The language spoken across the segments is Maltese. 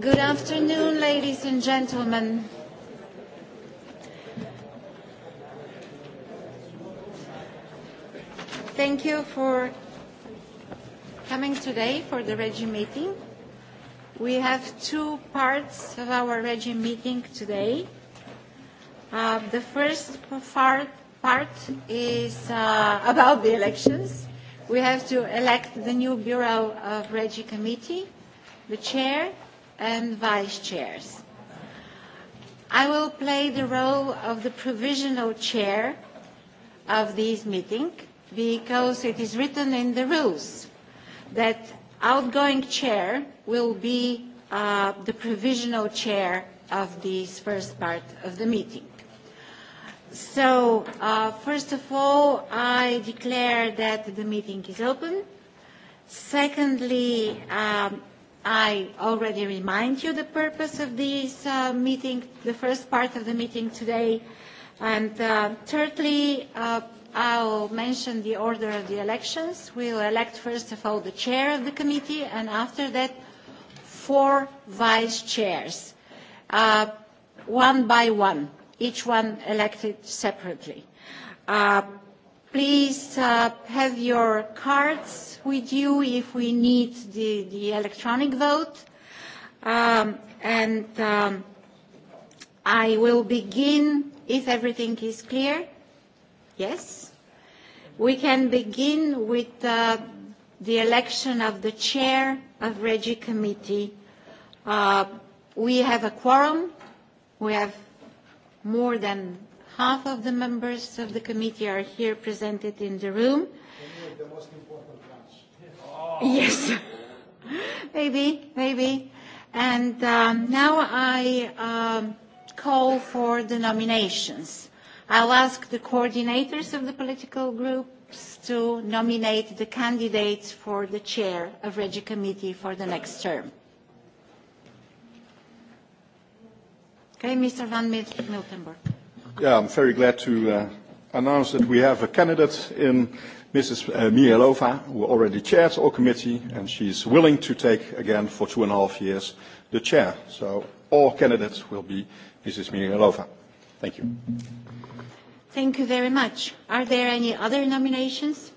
Good afternoon, ladies and gentlemen. Thank you for coming today for the REGI meeting. We have two parts of our REGI meeting today. Uh, the first part, part is uh, about the elections. We have to elect the new Bureau of REGI Committee the chair and vice chairs. I will play the role of the provisional chair of this meeting because it is written in the rules that outgoing chair will be uh, the provisional chair of this first part of the meeting. So, uh, first of all, I declare that the meeting is open. Secondly, um, I already remind you the purpose of this uh, meeting, the first part of the meeting today. And uh, thirdly, uh, I'll mention the order of the elections. We'll elect first of all the chair of the committee and after that four vice chairs, uh, one by one, each one elected separately. Uh, Please uh, have your cards with you if we need the, the electronic vote. Um, and um, I will begin if everything is clear. Yes? We can begin with uh, the election of the chair of Regi Committee. Uh, we have a quorum. We have more than half of the members of the committee are here presented in the room. The most important ones. Yes, maybe, maybe. And um, now I um, call for the nominations. I'll ask the coordinators of the political groups to nominate the candidates for the chair of Regi Committee for the next term. Okay, Mr. Van Miltenburg. Yeah, I'm very glad to uh, announce that we have a candidate in Mrs. Uh, Mielova, who already chairs our committee, and she is willing to take again for two and a half years the chair. So all candidates will be Mrs. Mielova. Thank you. Thank you very much. Are there any other nominations?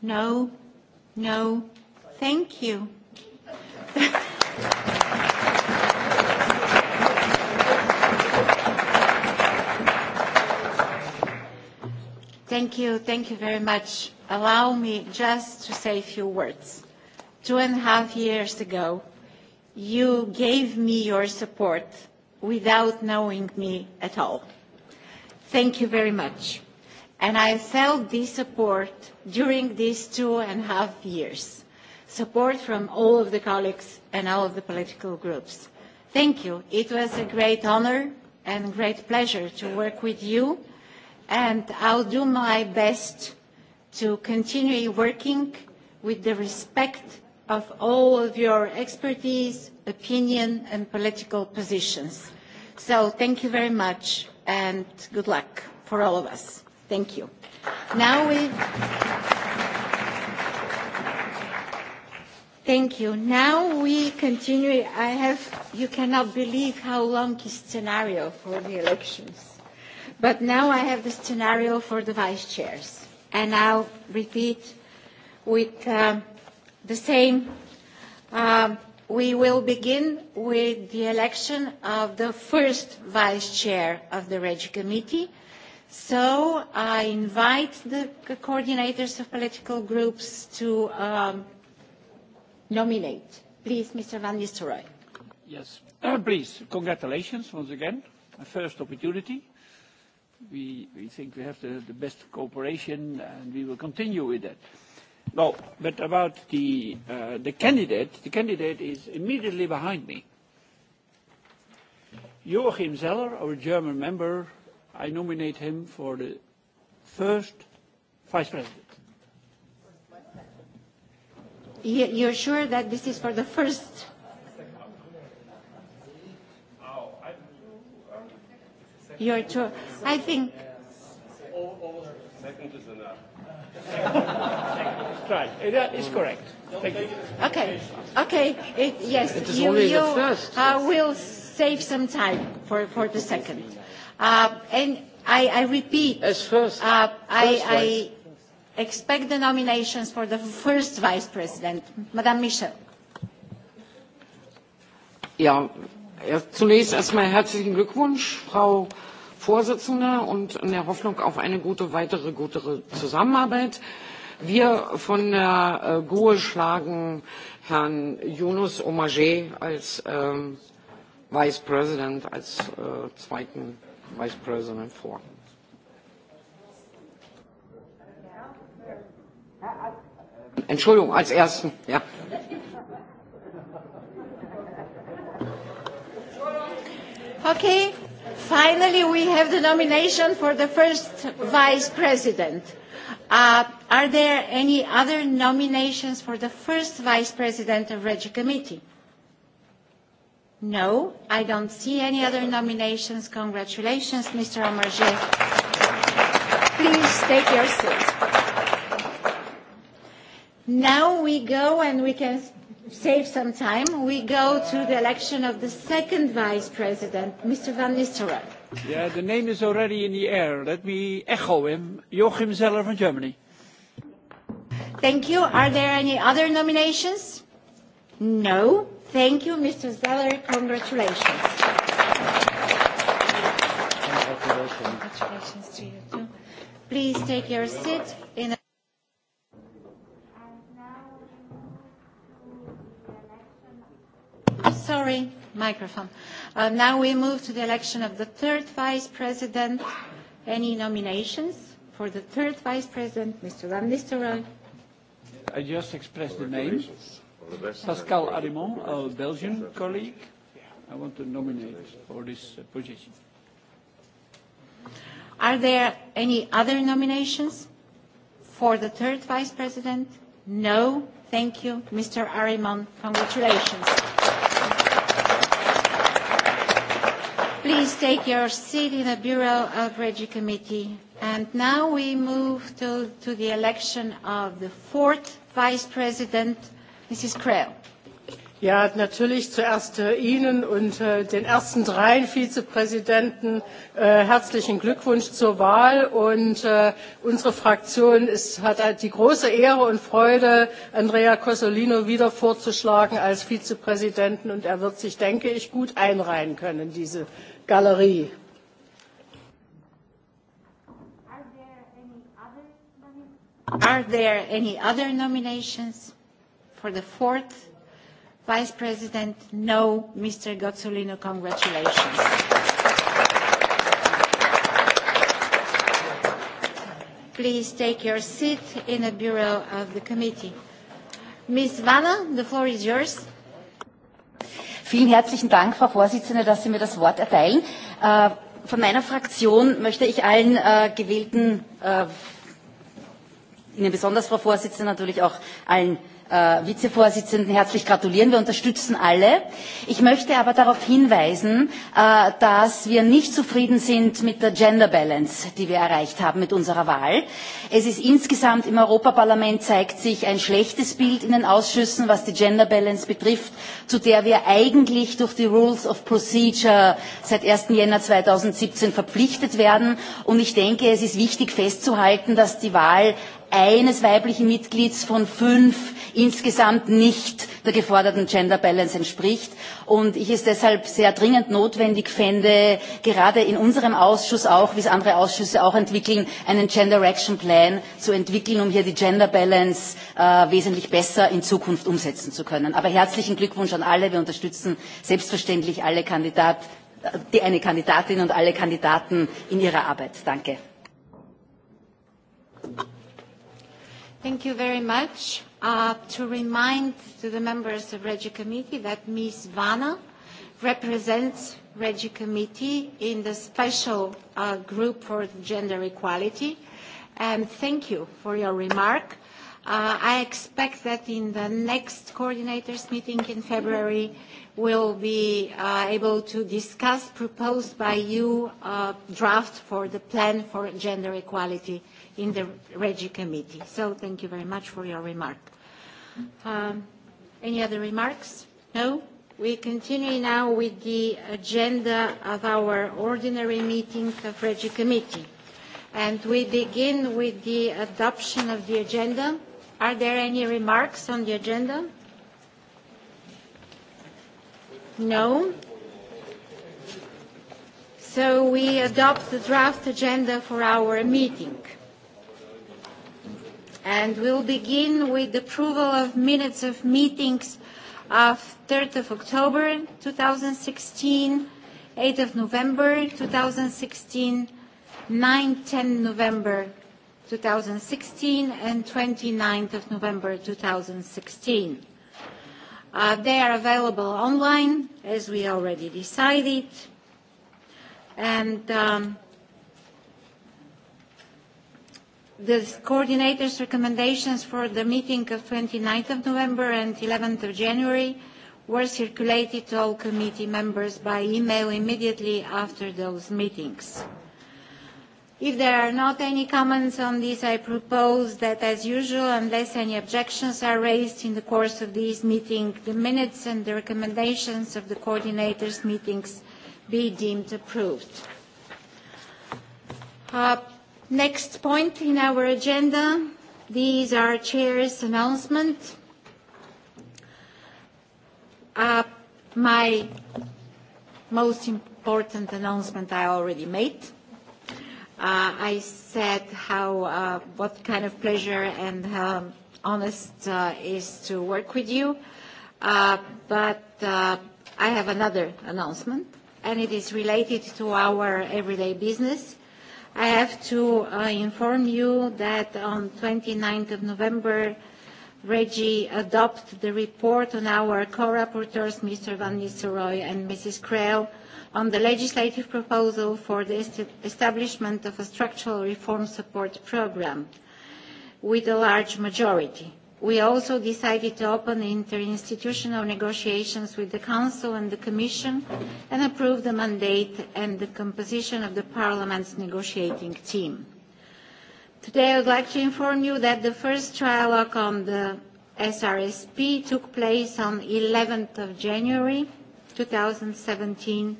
No, no. Thank you. Thank you, thank you very much. Allow me just to say a few words. Two and a half years ago, you gave me your support without knowing me at all. Thank you very much. And I felt this support during these two and a half years, support from all of the colleagues and all of the political groups. Thank you. It was a great honor and great pleasure to work with you and I'll do my best to continue working with the respect of all of your expertise, opinion and political positions. So thank you very much and good luck for all of us. Thank you. Now we... Thank you. Now we continue. I have, you cannot believe how long this scenario for the elections. But now I have the scenario for the vice chairs. And I'll repeat with um, the same. Um, we will begin with the election of the first vice chair of the Regi Committee. So I invite the coordinators of political groups to um, nominate. Please, Mr. Van Nistelrooy. Yes, uh, please. Congratulations once again. My first opportunity we, we think we have the, the best cooperation and we will continue with that. No, but about the, uh, the candidate, the candidate is immediately behind me. Joachim Zeller, our German member, I nominate him for the first vice president. You're sure that this is for the first your choice. I think. Second Try. That uh, is correct. Thank you. Okay. Okay. It, yes. It is you, only you, the first. Uh, will save some time for, for the second. Uh, and I, I repeat. As first. Uh, first I, I expect the nominations for the first vice president, Madame Michel. Yeah. Ja, zunächst erstmal herzlichen Glückwunsch, Frau Vorsitzende, und in der Hoffnung auf eine gute weitere gute Zusammenarbeit. Wir von der äh, GUE schlagen Herrn Yunus Omage als ähm, Vice President, als äh, zweiten Vice President vor. Entschuldigung, als ersten, ja. Okay, finally we have the nomination for the first vice president. Uh, are there any other nominations for the first vice president of Regi Committee? No, I don't see any other nominations. Congratulations, Mr. Omarjee. Please take your seat. Now we go and we can save some time, we go to the election of the second vice president, Mr. Van Nistelrooy. Yeah, the name is already in the air. Let me echo him, Joachim Zeller from Germany. Thank you. Are there any other nominations? No. Thank you, Mr. Zeller. Congratulations. Congratulations to you. too. Please take your seat in a sorry, microphone. Uh, now we move to the election of the third vice president. Any nominations for the third vice president, Mr. Van Nistelrooy? I just expressed the name. Pascal Arimon, our Belgian colleague. I want to nominate for this uh, position. Are there any other nominations for the third vice president? No. Thank you, Mr. Arimon, Congratulations. Please take your seat in the Bureau of Regi Committee. And now we move to, to the election of the fourth Vice President, Mrs. Krell. Ja, natürlich zuerst äh, Ihnen und äh, den ersten drei Vizepräsidenten äh, herzlichen Glückwunsch zur Wahl. Und äh, unsere Fraktion ist, hat äh, die große Ehre und Freude, Andrea Cosolino wieder vorzuschlagen als Vizepräsidenten. Und er wird sich, denke ich, gut einreihen können, diese Galerie. Are there any other nominations for the fourth Vice President? No. Mr. Gozzolino, congratulations. Please take your seat in the Bureau of the Committee. Ms. Vanna, the floor is yours. Vielen herzlichen Dank, Frau Vorsitzende, dass Sie mir das Wort erteilen. Äh, von meiner Fraktion möchte ich allen äh, gewählten, äh, Ihnen besonders, Frau Vorsitzende, natürlich auch allen äh, Vizevorsitzenden herzlich gratulieren. Wir unterstützen alle. Ich möchte aber darauf hinweisen, äh, dass wir nicht zufrieden sind mit der Gender Balance, die wir erreicht haben mit unserer Wahl. Es ist insgesamt im Europaparlament zeigt sich ein schlechtes Bild in den Ausschüssen, was die Gender Balance betrifft, zu der wir eigentlich durch die Rules of Procedure seit 1. Jänner 2017 verpflichtet werden. Und ich denke, es ist wichtig festzuhalten, dass die Wahl eines weiblichen Mitglieds von fünf insgesamt nicht der geforderten Gender Balance entspricht. Und ich es deshalb sehr dringend notwendig fände, gerade in unserem Ausschuss auch, wie es andere Ausschüsse auch entwickeln, einen Gender Action Plan zu entwickeln, um hier die Gender Balance äh, wesentlich besser in Zukunft umsetzen zu können. Aber herzlichen Glückwunsch an alle. Wir unterstützen selbstverständlich alle Kandidat, äh, die eine Kandidatin und alle Kandidaten in ihrer Arbeit. Danke. Thank you very much. Uh, to remind to the members of Regi Committee that Ms. Vana represents Regi Committee in the special uh, group for gender equality. And thank you for your remark. Uh, I expect that in the next coordinators meeting in February, we'll be uh, able to discuss proposed by you uh, draft for the plan for gender equality in the REGI committee. So thank you very much for your remark. Um, any other remarks? No? We continue now with the agenda of our ordinary meeting of REGI committee. And we begin with the adoption of the agenda. Are there any remarks on the agenda? No? So we adopt the draft agenda for our meeting and we'll begin with the approval of minutes of meetings of 3rd of October 2016, 8th of November 2016, 9, 10 November 2016, and 29th of November 2016. Uh, they are available online, as we already decided. And um, the coordinators' recommendations for the meeting of 29th of November and 11th of January were circulated to all committee members by email immediately after those meetings. If there are not any comments on this, I propose that, as usual, unless any objections are raised in the course of this meeting, the minutes and the recommendations of the coordinators' meetings be deemed approved. Uh, Next point in our agenda, these are Chair's announcement. Uh, my most important announcement I already made. Uh, I said how, uh, what kind of pleasure and how um, honest uh, is to work with you. Uh, but uh, I have another announcement, and it is related to our everyday business. I have to uh, inform you that on 29th of November, Reggie adopted the report on our co-rapporteurs, Mr. Van Nistelrooy and Mrs. Krell, on the legislative proposal for the est establishment of a structural reform support program with a large majority. We also decided to open interinstitutional negotiations with the Council and the Commission and approve the mandate and the composition of the Parliament's negotiating team. Today I would like to inform you that the first trialogue on the SRSP took place on 11th of January 2017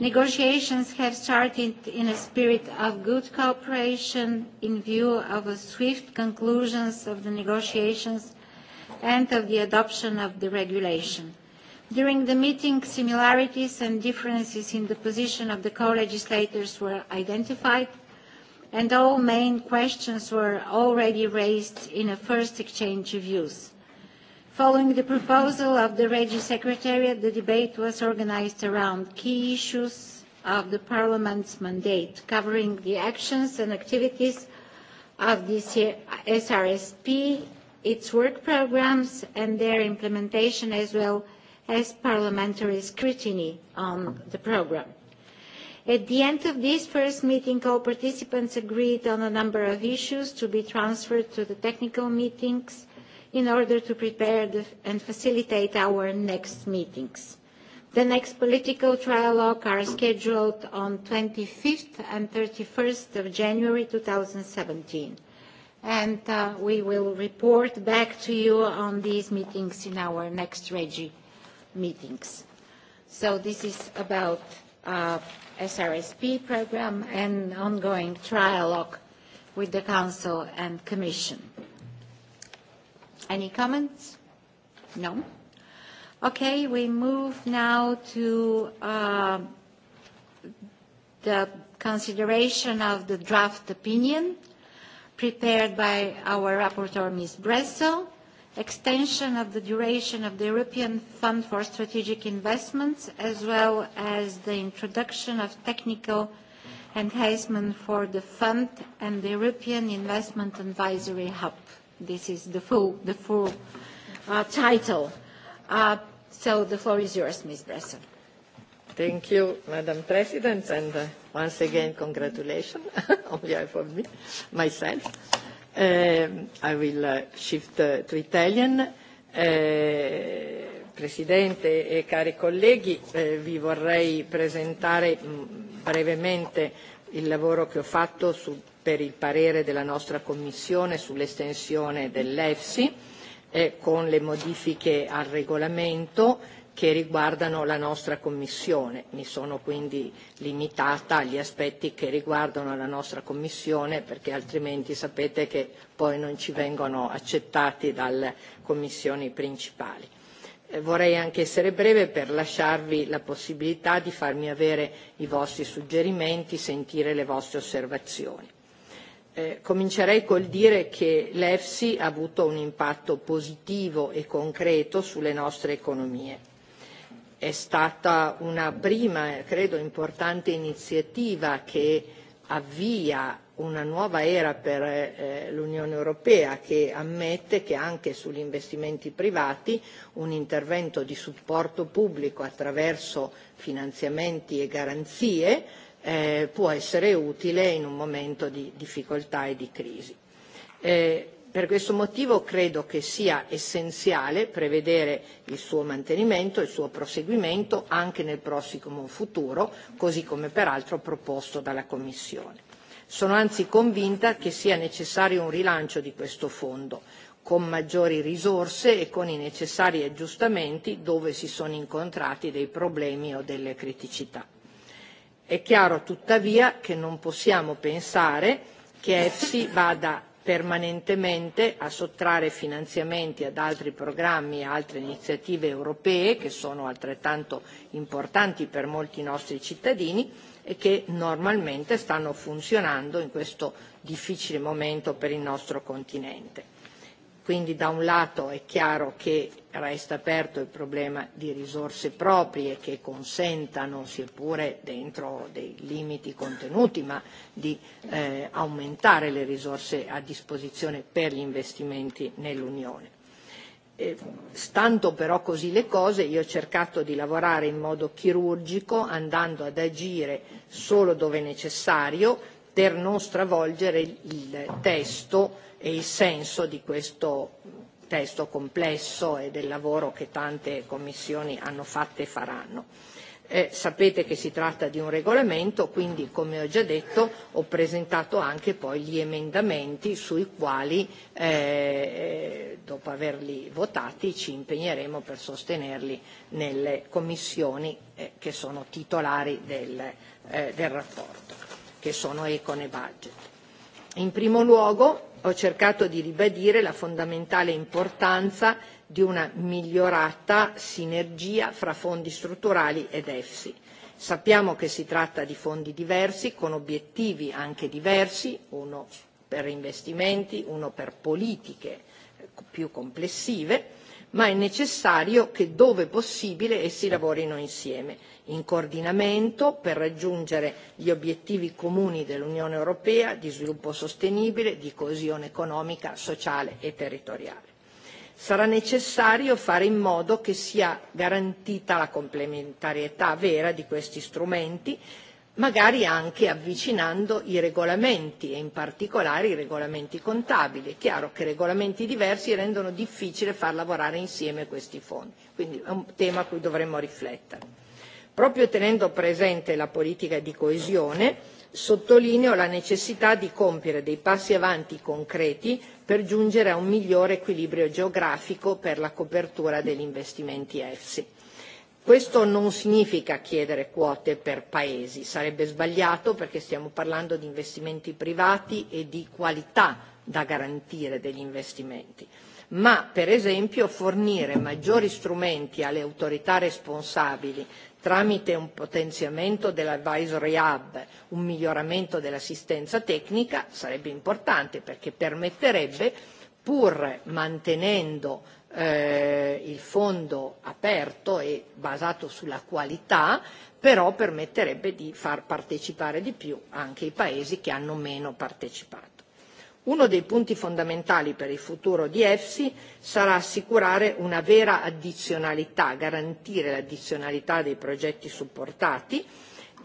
Negotiations have started in a spirit of good cooperation in view of a swift conclusions of the negotiations and of the adoption of the regulation. During the meeting, similarities and differences in the position of the co-legislators were identified, and all main questions were already raised in a first exchange of views. Following the proposal of the Regi Secretariat, the debate was organized around key issues of the Parliament's mandate, covering the actions and activities of the SRSP, its work programs and their implementation, as well as parliamentary scrutiny on the program. At the end of this first meeting, all participants agreed on a number of issues to be transferred to the technical meetings in order to prepare the, and facilitate our next meetings. The next political trialogue are scheduled on 25th and 31st of January 2017. And uh, we will report back to you on these meetings in our next REGI meetings. So this is about uh, SRSP program and ongoing trialogue with the Council and Commission. Any comments? No? Okay, we move now to uh, the consideration of the draft opinion prepared by our rapporteur, Ms. Bressel, extension of the duration of the European Fund for Strategic Investments, as well as the introduction of technical enhancement for the fund and the European Investment Advisory Hub. This is the full, the full uh, title. Uh, so the floor is yours, Ms. Bresson. Thank you, Madam President, and uh, once again, congratulations on behalf of me, myself. Um, I will uh, shift uh, to Italian. Uh, Presidente e cari colleghi, eh, vi vorrei presentare mh, mm, brevemente il lavoro che ho fatto su per il parere della nostra Commissione sull'estensione dell'EFSI eh, con le modifiche al regolamento che riguardano la nostra Commissione. Mi sono quindi limitata agli aspetti che riguardano la nostra Commissione perché altrimenti sapete che poi non ci vengono accettati dalle commissioni principali. Eh, vorrei anche essere breve per lasciarvi la possibilità di farmi avere i vostri suggerimenti, sentire le vostre osservazioni. Eh, comincerei col dire che l'EFSI ha avuto un impatto positivo e concreto sulle nostre economie. È stata una prima, credo, importante iniziativa che avvia una nuova era per eh, l'Unione Europea che ammette che anche sugli investimenti privati un intervento di supporto pubblico attraverso finanziamenti e garanzie eh, può essere utile in un momento di difficoltà e di crisi. Eh, per questo motivo credo che sia essenziale prevedere il suo mantenimento, il suo proseguimento anche nel prossimo futuro, così come peraltro proposto dalla Commissione. Sono anzi convinta che sia necessario un rilancio di questo fondo, con maggiori risorse e con i necessari aggiustamenti dove si sono incontrati dei problemi o delle criticità. È chiaro tuttavia che non possiamo pensare che EFSI vada permanentemente a sottrarre finanziamenti ad altri programmi e altre iniziative europee che sono altrettanto importanti per molti nostri cittadini e che normalmente stanno funzionando in questo difficile momento per il nostro continente. Quindi da un lato è chiaro che resta aperto il problema di risorse proprie che consentano, seppure dentro dei limiti contenuti, ma di eh, aumentare le risorse a disposizione per gli investimenti nell'Unione. E, stando però così le cose, io ho cercato di lavorare in modo chirurgico, andando ad agire solo dove necessario, per non stravolgere il testo e il senso di questo testo complesso e del lavoro che tante commissioni hanno fatto e faranno. Eh, sapete che si tratta di un regolamento, quindi come ho già detto ho presentato anche poi gli emendamenti sui quali, eh, dopo averli votati, ci impegneremo per sostenerli nelle commissioni eh, che sono titolari del, eh, del rapporto, che sono Econ e Budget. In primo luogo ho cercato di ribadire la fondamentale importanza di una migliorata sinergia fra fondi strutturali ed EFSI. Sappiamo che si tratta di fondi diversi, con obiettivi anche diversi, uno per investimenti, uno per politiche più complessive, ma è necessario che dove possibile essi lavorino insieme, in coordinamento per raggiungere gli obiettivi comuni dell'Unione Europea di sviluppo sostenibile, di coesione economica, sociale e territoriale. Sarà necessario fare in modo che sia garantita la complementarietà vera di questi strumenti magari anche avvicinando i regolamenti e in particolare i regolamenti contabili. È chiaro che regolamenti diversi rendono difficile far lavorare insieme questi fondi, quindi è un tema a cui dovremmo riflettere. Proprio tenendo presente la politica di coesione, sottolineo la necessità di compiere dei passi avanti concreti per giungere a un migliore equilibrio geografico per la copertura degli investimenti EFSI. Questo non significa chiedere quote per paesi, sarebbe sbagliato perché stiamo parlando di investimenti privati e di qualità da garantire degli investimenti, ma per esempio fornire maggiori strumenti alle autorità responsabili tramite un potenziamento dell'advisory hub, un miglioramento dell'assistenza tecnica sarebbe importante perché permetterebbe pur mantenendo eh, il fondo aperto e basato sulla qualità, però permetterebbe di far partecipare di più anche i paesi che hanno meno partecipato. Uno dei punti fondamentali per il futuro di EFSI sarà assicurare una vera addizionalità, garantire l'addizionalità dei progetti supportati,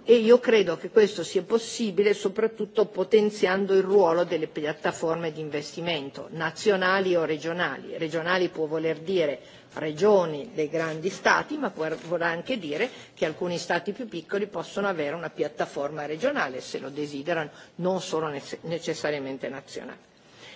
e io credo che questo sia possibile soprattutto potenziando il ruolo delle piattaforme di investimento nazionali o regionali. Regionali può voler dire regioni dei grandi stati, ma vorrà anche dire che alcuni stati più piccoli possono avere una piattaforma regionale se lo desiderano, non solo necessariamente nazionale.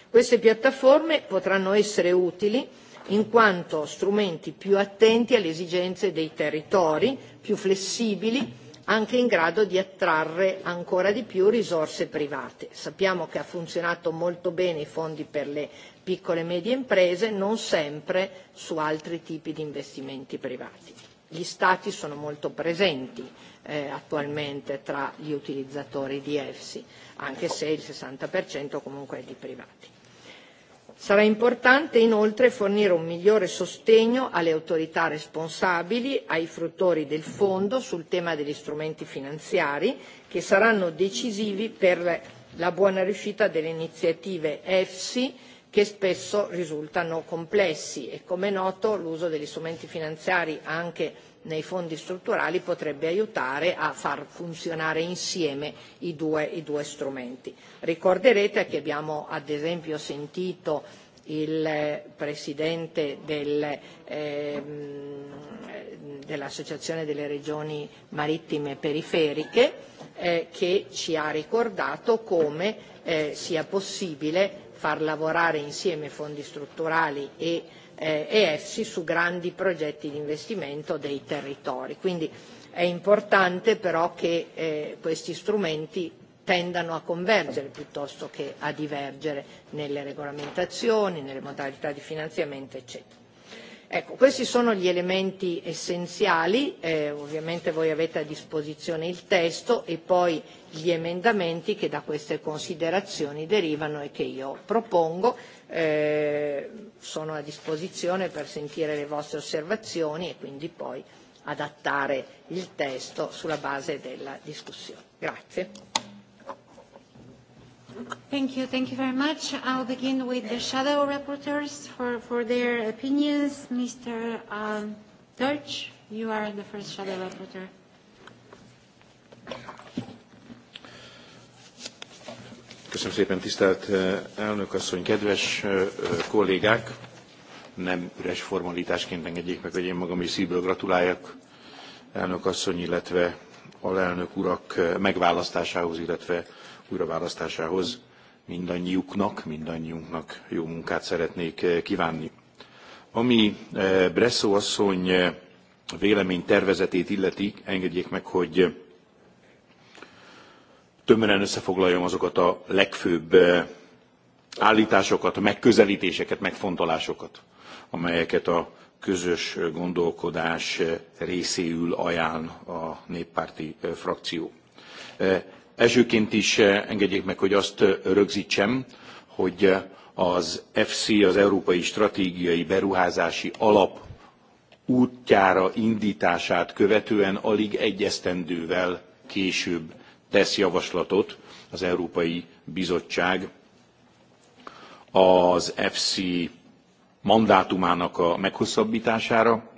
Queste piattaforme potranno essere utili in quanto strumenti più attenti alle esigenze dei territori, più flessibili anche in grado di attrarre ancora di più risorse private. Sappiamo che ha funzionato molto bene i fondi per le piccole e medie imprese, non sempre su altri tipi di investimenti privati. Gli Stati sono molto presenti eh, attualmente tra gli utilizzatori di EFSI, anche se il 60% comunque è di privati. Sarà importante inoltre fornire un migliore sostegno alle autorità responsabili, ai fruttori del fondo sul tema degli strumenti finanziari che saranno decisivi per la buona riuscita delle iniziative EFSI che spesso risultano complessi e come noto l'uso degli strumenti finanziari anche nei fondi strutturali potrebbe aiutare a far funzionare insieme i due, i due strumenti. Ricorderete che abbiamo ad esempio sentito il eh, Presidente del, eh, dell'Associazione delle Regioni Marittime Periferiche eh, che ci ha ricordato come eh, sia possibile far lavorare insieme fondi strutturali e eh, e essi su grandi progetti di investimento dei territori. Quindi è importante però che eh, questi strumenti tendano a convergere piuttosto che a divergere nelle regolamentazioni, nelle modalità di finanziamento, eccetera. Ecco, questi sono gli elementi essenziali, eh, ovviamente voi avete a disposizione il testo e poi gli emendamenti che da queste considerazioni derivano e che io propongo Eh, sono a disposizione per sentire le vostre osservazioni e quindi poi adattare il testo sulla base della discussione. Grazie. Thank you. Thank you very much. I'll begin with the shadow rapporteurs for, for their opinions. Mr. Um, Deutsch, you are the first shadow rapporteur. Köszönöm szépen, tisztelt eh, elnök asszony, kedves eh, eh, kollégák! Nem üres formalitásként engedjék meg, hogy én magam is szívből gratuláljak elnök asszony, illetve alelnök urak megválasztásához, illetve újraválasztásához mindannyiuknak, mindannyiunknak jó munkát szeretnék kívánni. Ami Bresszó asszony vélemény tervezetét illeti, engedjék meg, hogy tömören összefoglaljam azokat a legfőbb állításokat, a megközelítéseket, megfontolásokat, amelyeket a közös gondolkodás részéül ajánl a néppárti frakció. Elsőként is engedjék meg, hogy azt rögzítsem, hogy az FC, az Európai Stratégiai Beruházási Alap útjára indítását követően alig egyesztendővel később tesz javaslatot az Európai Bizottság az FC mandátumának a meghosszabbítására,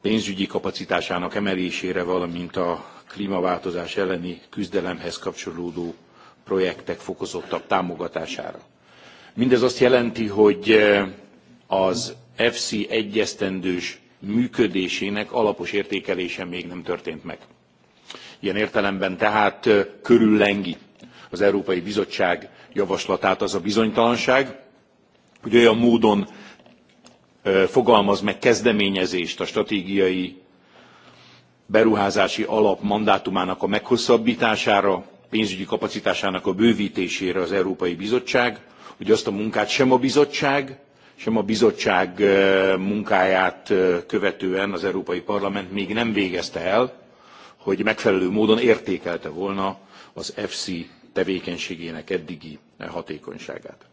pénzügyi kapacitásának emelésére, valamint a klímaváltozás elleni küzdelemhez kapcsolódó projektek fokozottabb támogatására. Mindez azt jelenti, hogy eh, az FC egyesztendős működésének alapos értékelése még nem történt meg. Ilyen értelemben tehát körüllengi az Európai Bizottság javaslatát az a bizonytalanság, hogy olyan módon fogalmaz meg kezdeményezést a stratégiai beruházási alap mandátumának a meghosszabbítására, pénzügyi kapacitásának a bővítésére az Európai Bizottság, hogy azt a munkát sem a bizottság, sem a bizottság munkáját követően az Európai Parlament még nem végezte el, hogy megfelelő módon értékelte volna az FC tevékenységének eddigi hatékonyságát.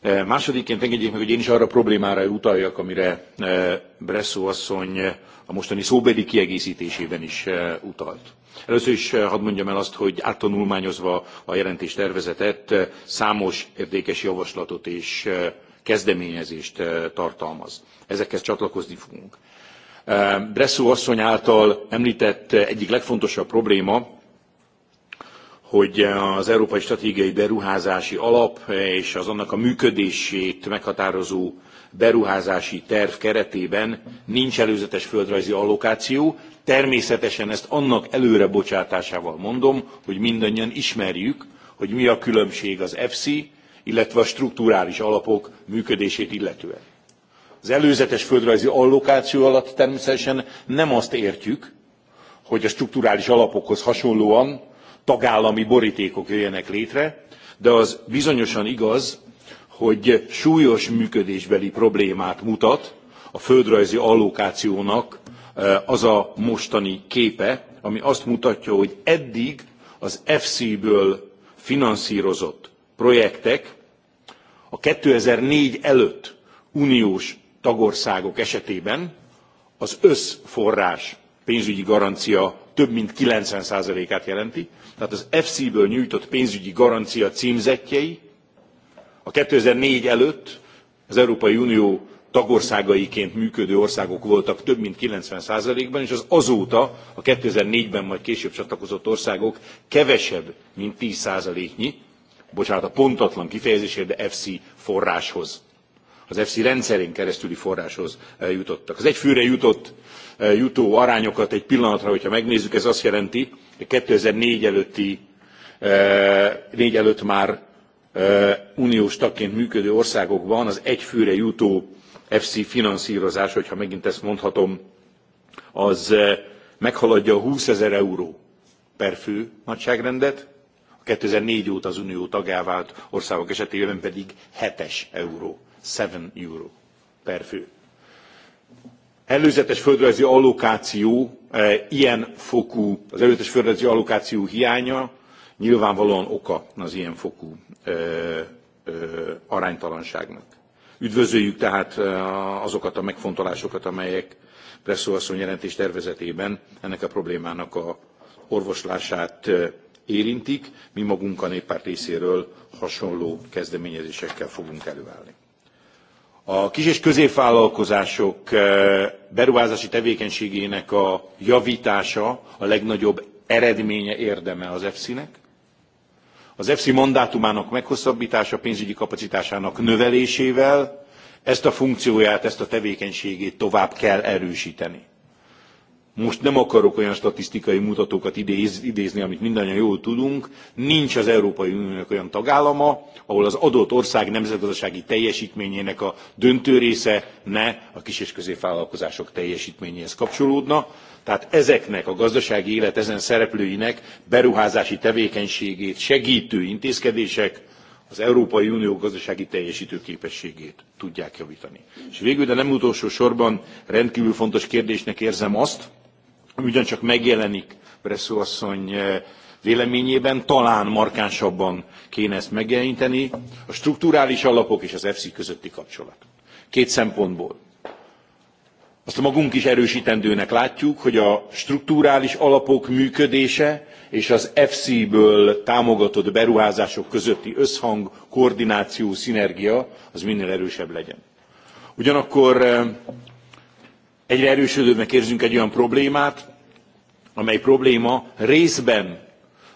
E, másodikként engedjék meg, hogy én is arra problémára utaljak, amire e, Bresszó asszony a mostani szóbeli kiegészítésében is e, utalt. Először is hadd mondjam el azt, hogy áttanulmányozva a jelentés tervezetet számos érdekes javaslatot és kezdeményezést tartalmaz. Ezekhez csatlakozni fogunk. Ehm, Bresszó asszony által említett eh, egyik legfontosabb probléma, hogy eh, az Európai Stratégiai Beruházási Alap eh, és az annak a működését meghatározó beruházási terv keretében nincs előzetes földrajzi allokáció. Természetesen ezt annak előrebocsátásával mondom, hogy mindannyian ismerjük, hogy mi a különbség az EFSI, illetve a strukturális alapok működését illetően. Az előzetes földrajzi allokáció alatt természetesen nem azt értjük, hogy a strukturális alapokhoz hasonlóan tagállami borítékok jöjjenek létre, de az bizonyosan igaz, hogy súlyos működésbeli problémát mutat a földrajzi allokációnak eh, az a mostani képe, ami azt mutatja, hogy eddig az FC-ből finanszírozott projektek a 2004 előtt uniós tagországok esetében az összforrás pénzügyi garancia több mint 90%-át jelenti, tehát az FC-ből nyújtott pénzügyi garancia címzetjei a 2004 előtt az Európai Unió tagországaiként működő országok voltak több mint 90%-ban, és az azóta a 2004-ben majd később csatlakozott országok kevesebb, mint 10%-nyi, bocsánat a pontatlan kifejezésért, de FC forráshoz az EFSI rendszerén keresztüli forráshoz eh, jutottak. Az egyfőre jutott eh, jutó arányokat egy pillanatra, hogyha megnézzük, ez azt jelenti, hogy 2004 előtti, eh, négy előtt már uniós tagként működő országokban az egyfőre jutó FC finanszírozás, hogyha megint ezt mondhatom, az meghaladja a 20 ezer euró per fő nagyságrendet, 2004 óta az unió tagjává vált országok esetében pedig 7-es euró 7 euro per fő. Előzetes földrajzi allokáció, eh, ilyen fokú, az előzetes földrajzi allokáció hiánya nyilvánvalóan oka az ilyen fokú eh, eh, aránytalanságnak. Üdvözöljük tehát azokat a megfontolásokat, amelyek Bresszó asszony jelentés tervezetében ennek a problémának a orvoslását érintik. Mi magunk a néppárt részéről hasonló kezdeményezésekkel fogunk előállni. A kis- és középvállalkozások eh, beruházási tevékenységének a javítása a legnagyobb eredménye érdeme az EFSZ-nek. Az EFSZ mandátumának meghosszabbítása pénzügyi kapacitásának növelésével ezt a funkcióját, ezt a tevékenységét tovább kell erősíteni. Most nem akarok olyan statisztikai mutatókat idéz, idézni, amit mindannyian jól tudunk. Nincs az Európai Uniónak olyan tagállama, ahol az adott ország nemzetgazdasági teljesítményének a döntő része ne a kis- és középvállalkozások teljesítményéhez kapcsolódna. Tehát ezeknek a gazdasági élet ezen szereplőinek beruházási tevékenységét segítő intézkedések az Európai Unió gazdasági teljesítő képességét tudják javítani. És végül, de nem utolsó sorban rendkívül fontos kérdésnek érzem azt, ugyancsak megjelenik Bresszó asszony eh, véleményében, talán markánsabban kéne ezt megjelenteni, a strukturális alapok és az EFSI közötti kapcsolat. Két szempontból. Azt a magunk is erősítendőnek látjuk, hogy a strukturális alapok működése és az EFSI-ből támogatott beruházások közötti összhang, koordináció, szinergia az minél erősebb legyen. Ugyanakkor eh, egyre erősödőbbnek érzünk egy olyan problémát, amely probléma részben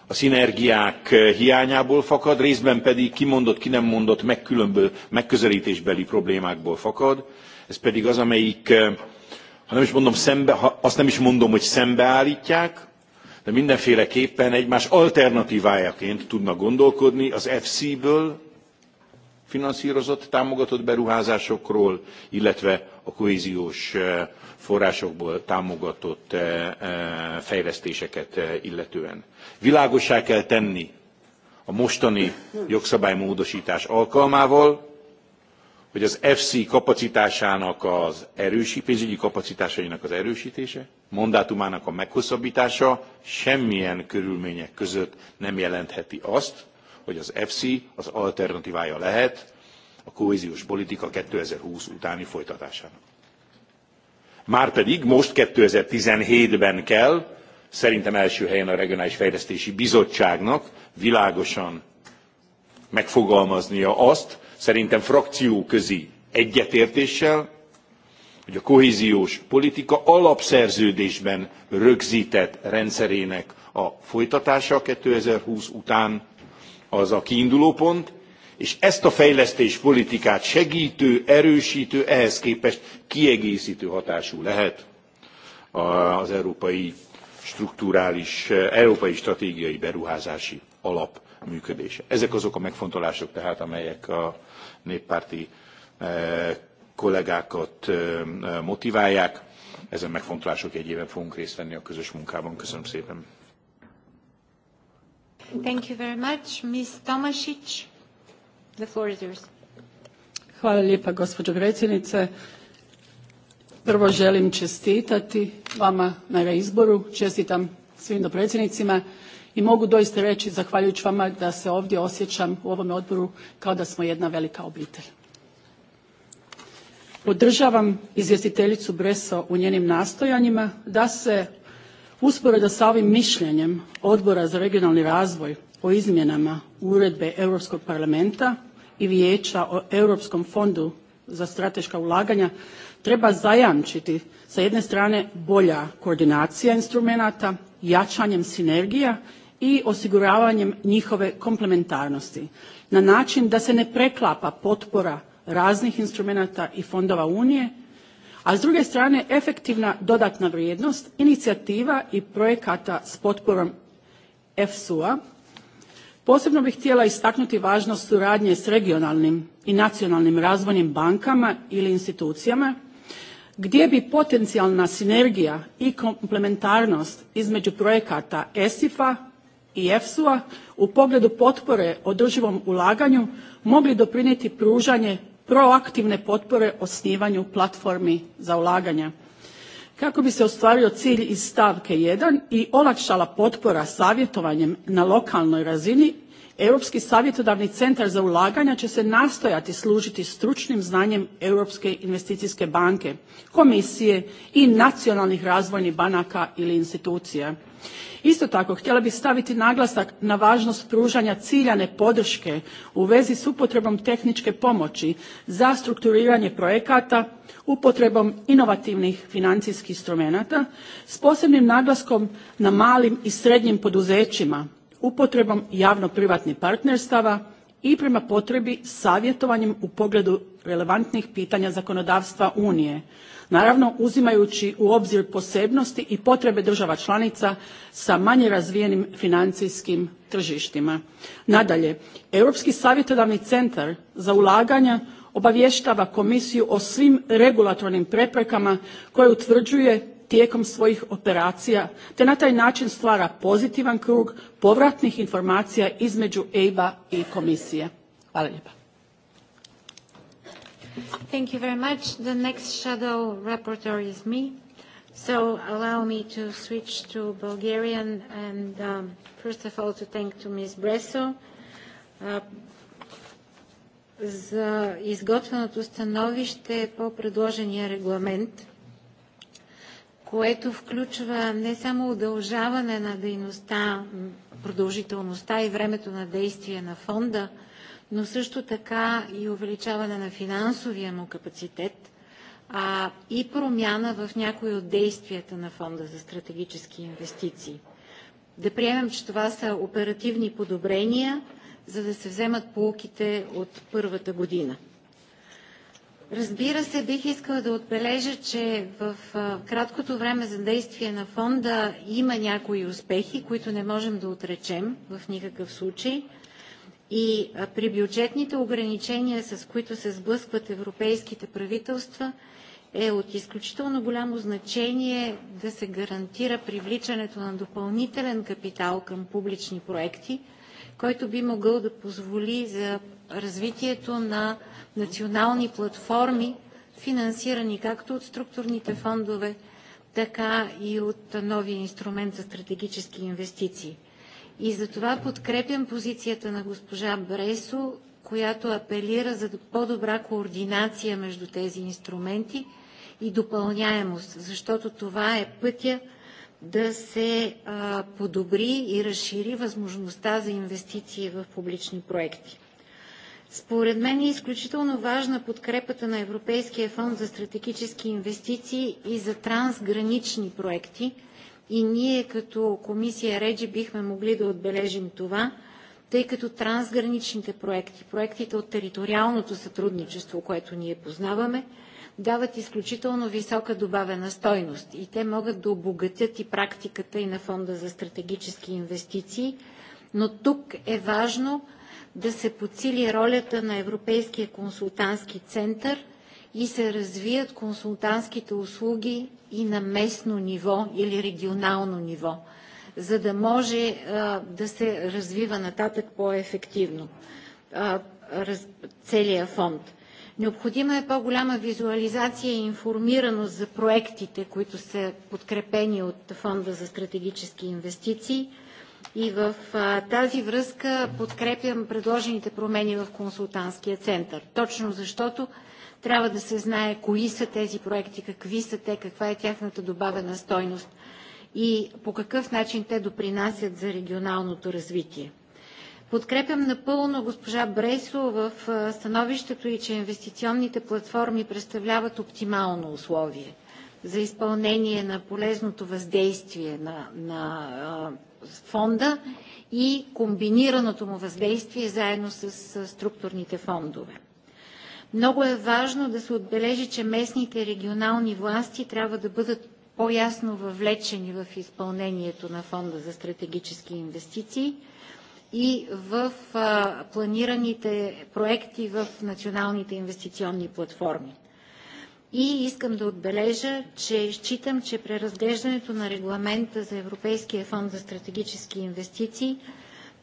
a szinergiák eh, hiányából fakad, részben pedig kimondott, ki nem mondott megkülönböző megközelítésbeli problémákból fakad. Ez pedig az, amelyik, eh, ha nem is mondom szembe, ha azt nem is mondom, hogy szembeállítják, de mindenféleképpen egymás alternatívájaként tudnak gondolkodni az FC-ből finanszírozott, támogatott beruházásokról, illetve a kohéziós eh, forrásokból támogatott eh, eh, fejlesztéseket illetően. Világossá kell tenni a mostani jogszabálymódosítás alkalmával, hogy az FC kapacitásának az erősi, pénzügyi kapacitásainak az erősítése, mandátumának a meghosszabbítása semmilyen körülmények között nem jelentheti azt, hogy az EFSI az alternatívája lehet a kohéziós politika 2020 utáni folytatásának. Márpedig most 2017-ben kell, szerintem első helyen a Regionális Fejlesztési Bizottságnak világosan megfogalmaznia azt, szerintem frakcióközi egyetértéssel, hogy a kohéziós politika alapszerződésben rögzített rendszerének a folytatása 2020 után az a kiinduló pont, és ezt a fejlesztés politikát segítő, erősítő, ehhez képest kiegészítő hatású lehet az európai strukturális, európai stratégiai beruházási alap működése. Ezek azok a megfontolások tehát, amelyek a néppárti eh, kollégákat eh, motiválják. Ezen megfontolások egyében fogunk részt venni a közös munkában. Köszönöm szépen! Thank you very much. Ms. Tomasic, the floor is yours. Hvala lijepa, gospođo predsjednice. Prvo želim čestitati vama na reizboru. Čestitam svim dopredsjednicima i mogu doista reći, zahvaljujući vama, da se ovdje osjećam u ovome odboru kao da smo jedna velika obitelj. Podržavam izvjestiteljicu Breso u njenim nastojanjima da se Usporedo sa ovim mišljenjem Odbora za regionalni razvoj o izmjenama uredbe Europskog parlamenta i vijeća o Europskom fondu za strateška ulaganja treba zajamčiti sa jedne strane bolja koordinacija instrumenata, jačanjem sinergija i osiguravanjem njihove komplementarnosti na način da se ne preklapa potpora raznih instrumenata i fondova Unije a s druge strane efektivna dodatna vrijednost inicijativa i projekata s potporom EFSU-a. Posebno bih htjela istaknuti važnost suradnje s regionalnim i nacionalnim razvojnim bankama ili institucijama, gdje bi potencijalna sinergija i komplementarnost između projekata ESIF-a i EFSU-a u pogledu potpore održivom ulaganju mogli doprinijeti pružanje proaktivne potpore osnivanju platformi za ulaganja. Kako bi se ostvario cilj iz stavke 1 i olakšala potpora savjetovanjem na lokalnoj razini, Europski savjetodavni centar za ulaganja će se nastojati služiti stručnim znanjem Europske investicijske banke, komisije i nacionalnih razvojnih banaka ili institucija. Isto tako, htjela bih staviti naglasak na važnost pružanja ciljane podrške u vezi s upotrebom tehničke pomoći za strukturiranje projekata, upotrebom inovativnih financijskih instrumenata, s posebnim naglaskom na malim i srednjim poduzećima, upotrebom javno-privatnih partnerstava i prema potrebi savjetovanjem u pogledu relevantnih pitanja zakonodavstva Unije, naravno uzimajući u obzir posebnosti i potrebe država članica sa manje razvijenim financijskim tržištima. Nadalje, Europski savjetodavni centar za ulaganja obavještava komisiju o svim regulatornim preprekama koje utvrđuje tijekom svojih operacija, te na taj način stvara pozitivan krug povratnih informacija između EIB-a i komisije. Hvala lijepa. Thank you very much. The next shadow rapporteur is me. So allow me to switch to Bulgarian and um, first of all to thank to Ms. Bresso uh, за изготвеното становище по предложения регламент което включва не само удължаване на дейността, продължителността и времето на действие на фонда, но също така и увеличаване на финансовия му капацитет а, и промяна в някои от действията на фонда за стратегически инвестиции. Да приемем, че това са оперативни подобрения, за да се вземат полуките от първата година. Разбира се, бих искала да отбележа, че в краткото време за действие на фонда има някои успехи, които не можем да отречем в никакъв случай. И при бюджетните ограничения, с които се сблъскват европейските правителства, е от изключително голямо значение да се гарантира привличането на допълнителен капитал към публични проекти, който би могъл да позволи за развитието на национални платформи, финансирани както от структурните фондове, така и от новия инструмент за стратегически инвестиции. И затова подкрепям позицията на госпожа Бресо, която апелира за по-добра координация между тези инструменти и допълняемост, защото това е пътя да се подобри и разшири възможността за инвестиции в публични проекти. Според мен е изключително важна подкрепата на Европейския фонд за стратегически инвестиции и за трансгранични проекти. И ние като комисия Реджи бихме могли да отбележим това, тъй като трансграничните проекти, проектите от териториалното сътрудничество, което ние познаваме, дават изключително висока добавена стойност и те могат да обогатят и практиката и на Фонда за стратегически инвестиции. Но тук е важно – да се подсили ролята на Европейския консултантски център и се развият консултантските услуги и на местно ниво или регионално ниво, за да може а, да се развива нататък по-ефективно целият фонд. Необходима е по-голяма визуализация и информираност за проектите, които са подкрепени от Фонда за стратегически инвестиции – И в а, тази връзка подкрепям предложените промени в консултантския център. Точно защото трябва да се знае кои са тези проекти, какви са те, каква е тяхната добавена стойност и по какъв начин те допринасят за регионалното развитие. Подкрепям напълно госпожа Брейсо в становището и, че инвестиционните платформи представляват оптимално условие за изпълнение на полезното въздействие на, на фонда и комбинираното му въздействие заедно с структурните фондове. Много е важно да се отбележи, че местните регионални власти трябва да бъдат по-ясно въвлечени в изпълнението на Фонда за стратегически инвестиции и в планираните проекти в националните инвестиционни платформи. И искам да отбележа, че считам, че преразглеждането на регламента за Европейския фонд за стратегически инвестиции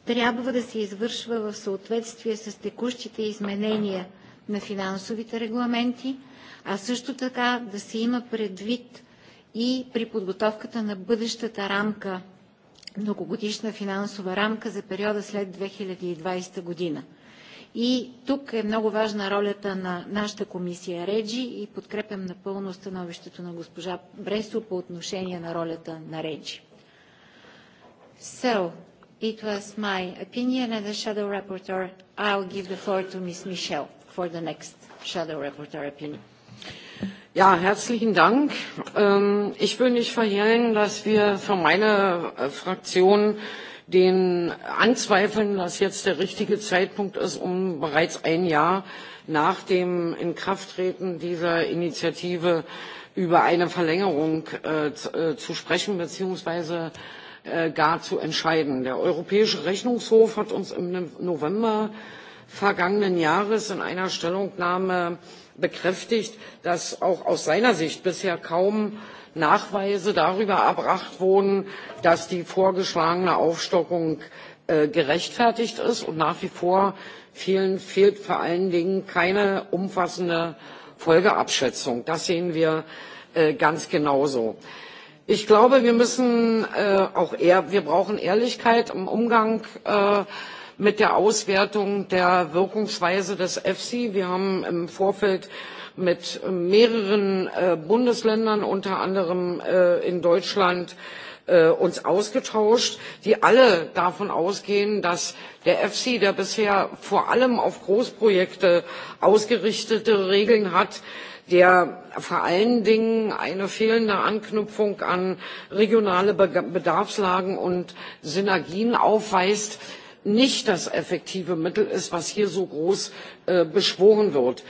трябва да се извършва в съответствие с текущите изменения на финансовите регламенти, а също така да се има предвид и при подготовката на бъдещата рамка, многогодишна финансова рамка за периода след 2020 година – И тук е много важна ролята на нашата комисия Реджи и подкрепям напълно становището на госпожа Бресо по отношение на ролята на Реджи. So, it was my opinion as a shadow rapporteur. I'll give the floor to Ms. Michel for the next shadow rapporteur opinion. Ja, herzlichen Dank. Ähm, ich will nicht verhehlen, dass wir von meiner äh, Fraktion äh, den anzweifeln, dass jetzt der richtige Zeitpunkt ist, um bereits ein Jahr nach dem Inkrafttreten dieser Initiative über eine Verlängerung äh, äh zu sprechen bzw. Äh, gar zu entscheiden. Der Europäische Rechnungshof hat uns im November vergangenen Jahres in einer Stellungnahme bekräftigt, dass auch aus seiner Sicht bisher kaum äh, Nachweise darüber erbracht wurden, dass die vorgeschlagene Aufstockung äh, gerechtfertigt ist und nach wie vor vielen fehlt vor allen Dingen keine umfassende Folgeabschätzung. Das sehen wir äh, ganz genauso. Ich glaube, wir müssen äh, auch eher, wir brauchen Ehrlichkeit im Umgang mit der Auswertung der Wirkungsweise des EFSI. Wir haben im Vorfeld mit mehreren äh, Bundesländern, unter anderem äh, in Deutschland, äh, uns ausgetauscht, die alle davon ausgehen, dass der EFSI, der bisher vor allem auf Großprojekte ausgerichtete Regeln hat, der vor allen Dingen eine fehlende Anknüpfung an regionale Bedarfslagen und Synergien aufweist, nicht das effektive Mittel ist, was hier so groß äh, beschworen wird.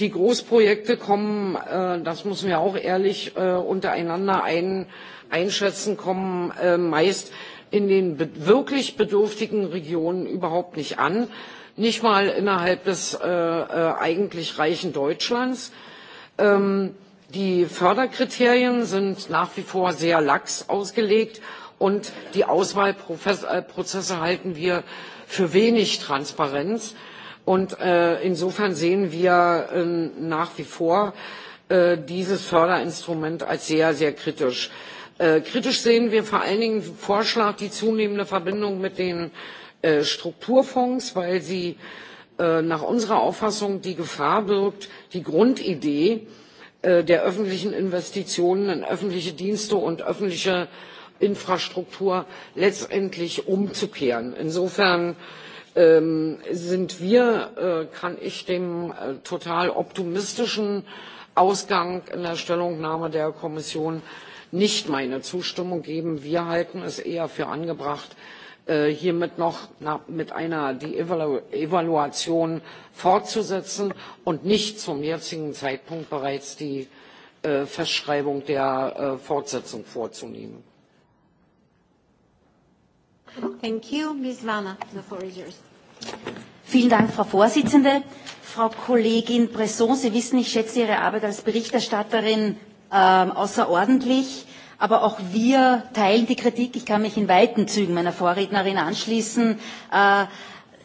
Die Großprojekte kommen, äh, das müssen wir auch ehrlich äh, untereinander ein, einschätzen, kommen äh, meist in den wirklich bedürftigen Regionen überhaupt nicht an, nicht mal innerhalb des eigentlich reichen Deutschlands. Ähm, die Förderkriterien sind nach wie vor sehr lax ausgelegt und die Auswahlprozesse halten wir für wenig Transparenz. Und äh, insofern sehen wir äh, nach wie vor äh, dieses Förderinstrument als sehr, sehr kritisch. Äh, kritisch sehen wir vor allen Dingen den Vorschlag, die zunehmende Verbindung mit den äh, Strukturfonds, weil sie äh, nach unserer Auffassung die Gefahr birgt, die Grundidee äh, der öffentlichen Investitionen in öffentliche Dienste und öffentliche Infrastruktur letztendlich umzukehren. Insofern äh, ähm, sind wir, äh, kann ich dem äh, total optimistischen Ausgang in der Stellungnahme der Kommission nicht meine Zustimmung geben. Wir halten es eher für angebracht, äh, hiermit noch na, mit einer die Evalu Evaluation fortzusetzen und nicht zum jetzigen Zeitpunkt bereits die äh, Festschreibung der äh, Fortsetzung vorzunehmen. Thank you, Ms. Vana. The floor is yours. Vielen Dank, Frau Vorsitzende. Frau Kollegin Bresson, Sie wissen, ich schätze Ihre Arbeit als Berichterstatterin äh, außerordentlich. Aber auch wir teilen die Kritik. Ich kann mich in weiten Zügen meiner Vorrednerin anschließen. Äh,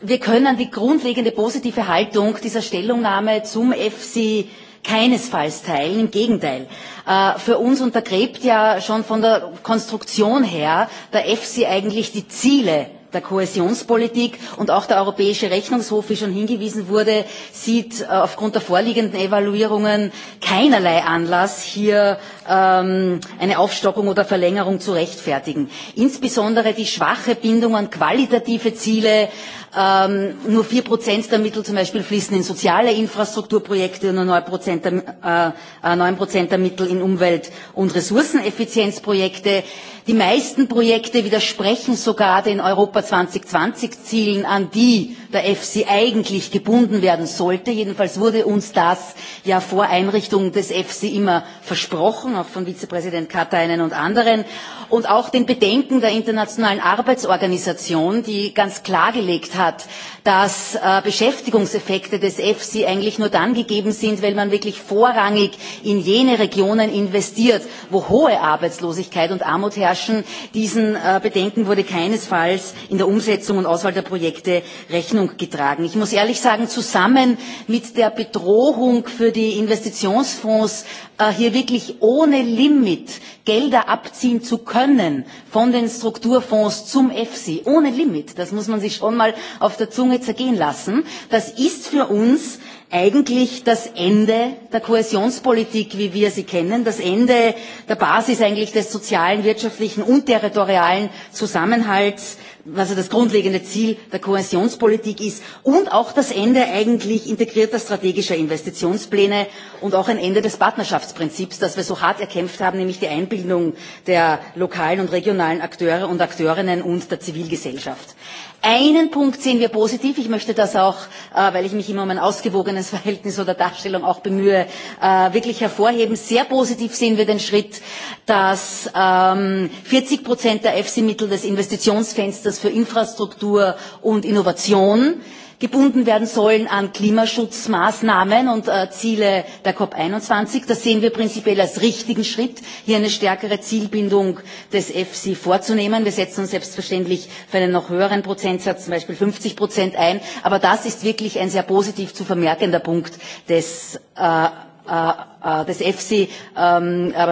wir können die grundlegende positive Haltung dieser Stellungnahme zum EFSI keinesfalls teilen. Im Gegenteil, äh, für uns untergräbt ja schon von der Konstruktion her der EFSI eigentlich die Ziele der Kohäsionspolitik und auch der Europäische Rechnungshof, wie schon hingewiesen wurde, sieht äh, aufgrund der vorliegenden Evaluierungen keinerlei Anlass, hier ähm, eine Aufstockung oder Verlängerung zu rechtfertigen. Insbesondere die schwache Bindung an qualitative Ziele Ähm, nur vier Prozent der Mittel zum Beispiel fließen in soziale Infrastrukturprojekte und nur neun Prozent der, äh, 9 äh, der Mittel in Umwelt- und Ressourceneffizienzprojekte. Die meisten Projekte widersprechen sogar den Europa 2020 Zielen, an die der EFSI eigentlich gebunden werden sollte. Jedenfalls wurde uns das ja vor Einrichtung des EFSI immer versprochen, auch von Vizepräsident Katainen und anderen. Und auch den Bedenken der Internationalen Arbeitsorganisation, die ganz klargelegt hat, dass äh, Beschäftigungseffekte des EFSI eigentlich nur dann gegeben sind, weil man wirklich vorrangig in jene Regionen investiert, wo hohe Arbeitslosigkeit und Armut herrschen. Diesen äh, Bedenken wurde keinesfalls in der Umsetzung und Auswahl der Projekte Rechnung getragen. Ich muss ehrlich sagen, zusammen mit der Bedrohung für die Investitionsfonds äh, hier wirklich ohne Limit Gelder abziehen zu können von den Strukturfonds zum EFSI, ohne Limit, das muss man sich schon mal auf der Zunge zergehen lassen. Das ist für uns eigentlich das Ende der Kohäsionspolitik, wie wir sie kennen, das Ende der Basis eigentlich des sozialen, wirtschaftlichen und territorialen Zusammenhalts, also das grundlegende Ziel der Kohäsionspolitik ist und auch das Ende eigentlich integrierter strategischer Investitionspläne und auch ein Ende des Partnerschaftsprinzips, das wir so hart erkämpft haben, nämlich die Einbindung der lokalen und regionalen Akteure und Akteurinnen und der Zivilgesellschaft. Einen Punkt sehen wir positiv. Ich möchte das auch, äh, weil ich mich immer um ein ausgewogenes Verhältnis oder Darstellung auch bemühe, äh, wirklich hervorheben. Sehr positiv sehen wir den Schritt, dass ähm, 40 Prozent der EFSI-Mittel des Investitionsfensters für Infrastruktur und Innovation gebunden werden sollen an Klimaschutzmaßnahmen und äh, Ziele der COP21. Das sehen wir prinzipiell als richtigen Schritt, hier eine stärkere Zielbindung des EFSI vorzunehmen. Wir setzen uns selbstverständlich für einen noch höheren Prozentsatz, zum Beispiel 50 Prozent ein. Aber das ist wirklich ein sehr positiv zu vermerkender Punkt des äh, Äh, äh, des ähm, EFSI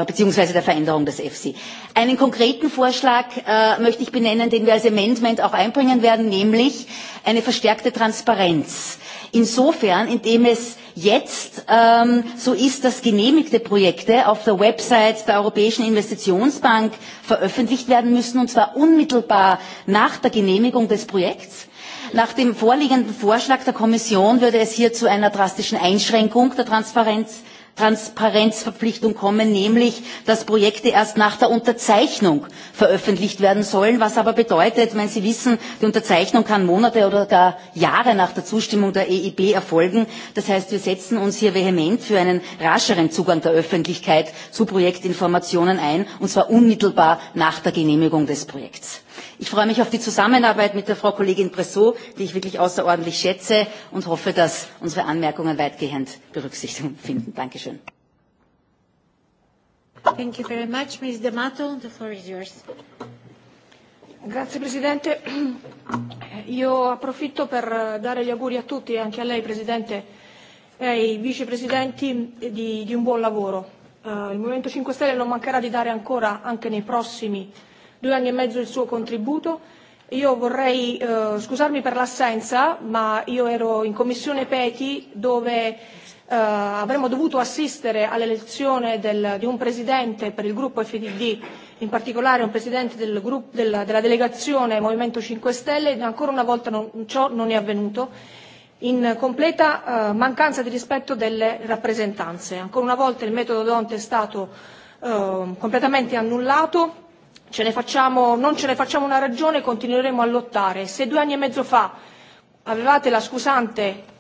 beziehungsweise der Veränderung des EFSI. Einen konkreten Vorschlag äh, möchte ich benennen, den wir als Amendment auch einbringen werden, nämlich eine verstärkte Transparenz. Insofern, indem es jetzt ähm, so ist, dass genehmigte Projekte auf der Website der Europäischen Investitionsbank veröffentlicht werden müssen, und zwar unmittelbar nach der Genehmigung des Projekts Nach dem vorliegenden Vorschlag der Kommission würde es hier zu einer drastischen Einschränkung der Transparenz Transparenzverpflichtung kommen, nämlich dass Projekte erst nach der Unterzeichnung veröffentlicht werden sollen, was aber bedeutet, wenn Sie wissen, die Unterzeichnung kann Monate oder gar Jahre nach der Zustimmung der EIB erfolgen. Das heißt, wir setzen uns hier vehement für einen rascheren Zugang der Öffentlichkeit zu Projektinformationen ein, und zwar unmittelbar nach der Genehmigung des Projekts. Ich freue mich auf die Zusammenarbeit mit der Frau Kollegin Bressot, die ich wirklich außerordentlich schätze und hoffe, dass unsere Anmerkungen weitgehend Berücksichtigung finden. Dankeschön. Thank you very much, Ms. D'Amato. The floor is yours. Grazie Presidente. Io approfitto per eh, dare gli auguri a tutti, anche a lei Presidente e ai vicepresidenti, di, di un buon lavoro. Uh, il Movimento 5 Stelle non mancherà di dare ancora, anche nei prossimi due anni e mezzo il suo contributo. Io vorrei eh, scusarmi per l'assenza, ma io ero in commissione PETI dove eh, avremmo dovuto assistere all'elezione del, di un presidente per il gruppo FDD, in particolare un presidente del gruppo, del, della delegazione Movimento 5 Stelle, e ancora una volta non, ciò non è avvenuto in completa eh, mancanza di rispetto delle rappresentanze. Ancora una volta il metodo Donte è stato eh, completamente annullato ce ne facciamo, non ce ne facciamo una ragione e continueremo a lottare. Se due anni e mezzo fa avevate la scusante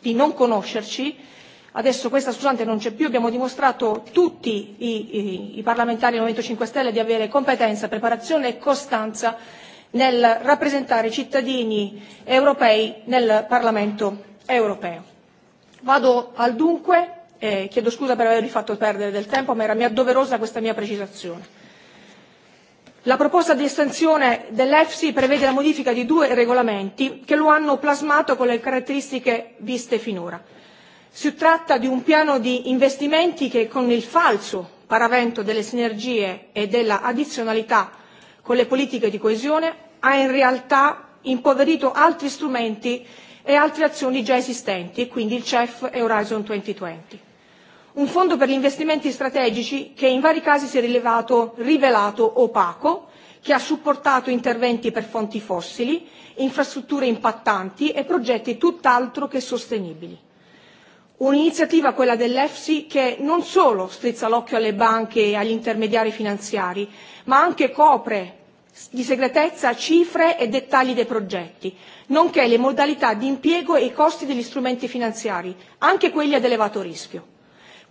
di non conoscerci, adesso questa scusante non c'è più, abbiamo dimostrato tutti i, i, i parlamentari del Movimento 5 Stelle di avere competenza, preparazione e costanza nel rappresentare i cittadini europei nel Parlamento europeo. Vado al dunque, eh, chiedo scusa per avervi fatto perdere del tempo, ma era mia doverosa questa mia precisazione. La proposta di estensione dell'EFSI prevede la modifica di due regolamenti che lo hanno plasmato con le caratteristiche viste finora. Si tratta di un piano di investimenti che con il falso paravento delle sinergie e della addizionalità con le politiche di coesione ha in realtà impoverito altri strumenti e altre azioni già esistenti, quindi il CEF e Horizon 2020 un fondo per gli investimenti strategici che in vari casi si è rilevato, rivelato opaco, che ha supportato interventi per fonti fossili, infrastrutture impattanti e progetti tutt'altro che sostenibili. Un'iniziativa, quella dell'EFSI, che non solo strizza l'occhio alle banche e agli intermediari finanziari, ma anche copre di segretezza cifre e dettagli dei progetti, nonché le modalità di impiego e i costi degli strumenti finanziari, anche quelli ad elevato rischio.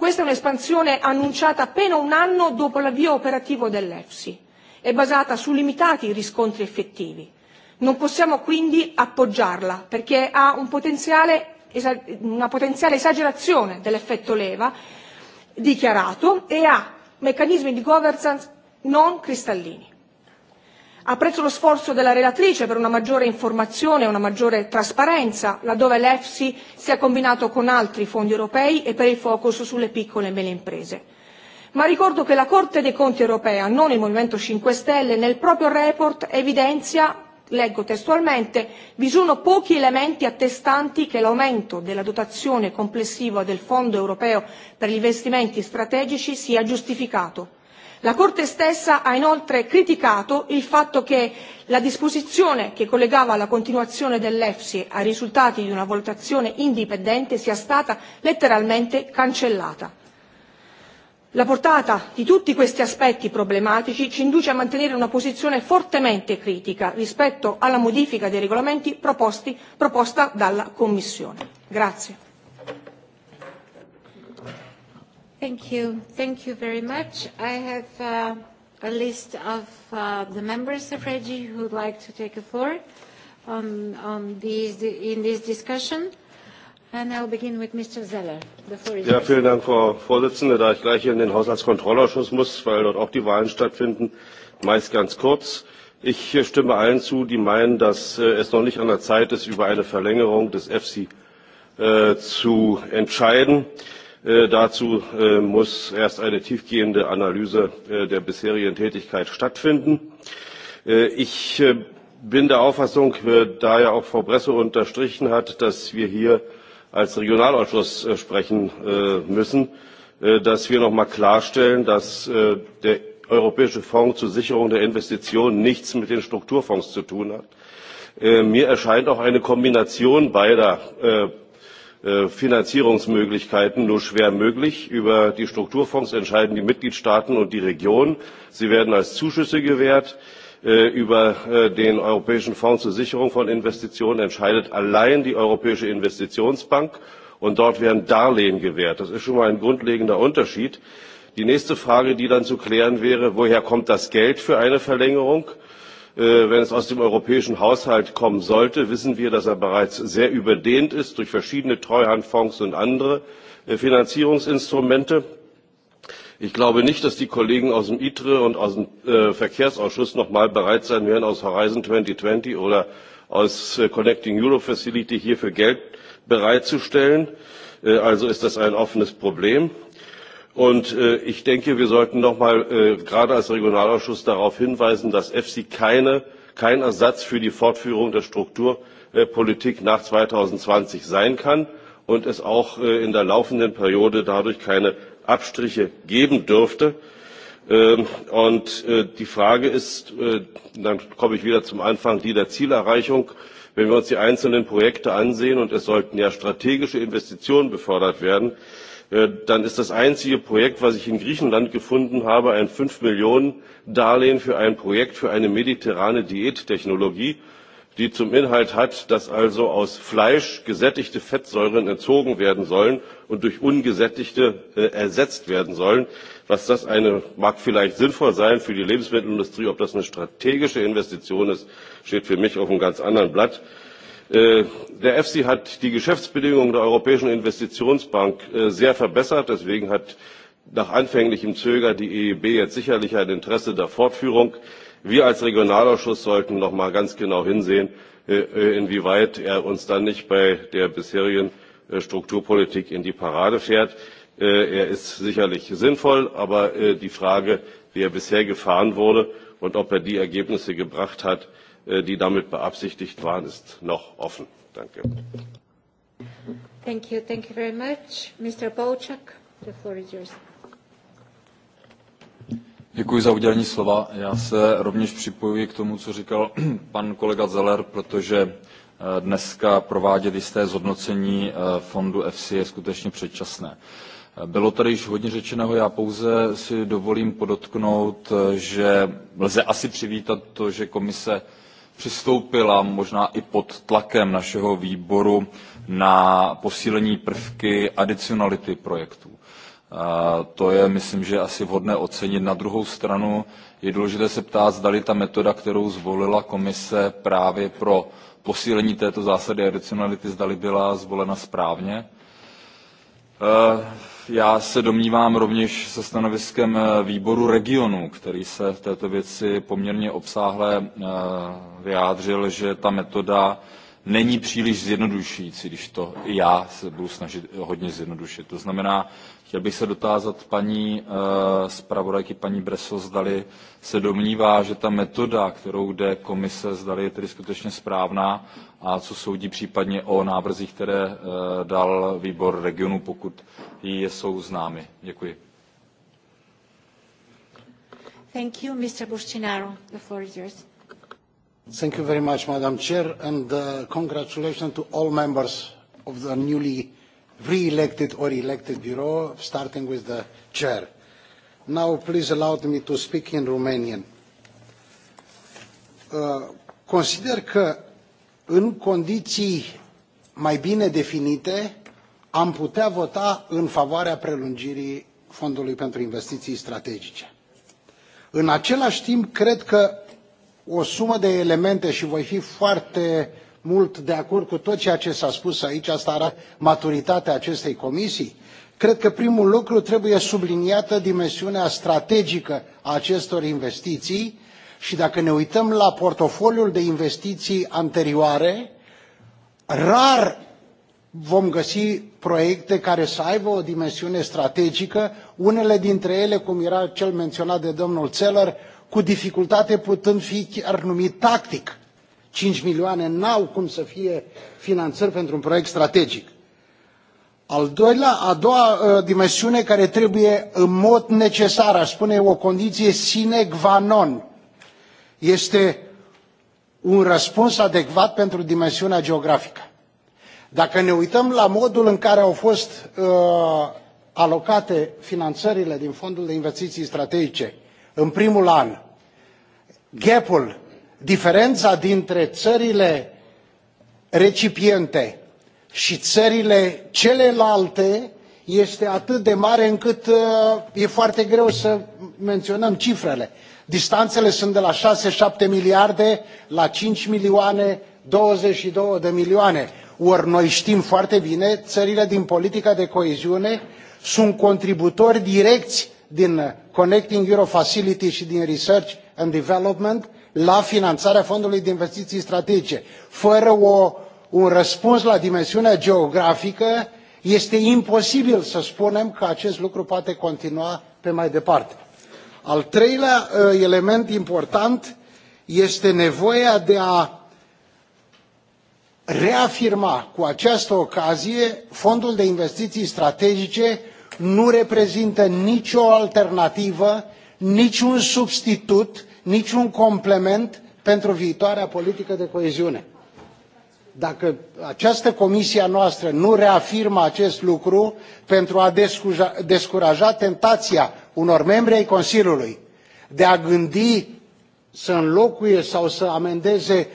Questa è un'espansione annunciata appena un anno dopo l'avvio operativo dell'EFSI e basata su limitati riscontri effettivi. Non possiamo quindi appoggiarla perché ha un potenziale, una potenziale esagerazione dell'effetto leva dichiarato e ha meccanismi di governance non cristallini. Apprezzo lo sforzo della relatrice per una maggiore informazione e una maggiore trasparenza laddove l'EFSI sia combinato con altri fondi europei e per il focus sulle piccole e medie imprese. Ma ricordo che la Corte dei Conti europea, non il Movimento 5 Stelle, nel proprio report evidenzia leggo testualmente, vi sono pochi elementi attestanti che l'aumento della dotazione complessiva del Fondo europeo per gli investimenti strategici sia giustificato La Corte stessa ha inoltre criticato il fatto che la disposizione che collegava la continuazione dell'EFSI ai risultati di una valutazione indipendente sia stata letteralmente cancellata. La portata di tutti questi aspetti problematici ci induce a mantenere una posizione fortemente critica rispetto alla modifica dei regolamenti proposti, proposta dalla Commissione. Grazie. Thank you. Thank you very much. I have uh, a list of uh, the members of REGI who would like to take the floor on, on these, in this discussion. And I'll begin with Mr. Zeller. The floor is ja, vielen Dank, Frau Vorsitzende. Da ich gleich in den Haushaltskontrollausschuss muss, weil dort auch die Wahlen stattfinden, meist ganz kurz. Ich äh, stimme allen zu, die meinen, dass äh, es noch nicht an der Zeit ist, über eine Verlängerung des EFSI äh, zu entscheiden. Äh, Äh, dazu äh, muss erst eine tiefgehende Analyse äh, der bisherigen Tätigkeit stattfinden. Ich bin der Auffassung, da ja auch Frau Bresse unterstrichen hat, dass wir hier als Regionalausschuss sprechen müssen, dass wir noch mal klarstellen, dass der Europäische Fonds zur Sicherung der Investitionen nichts mit den Strukturfonds zu tun hat. Mir erscheint auch eine Kombination beider Äh, Finanzierungsmöglichkeiten nur schwer möglich. Über die Strukturfonds entscheiden die Mitgliedstaaten und die Regionen. Sie werden als Zuschüsse gewährt. Äh, über äh, den Europäischen Fonds zur Sicherung von Investitionen entscheidet allein die Europäische Investitionsbank und dort werden Darlehen gewährt. Das ist schon mal ein grundlegender Unterschied. Die nächste Frage, die dann zu klären wäre, woher kommt das Geld für eine Verlängerung? Äh, wenn es aus dem europäischen Haushalt kommen sollte, wissen wir, dass er bereits sehr überdehnt ist durch verschiedene Treuhandfonds und andere äh, Finanzierungsinstrumente. Ich glaube nicht, dass die Kollegen aus dem ITRE und aus dem äh, Verkehrsausschuss Verkehrsausschuss nochmal bereit sein werden, aus Horizon 2020 oder aus Connecting Europe Facility hierfür Geld bereitzustellen. also ist das ein offenes Problem. Und äh, ich denke, wir sollten nochmal äh, gerade als Regionalausschuss darauf hinweisen, dass EFSI keine, kein Ersatz für die Fortführung der Strukturpolitik äh, nach 2020 sein kann und es auch äh, in der laufenden Periode dadurch keine Abstriche geben dürfte. Ähm, und äh, die Frage ist, äh, dann komme ich wieder zum Anfang, die der Zielerreichung. Wenn wir uns die einzelnen Projekte ansehen, und es sollten ja strategische Investitionen befördert werden, äh, Äh, dann ist das einzige Projekt, was ich in Griechenland gefunden habe, ein 5 Millionen Darlehen für ein Projekt für eine mediterrane Diättechnologie, die zum Inhalt hat, dass also aus Fleisch gesättigte Fettsäuren entzogen werden sollen und durch ungesättigte äh, ersetzt werden sollen. Was das eine, mag vielleicht sinnvoll sein für die Lebensmittelindustrie, ob das eine strategische Investition ist, steht für mich auf einem ganz anderen Blatt. Äh, der EFSI hat die Geschäftsbedingungen der Europäischen Investitionsbank äh, sehr verbessert. Deswegen hat nach anfänglichem Zögern die EIB e jetzt sicherlich ein Interesse der Fortführung. Wir als Regionalausschuss sollten noch mal ganz genau hinsehen, äh, inwieweit er uns dann nicht bei der bisherigen Strukturpolitik in die Parade fährt. Er ist sicherlich sinnvoll, aber die Frage, wie er bisher gefahren wurde und ob er die Ergebnisse gebracht hat, Äh, die damit beabsichtigt waren, ist noch offen. Danke. Thank you. Thank you very much. Mr. Bolchak, the floor is yours. Děkuji za udělení slova. Já se rovněž připojuji k tomu, co říkal pan kolega Zeller, protože eh, dneska provádět jisté zhodnocení eh, fondu EFSI je skutečně předčasné. Eh, bylo tady již hodně řečeného, já pouze si dovolím podotknout, že lze asi přivítat to, že komise přistoupila možná i pod tlakem našeho výboru na posílení prvky adicionality projektů. To je, myslím, že asi vhodné ocenit. Na druhou stranu je důležité se ptát, zda ta metoda, kterou zvolila komise právě pro posílení této zásady adicionality, zdali byla zvolena správně já se domnívám rovněž se stanoviskem eh, výboru regionu, který se v této věci poměrně obsáhle eh, vyjádřil, že ta metoda není příliš zjednodušující, když to i já se budu snažit hodně zjednodušit. To znamená, chtěl bych se dotázat paní eh, zpravodajky, paní Breso, zdali se domnívá, že ta metoda, kterou jde komise, zdali je tedy skutečně správná a co soudí případně o návrzích, které eh, dal výbor regionu, pokud jsou známy. Děkuji. Thank you, Mr. Bustinaro. The floor is yours. Thank you very much, Madam Chair, and uh, congratulations to all members of the newly re-elected or elected Bureau, starting with the Chair. Now, please allow me to speak in Romanian. Uh, consider că în condiții mai bine definite, am putea vota în favoarea prelungirii Fondului pentru Investiții Strategice. În același timp, cred că o sumă de elemente și voi fi foarte mult de acord cu tot ceea ce s-a spus aici, asta arată maturitatea acestei comisii. Cred că primul lucru trebuie subliniată dimensiunea strategică a acestor investiții Și dacă ne uităm la portofoliul de investiții anterioare, rar vom găsi proiecte care să aibă o dimensiune strategică, unele dintre ele, cum era cel menționat de domnul Țeller, cu dificultate putând fi chiar numit tactic. 5 milioane n-au cum să fie finanțări pentru un proiect strategic. Al doilea, a doua uh, dimensiune care trebuie în mod necesar, aș spune, o condiție sine qua non este un răspuns adecvat pentru dimensiunea geografică. Dacă ne uităm la modul în care au fost uh, alocate finanțările din Fondul de Investiții Strategice în primul an, gapul, diferența dintre țările recipiente și țările celelalte este atât de mare încât uh, e foarte greu să menționăm cifrele. Distanțele sunt de la 6-7 miliarde la 5 milioane 22 de milioane. Ori noi știm foarte bine, țările din politica de coeziune sunt contributori direcți din Connecting Euro Facility și din Research and Development la finanțarea Fondului de Investiții Strategice. Fără o, un răspuns la dimensiunea geografică, este imposibil să spunem că acest lucru poate continua pe mai departe. Al treilea uh, element important este nevoia de a reafirma cu această ocazie fondul de investiții strategice nu reprezintă nicio alternativă, niciun substitut, niciun complement pentru viitoarea politică de coeziune. Dacă această comisie a noastră nu reafirmă acest lucru pentru a descuja, descuraja tentația unor membri ai Consiliului de a gândi să înlocuie sau să amendeze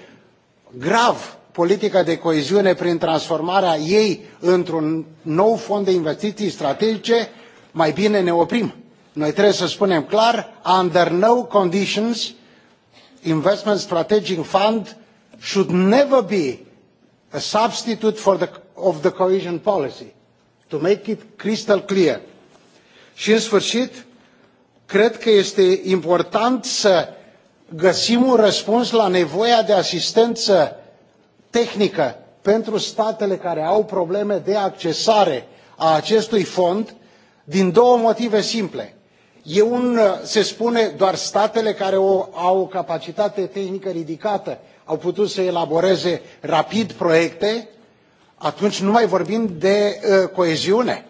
grav politica de coeziune prin transformarea ei într-un nou fond de investiții strategice, mai bine ne oprim. Noi trebuie să spunem clar, under no conditions, investment strategic fund should never be a substitute for the, of the cohesion policy, to make it crystal clear. Și în sfârșit, cred că este important să găsim un răspuns la nevoia de asistență tehnică pentru statele care au probleme de accesare a acestui fond din două motive simple. E un, se spune, doar statele care o, au o capacitate tehnică ridicată au putut să elaboreze rapid proiecte, atunci nu mai vorbim de uh, coeziune.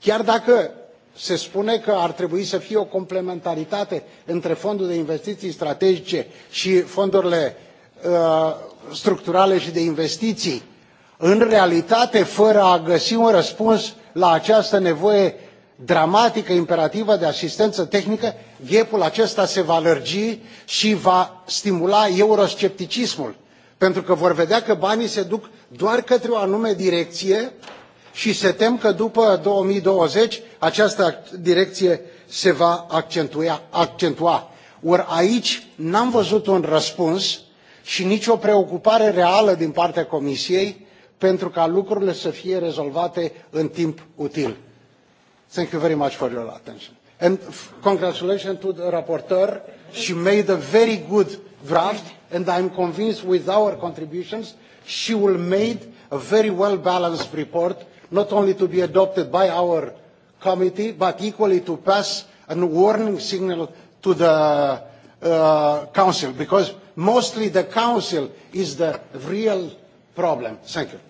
Chiar dacă se spune că ar trebui să fie o complementaritate între fondul de investiții strategice și fondurile uh, structurale și de investiții, în realitate, fără a găsi un răspuns la această nevoie dramatică, imperativă de asistență tehnică, ghepul acesta se va lărgi și va stimula euroscepticismul, pentru că vor vedea că banii se duc doar către o anume direcție și se tem că după 2020 această direcție se va accentua. accentua. Ori aici n-am văzut un răspuns și nicio preocupare reală din partea Comisiei pentru ca lucrurile să fie rezolvate în timp util Thank you very much for your attention. And congratulations to the rapporteur. She made a very good draft, and I'm convinced with our contributions, she will make a very well-balanced report, not only to be adopted by our committee, but equally to pass a warning signal to the uh, council, because mostly the council is the real problem. Thank you.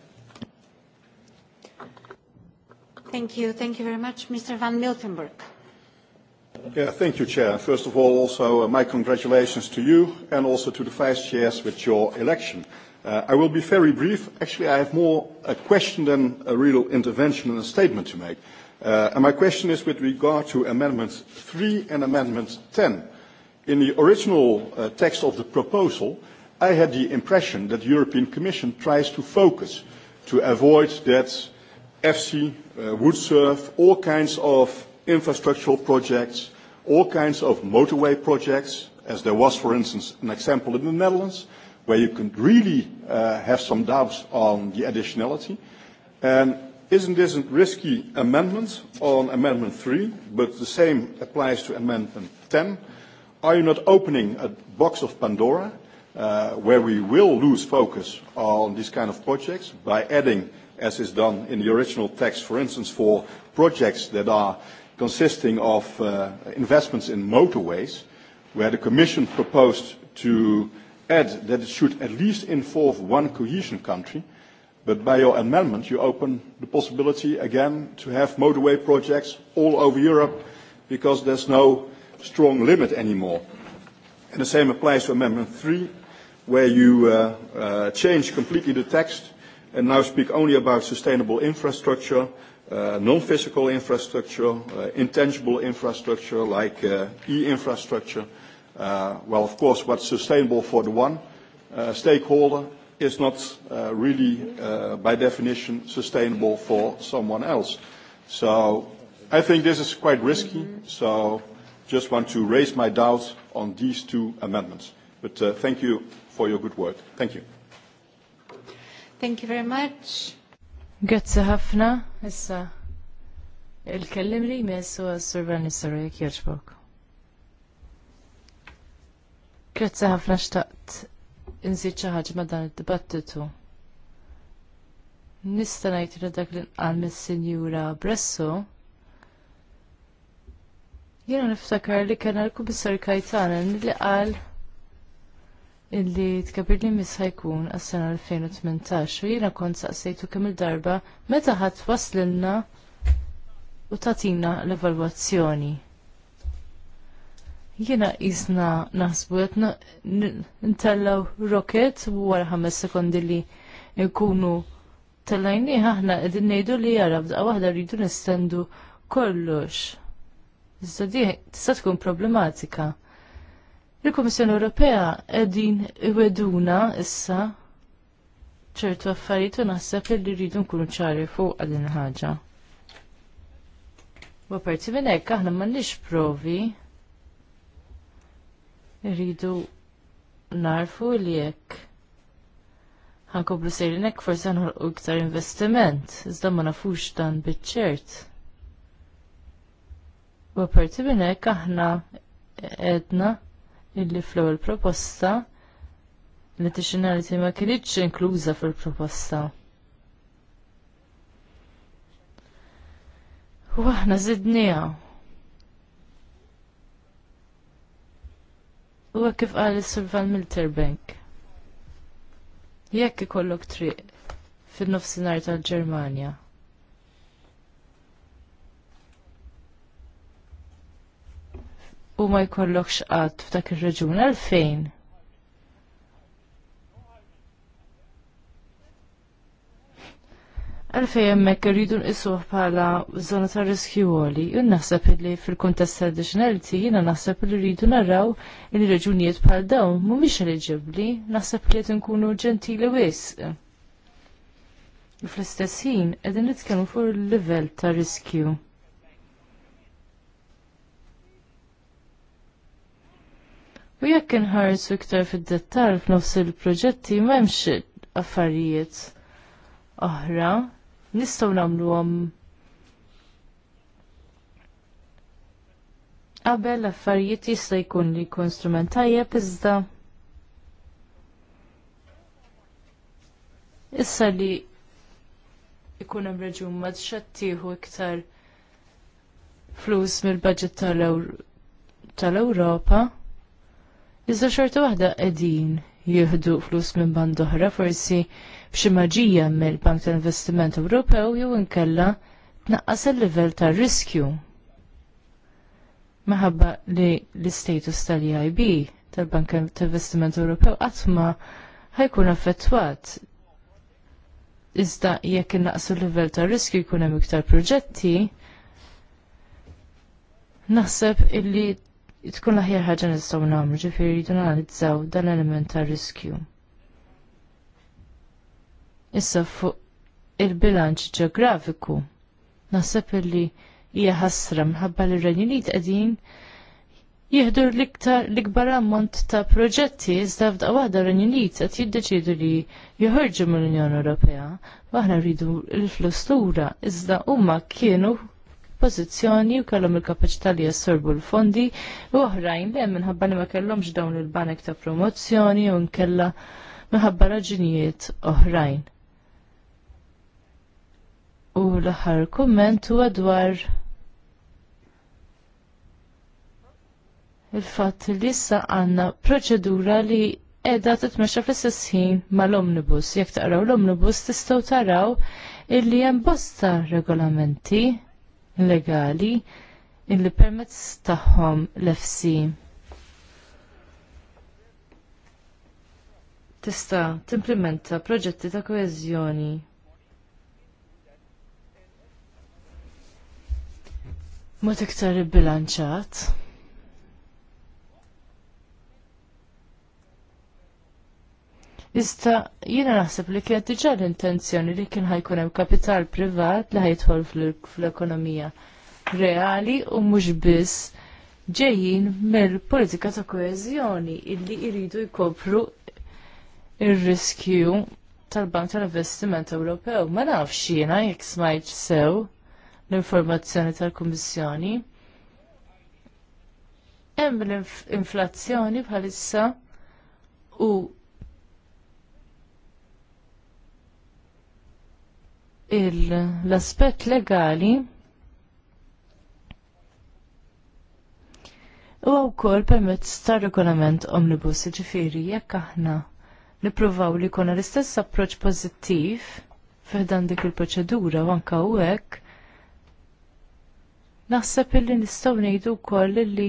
Thank you. Thank you very much. Mr. Van Miltenburg. Yeah, thank you, Chair. First of all, also uh, my congratulations to you and also to the Vice Chairs with your election. Uh, I will be very brief. Actually, I have more a question than a real intervention and a statement to make. Uh, and my question is with regard to Amendment 3 and Amendment 10. In the original uh, text of the proposal, I had the impression that the European Commission tries to focus to avoid that FC uh, Woodsurf, all kinds of infrastructural projects, all kinds of motorway projects, as there was, for instance, an example in the Netherlands, where you can really uh, have some doubts on the additionality. And isn't this a risky amendment on Amendment 3, but the same applies to Amendment 10? Are you not opening a box of Pandora uh, where we will lose focus on these kind of projects by adding as is done in the original text, for instance, for projects that are consisting of uh, investments in motorways, where the Commission proposed to add that it should at least involve one cohesion country, but by your amendment you open the possibility again to have motorway projects all over Europe because there's no strong limit anymore. And the same applies to Amendment 3, where you uh, uh, change completely the text and now speak only about sustainable infrastructure, uh, non-physical infrastructure, uh, intangible infrastructure like uh, e-infrastructure. Uh, well, of course, what's sustainable for the one uh, stakeholder is not uh, really, uh, by definition, sustainable for someone else. So I think this is quite risky, so just want to raise my doubts on these two amendments. But uh, thank you for your good work. Thank you. Thank you very much. Grazzi ħafna, issa. Il-kellim li jmess u għas-survan nissaru jek jirġbok. Grazzi ħafna xtaqt inżid xi ħaġa ma' dan id-dibattitu. Nista' ngħid li dak li nqal mis-Sinjura Bresso Jiena niftakar li kien l-kubissar kajtana li qal illi tkabir li mis ħajkun għas-sena 2018 u jiena kont saqsejtu kemm il-darba meta ħadd waslilna u tatina l-evalwazzjoni. Jiena isna naħsbu qed ntellgħu rocket wara ħames sekondi li nkunu tellajni aħna qegħdin ngħidu li jara bdqa waħda rridu nistendu kollox. Iżda di tista' tkun problematika. Il-Komissjoni Ewropea qegħdin iweduna issa ċertu affarijiet u naħseb li rridu nkunu ċari fuq għadin ħaġa. U parti minn hekk aħna m'għandniex provi rridu narfu li hekk. ħankoblu sejrin hekk forsi nħolqu iktar investiment, iżda ma nafux dan biċ-ċert. U parti minn hekk aħna edna illi fl-ewwel proposta l-additionality ma kinitx inkluża fil-proposta. U aħna zidniha. U kif qal is-Survan Milterbank. Jekk ikollok triq fin-nofsinhar tal-Ġermanja. u ma jkollokx qatt f'dak ir-reġun għalfejn. Għalfej hemmhekk irridu nqisuh bħala żona ta' riskju għoli, u naħseb li fil-kuntest traditionality jiena naħseb li rridu naraw li reġunijiet bħal dawn mhumiex eliġibbli, naħseb li qed nkunu ġentili wisq. Fl-istess ħin qegħdin nitkellmu fuq il-livell ta' riskju. U jekk inħarsu iktar fid-dettal f'nofs il-proġetti m'hemmx affarijiet oħra nistgħu nagħmluhom qabel affarijiet jista' jkun li jkun strument tajjeb iżda issa li jkun hemm reġun ma tieħu iktar flus mill-budget tal-Ewropa. Iżda xorta waħda qegħdin jieħdu flus minn band oħra forsi b'xi maġija mill-Bank tal-Investiment Ewropew jew inkella tnaqqas il-livell tar-riskju. Maħabba li l-istatus tal-EIB tal-Bank tal-Investiment Ewropew qatt ma ħajkun affettwat iżda jekk innaqsu il livell ta' riskju jkun hemm iktar proġetti, naħseb illi tkun laħjar aħjar ħaġa nistgħu nagħmlu ġifieri analizzaw nanalizzaw dan l-element ta' riskju. Issa fuq il-bilanċ ġeografiku naħseb li hija ħasra minħabba li r-Renjunit qegħdin jieħdu l-iktar l-ikbar ammont ta' proġetti iżda f'daqqa waħda r-Renjunit qed jiddeċiedu li joħorġu mill-Unjoni Ewropea, aħna rridu l-flus lura iżda huma kienu pożizzjoni u kellhom il-kapaċità li jassorbu l-fondi u oħrajn li hemm minħabba li ma kellhomx dawn il-banek ta' promozzjoni u nkella minħabba raġunijiet oħrajn. U l-aħħar kumment huwa dwar il-fatt li issa għandna proċedura li edha titmexxa fl-istess ħin mal-omnibus. Jekk taqraw l-omnibus tistgħu taraw illi hemm bosta regolamenti legali illi permezz tagħhom l-FC tista' timplementa proġetti ta' koeżjoni mod iktar bilanċat. Iżda jiena naħseb li kienet diġà l-intenzjoni li kien ħajkun hemm kapital privat li ħajtħol fl-ekonomija reali u mhux biss ġejjin mill-politika ta' koeżjoni illi jridu jkopru ir-riskju tal-Bank tal-Investiment Ewropew. Ma nafx jiena jekk smajt sew l-informazzjoni tal-Kummissjoni. Hemm l-inflazzjoni bħalissa u l-aspett legali u wkoll permezz tar regolament omnibus, ġifieri jekk aħna nippruvaw li kona l-istess approċċ pożittiv fiħdan dik il-proċedura u anke hekk naħseb illi nistgħu ngħidu wkoll li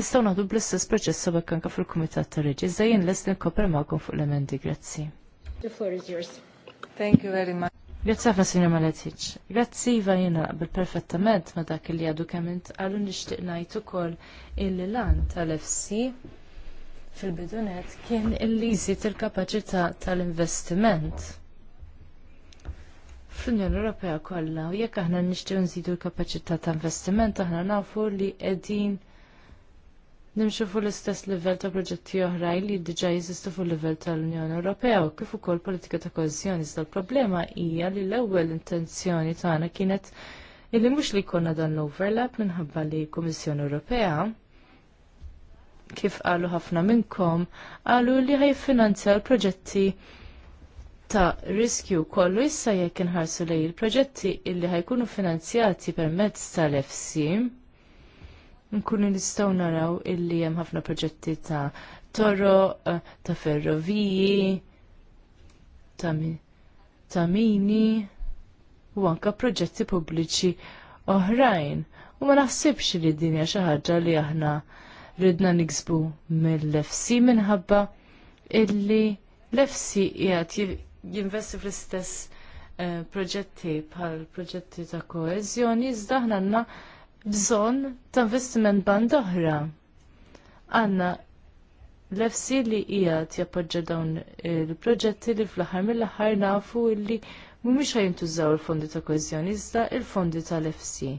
nistgħu nagħdu bl-istess proċess sabek anke fil-Kumitat tal Reġi. l jien les nikkoper magħkom fuq l-emendi, grazzi. The floor is yours. Thank you very much. Grazie a sinja Maletic. Grazie Iva jena bil-perfettament ma dak li għadu kement għallu nishtiq najtu kol il-lan tal-FC fil-bidunet kien il-liżi tal kapacita tal-investiment fl-Unjoni Ewropea kollha u jekk aħna nixtiew nżidu l-kapaċità ta' investiment aħna nafu li qegħdin nimxu fuq l-istess livell ta' proġetti oħrajn li diġà jeżistu fuq livell tal-Unjoni Ewropea u kif ukoll politika ta' koeżjoni iżda l-problema hija li l-ewwel intenzjoni tagħna kienet illi mhux li jkollna dan l-overlap minħabba li l-Kummissjoni Ewropea kif qalu ħafna minnkom qalu li ħajfinanzja l-proġetti ta' riskju kollu issa jekk inħarsu lejn il-proġetti illi ħajkunu finanzjati permezz tal-FSIM nkunu nistgħu naraw illi hemm ħafna proġetti ta' toro, eh, ta' ferroviji, ta' mini u anke proġetti pubbliċi oħrajn. U ma naħsibx li din hija xi ħaġa li aħna ridna niksbu mill-FC minħabba illi l-FC jinvesti fl-istess eh, proġetti bħal proġetti ta' koeżjoni iżda aħna bżonn ta' investiment band oħra. Għanna l efsi li qiegħed jappoġġa dawn il-proġetti li fl-aħħar mill-aħħar nafu li mhumiex ħajntużaw il-fondi ta' koeżjoni iżda il-fondi tal-FC.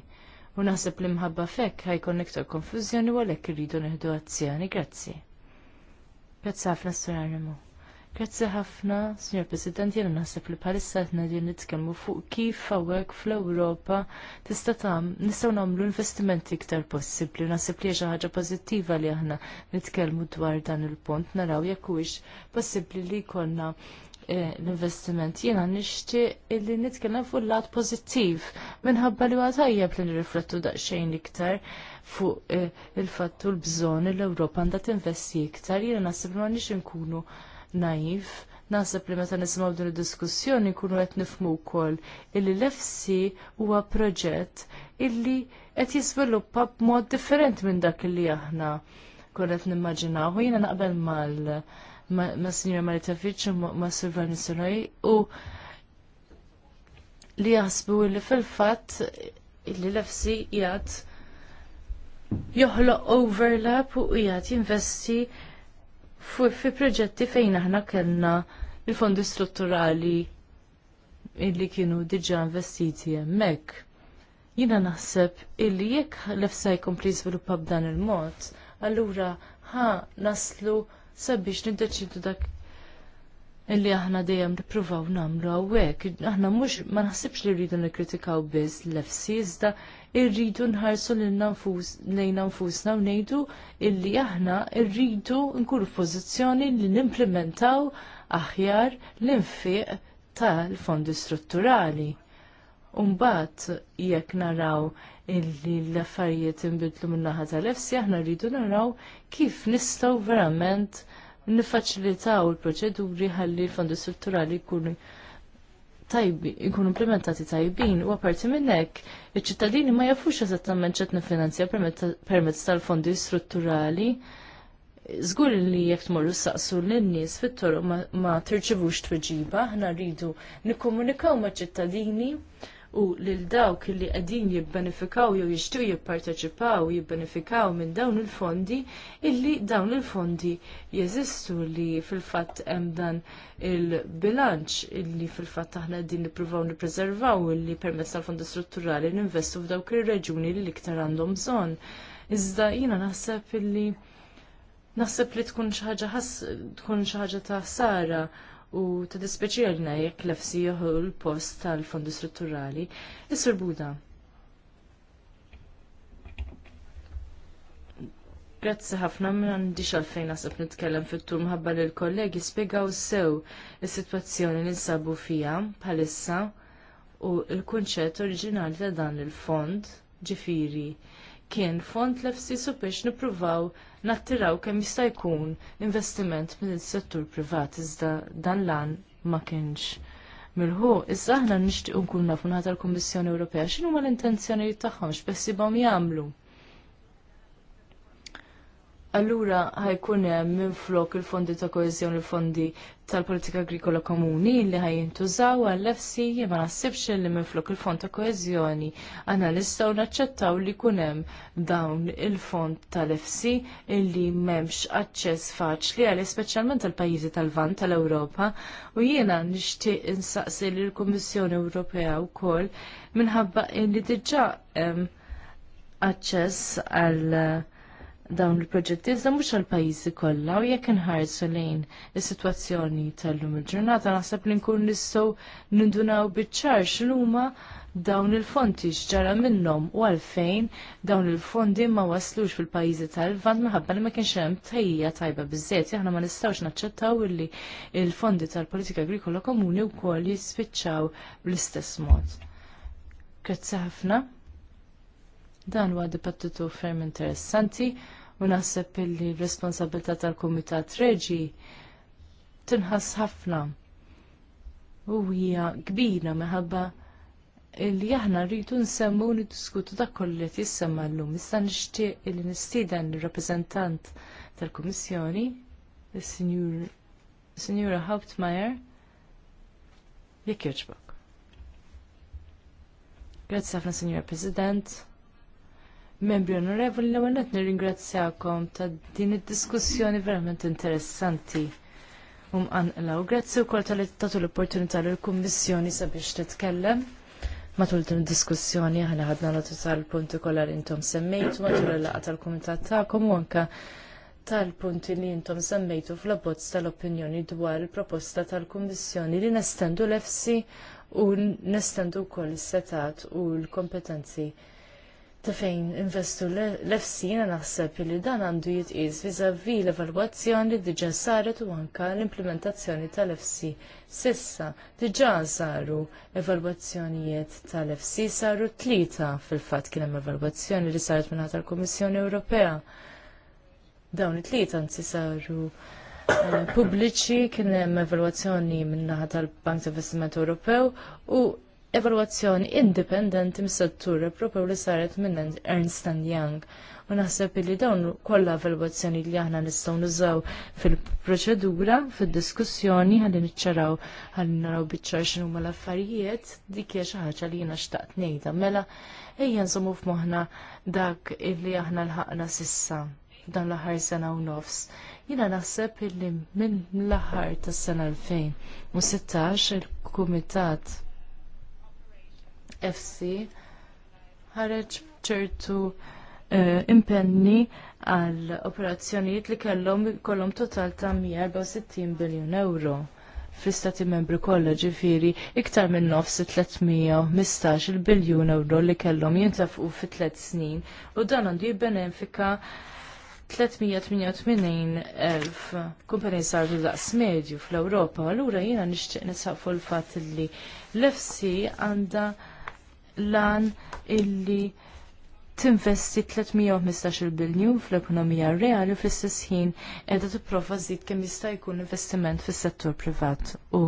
U naħseb li mħabba fekk ħajkon iktar konfużjoni u għalhekk irridu neħdu azzjoni. Grazzi. Grazzi ħafna Sur Grazzi ħafna, Signor President, jena naħseb li palissa għetna li nitkellmu fuq kif għawek fl-Europa tista' tam nistgħu nagħmlu investimenti iktar possibbli. Naħseb li xi ħaġa pożittiva li aħna nitkellmu dwar dan il pont naraw jekk huwiex possibbli li jkollna eh, l-investiment, jena nishti illi nitkemmu fuq l-lat pozittiv minħabba li għatajjab li nirriflettu daqxejn iktar fuq eh, il-fattu l-bżon l-Europa għandha tinvesti iktar, jena nasib ma nix nkunu naif. Naħseb li meta nisimgħu din id-diskussjoni kunu qed nifhmu wkoll illi l-EFSI huwa proġett illi qed jiżviluppa b'mod differenti minn dak illi aħna konna qed nimmaġinaw. Jiena naqbel mal ma' Sinjora Maritovic u ma' Silvan Nisoloj u li jasbu li fil-fatt illi l-EFSI jgħat joħloq overlap u jgħat jinvesti fi proġetti fejn aħna kellna il-fondi strutturali illi kienu diġa investiti hemmhekk. Jina naħseb illi jekk l-efsa jkompli jiżviluppa b'dan il-mod, allura ħa naslu sabiex niddeċidu dak illi aħna dejjem nippruvaw nagħmlu hawnhekk. Aħna mhux ma naħsibx li rridu nikkritikaw biss l-FC iżda rridu nħarsu lejna nfusna u ngħidu illi aħna rridu nkunu f'pożizzjoni li nimplementaw aħjar l-infiq tal-fondi strutturali. Umbat jekk naraw illi l-affarijiet inbidlu min-naħa tal-FC aħna rridu naraw kif nistgħu verament nifaċilitaw il-proċeduri ħalli l-fondi strutturali jkunu tajbi, jkunu implementati tajbin u għaparti minnek, il-ċittadini ma jafux eżattament ċet nifinanzja permezz tal-fondi strutturali. Zgur li jek tmorru saqsu l-nies fit-toru ma tirċivux tweġiba, ħna rridu nikkomunikaw ma' ċittadini u lil dawk li qegħdin jibbenefikaw jew jixtru jipparteċipaw jibbenefikaw minn dawn il-fondi illi dawn il-fondi jeżistu li fil-fatt hemm dan il-bilanċ illi fil-fatt aħna qegħdin nippruvaw nippreservaw illi permezz tal-fondi strutturali ninvestu f'dawk ir-reġuni li l-iktar għandhom bżonn. Iżda jiena naħseb illi naħseb li tkun xi ħaġa tkun xi ħaġa ta' sara u ta' dispeċjalna jekk l-efsi joħu l-post tal-fondi strutturali. Is-Sur Buda. Grazzi ħafna minn għandi xalfejn għasab nitkellem fit-tul mħabba l-kollegi spiegaw sew is-sitwazzjoni li nsabu fija bħalissa u l-kunċett oriġinali ta' dan il-fond ġifiri kien fond l-FCSU biex nippruvaw nattiraw kemm jista' jkun investiment minn is settur privat iżda dan lan ma kienx. Milħu, iżda aħna nixtiequ nkun nafu tal-Kummissjoni Ewropea x'inhuma l-intenzjonijiet tagħhom x'bessibhom jagħmlu allura ħajkun hemm minflok il-fondi ta' koeżjoni il-fondi tal-politika agrikola komuni li ħajintużaw għall-FC ma naħsibx li minflok il-fond ta' koeżjoni għandna nistgħu naċċettaw li jkun hemm dawn il-fond tal-FC illi m'hemmx aċċess faċli għal speċjalment tal-pajjiżi tal-Vant tal-Ewropa u jiena nixtieq insaqsi lill-Kummissjoni Ewropea wkoll minħabba li diġà aċċess għal dawn il-proġetti iżda mhux għall-pajjiżi kollha u jekk inħarsu lejn is-sitwazzjoni tal-lum il-ġurnata naħseb li nkun nistgħu nindunaw biċ-ċar x'huma dawn il-fondi x'ġara minnhom u għalfejn dawn il-fondi ma waslux fil-pajjiżi tal-Lvant minħabba li ma kienx hemm tejja tajba biżżejjed aħna ma nistgħux naċċettaw illi l fondi tal-Politika Agrikola Komuni wkoll jispiċċaw bl-istess mod. Grazzi ħafna. Dan huwa dibattitu ferm interessanti u naħseb r responsabilità tal-Kumitat Reġi tinħass ħafna u hija kbira minħabba li aħna rridu nsemmu niddiskutu dak kollu li jissemma llum. Issa nixtieq li nistieden ir-rappreżentant tal-Kummissjoni, is-Sinjura Hauptmeier, jekk jogħġbok. Grazzi ħafna, Sinjura President. Membri onorevoli, l-ewwel qed nirringrazzjakom ta' din id-diskussjoni verament interessanti. Umqanqla u grazzi wkoll tal tagħtu l-opportunità lill-Kummissjoni sabiex titkellem. Matul din diskussjoni aħna ħadna nota tal-punti kollha li intom semmejtu matul il-laqgħa tal-kumitat tagħkom u anke tal-punti li intom semmejtu fl-abbozz tal-opinjoni dwar il-proposta tal-Kummissjoni li nestendu l-EFSI u nestendu wkoll is-setat u l-kompetenzi ta' fejn investu l-efsi jena naħseb li dan għandu jitqis vizavi l-evalwazzjoni diġa saret u anka l-implementazzjoni tal-efsi. Sissa, diġa saru evalwazzjonijiet tal-efsi saru tlita fil-fat kienem evalwazzjoni li saret minna tal-Komissjoni Ewropea. Dawn it-tlita nsi saru eh, pubbliċi kien hemm evalwazzjoni min-naħa tal-Bank ta' Investiment Ewropew u evalwazzjoni indipendenti mis-settur propju li saret minn Ernst Young. U naħseb li dawn kollha evalwazzjoni li aħna nistgħu nużaw fil-proċedura, fid-diskussjoni ħalli niċċaraw ħalli naraw biċċar x'inhu huma l-affarijiet dik hija xi ħaġa li jiena xtaqt ngħidha. Mela ejja nżommu f'moħħna dak illi aħna lħaqna sissa dan l-aħħar sena u nofs. Jina naħseb illi minn l-aħħar tas sena 2016 il-Kumitat FC ħareġ ċertu uh, impenni għal operazzjonijiet li kellhom kollhom total ta' 164 biljun euro fl-istati membri kollha ġifieri iktar minn nofs 315 biljun euro li kellhom jintafqu fi tliet snin u dan għandu jibbenefika 388.000 kumpanija sardu daqs medju fl-Ewropa, allura jiena nixtieq nisaqfu l-fatt li l-FC għandha lan illi tinvesti 315 biljun fl-ekonomija reali fl-istess ħin qiegħda tipprova zid kemm jista' jkun investiment fis-settur privat u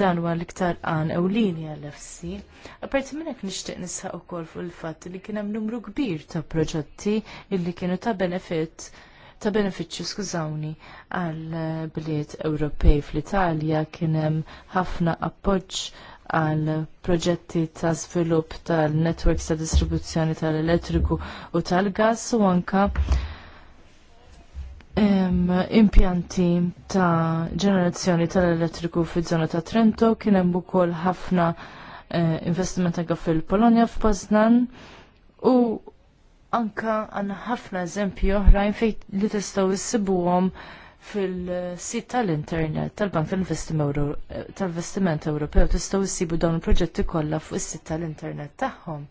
dan huwa l-iktar qan ewlieni għall-FC. Aperti minn hekk nixtieq nisħaq ukoll fuq il-fatt li kien hemm numru kbir ta' proġetti illi kienu ta' benefit ta' beneficju skużawni għal bliet Ewropej fl-Italja kien hemm ħafna appoġġ għal proġetti ta' svilupp tal-networks ta' distribuzzjoni tal-elettriku u tal-gas u anka impjanti ta' ġenerazzjoni tal-elettriku fi zona ta' Trento kien hemm ukoll ħafna eh, investiment anke fil-Polonja f'Poznan u anka għandna ħafna eżempji oħrajn fejn li tistgħu issibuhom fil-sit tal-internet tal-Bank tal-Investiment Ewropew tistgħu ssibu dawn il-proġetti kollha fuq is-sit tal-internet tagħhom.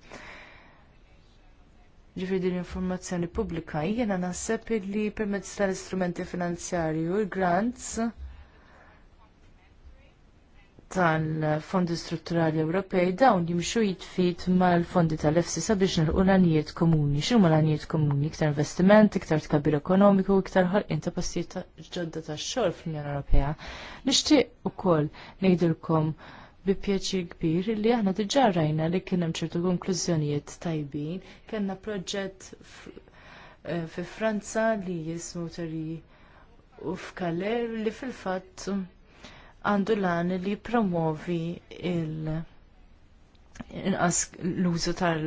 Ġifieri din l-informazzjoni pubblika jiena naħseb li permezz tal-istrumenti finanzjarji u l-grants tal-Fondi Strutturali Ewropej dawn jimxu jitfit mal-fondi tal-EFSI sabiex nilqu l-anijiet komuni. X'inhu ma l-anijiet komuni? Iktar investiment, iktar tkabbir ekonomiku, iktar ħolqien ta' postijiet ġodda tax-xogħol fl-Unjoni Ewropea. Nixtieq ukoll ngħidilkom bi pjaċir kbir li aħna diġà rajna li kien hemm ċertu konklużjonijiet tajbin. Kellna proġett eh, fi Franza li jismu tari u f'Kaler li fil-fatt għandu l-għan li promovi il- l-użu tal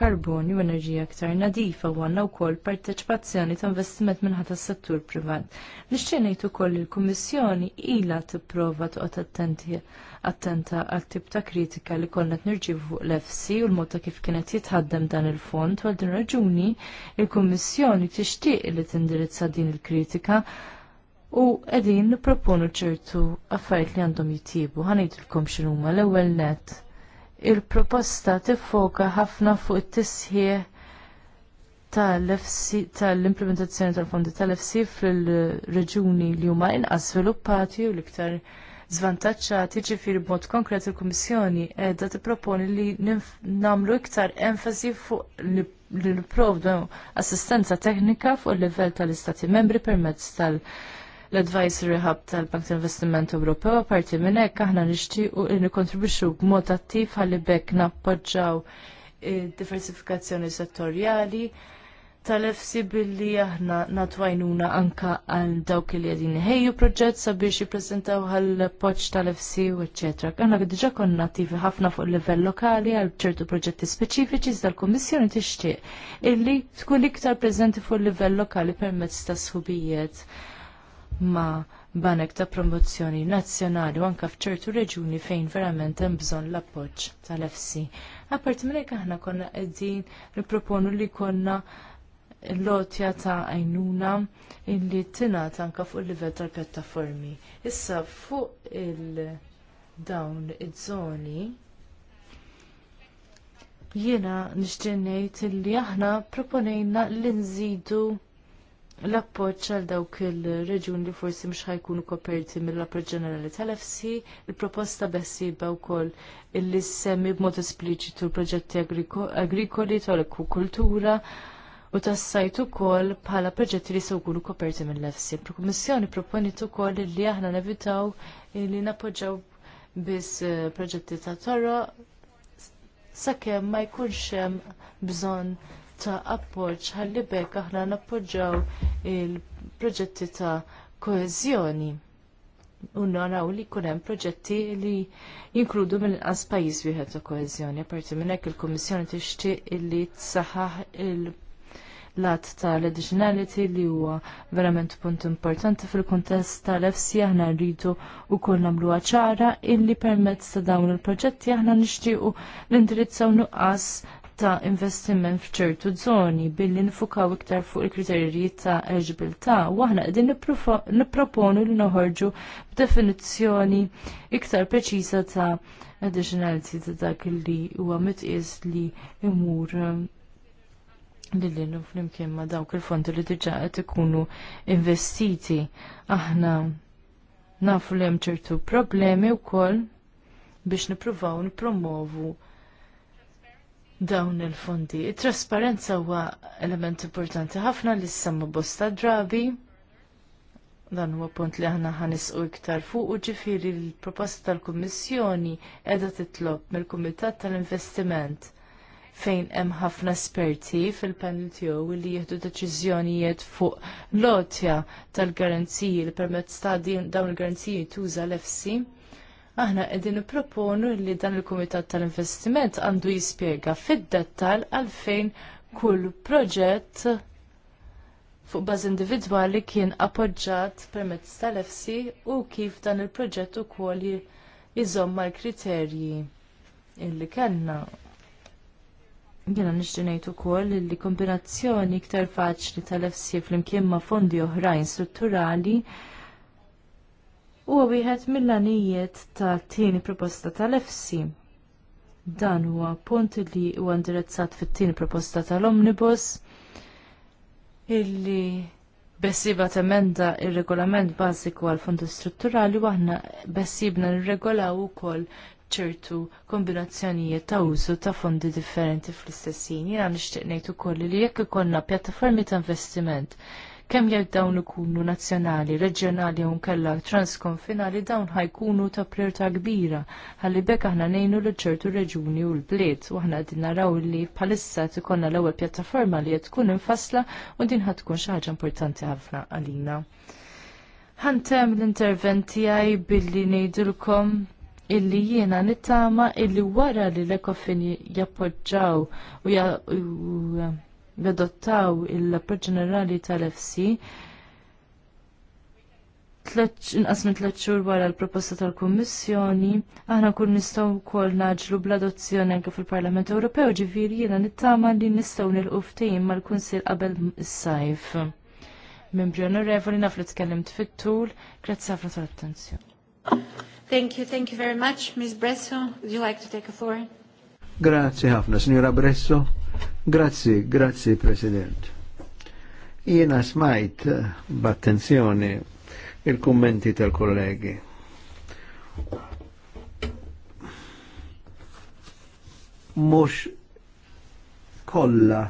karbon u enerġija aktar nadifa u għanna wkoll parteċipazzjoni ta' investiment minħat tas-settur privat. Nixtieq ngħid ukoll il-Kummissjoni ilha tipprova toqgħod t attenta għal tip ta' kritika li konna nirġivu fuq l-FC u l-mod ta' kif kienet jitħaddem dan il-fond u għal din raġuni il-Kummissjoni tixtieq li tindirizza din il-kritika u qegħdin nipproponu ċertu affarijiet li għandhom jitjiebu. Ħanejdilkom x'inhuma l-ewwel net. Il-proposta tiffoka ħafna fuq it-tisħieħ tal-implementazzjoni tal-fondi tal-FC fil-reġuni li huma inqas sviluppati u l-iktar zvantaċċati ġifiri b'mod konkret il-Kummissjoni edha tipproponi li namlu iktar enfasi fuq li li assistenza teknika fuq il livell tal-Istati membri permezz tal-, -istati membri, permezz tal l-Advisory Hub tal-Bank tal-Investiment Ewropew apparti minn hekk aħna nixtiequ li nikkontribwixxu b'mod attiv ħalli bekk nappoġġaw diversifikazzjoni settorjali tal-efsi billi aħna natwajnuna anka għal dawk li għedin ħejju proġett sabiex jippreżentaw għal poċ tal-efsi u eċċetra. Għanna diġà konna attivi ħafna fuq livell lokali għal ċertu proġetti speċifiċi iżda l kummissjoni tixtieq illi tkun iktar preżenti fuq livell lokali permezz ta' sħubijiet ma' banek ta' promozzjoni nazzjonali u anke f'ċertu reġuni fejn verament hemm bżonn l-appoġġ tal-FC. Apparti minn hekk aħna konna qegħdin nipproponu li konna lotja ta' għajnuna illi tingħata anke fuq il-livell tal-pjattaformi. Issa fuq il-dawn iż-żoni jiena nixtieq ngħid illi aħna proponejna li nżidu l-appoġġ għal dawk il-reġjuni li forsi mhux ħajkunu koperti mill-approċ ġenerali tal fsi il-proposta bessiba wkoll illi semmi b'mod espliċitu l-proġetti agrikoli tal-akwakultura u tas-sajt ukoll bħala proġetti li se jkunu koperti mill fsi Il-Kummissjoni proponiet ukoll li aħna nevitaw li nappoġġjaw biss eh, proġetti ta' torra sakemm ma jkunx hemm bżonn ta' appoġġ ħalli bekk aħna nappoġġaw il-proġetti ta' koeżjoni. U naraw li jkun hemm proġetti li jinkludu mill-inqas pajjiż wieħed ta' koeżjoni. Apparti minn hekk il-Kummissjoni tixtieq illi tsaħħaħ il- lat tal-additionality li huwa verament punt importanti fil-kuntest tal-FC aħna rridu u nagħmluha namlu ċara illi permezz ta' dawn il-proġetti aħna nixtiequ l-indirizzaw nuqqas ta' investiment f'ċertu zoni billi nifukaw iktar fuq il-kriterji ta' eligibilità u aħna qegħdin nipproponu li noħorġu b'definizzjoni iktar preċiża ta' additionality ta' dak li huwa mitqies li imur um, lilin flimkien ma dawk il-fondi li diġa qed ikunu investiti. Aħna nafu li hemm ċertu problemi wkoll biex nippruvaw nippromovu dawn il-fondi. Il-trasparenza huwa element importanti ħafna li s-samma bosta drabi. Dan huwa punt li aħna ħanisqu iktar fuq u ġifiri l-proposta tal-Kummissjoni edha titlob mill-Kumitat tal-Investiment fejn hemm ħafna esperti fil-panel tiegħu li jieħdu deċiżjonijiet fuq lotja tal-garanziji li permezz ta' dawn il-garanziji tuża l fc aħna qegħdin nipproponu li dan il-Kumitat tal-Investiment għandu jispjega fid-dettall għalfejn kull proġett fuq baż individwali kien appoġġjat permezz tal fsi u kif dan il-proġett ukoll jizomma mal-kriterji illi kellna. Jiena nixtieq ngħid ukoll li kombinazzjoni iktar faċli tal-EFSI flimkien ma' fondi oħrajn strutturali huwa wieħed mill-għanijiet tat-tieni proposta tal-EFSI. Dan huwa punt li huwa indirizzat fit-tieni proposta tal-Omnibus illi bessiba temenda il-regolament bażiku għal fondi strutturali u aħna bessibna nirregolaw ukoll ċertu kombinazzjonijiet ta' użu ta' fondi differenti fl-istessin. Jena nixtieq ngħid ukoll li jekk ikollna pjattaformi ta' investiment kemm jekk dawn ikunu nazzjonali, reġjonali u nkella transkonfinali dawn ħajkunu ta' priorità kbira ħalli bekk aħna ngħinu l ċertu reġuni u l-bliet u aħna qegħdin naraw li bħalissa tikonna l-ewwel pjattaforma li qed tkun infassla u din ħad tkun xi ħaġa importanti ħafna għalina. Ħantem l-intervent tiegħi billi ngħidulkom illi jiena nittama illi wara li l-ekofin jappoġġaw u jadottaw il-rapport ġenerali tal-FC inqas minn tliet xhur wara l-proposta tal-Kummissjoni, aħna kun nistgħu wkoll naġlu bl-adozzjoni anke fil-Parlament Ewropew ġifieri jiena nittama li nistgħu nilqu ftehim mal-Kunsill qabel is-sajf. Membri onorevoli naf li tkellimt fit-tul, grazzi ħafna tal-attenzjoni. Thank you, thank you very much. Ms. Bresso, would you like to take a floor? Grazzi ħafna, signora Bresso. Grazzi, grazie President. Jiena smajt eh, b'attenzjoni il-kummenti tal-kollegi. Mux kolla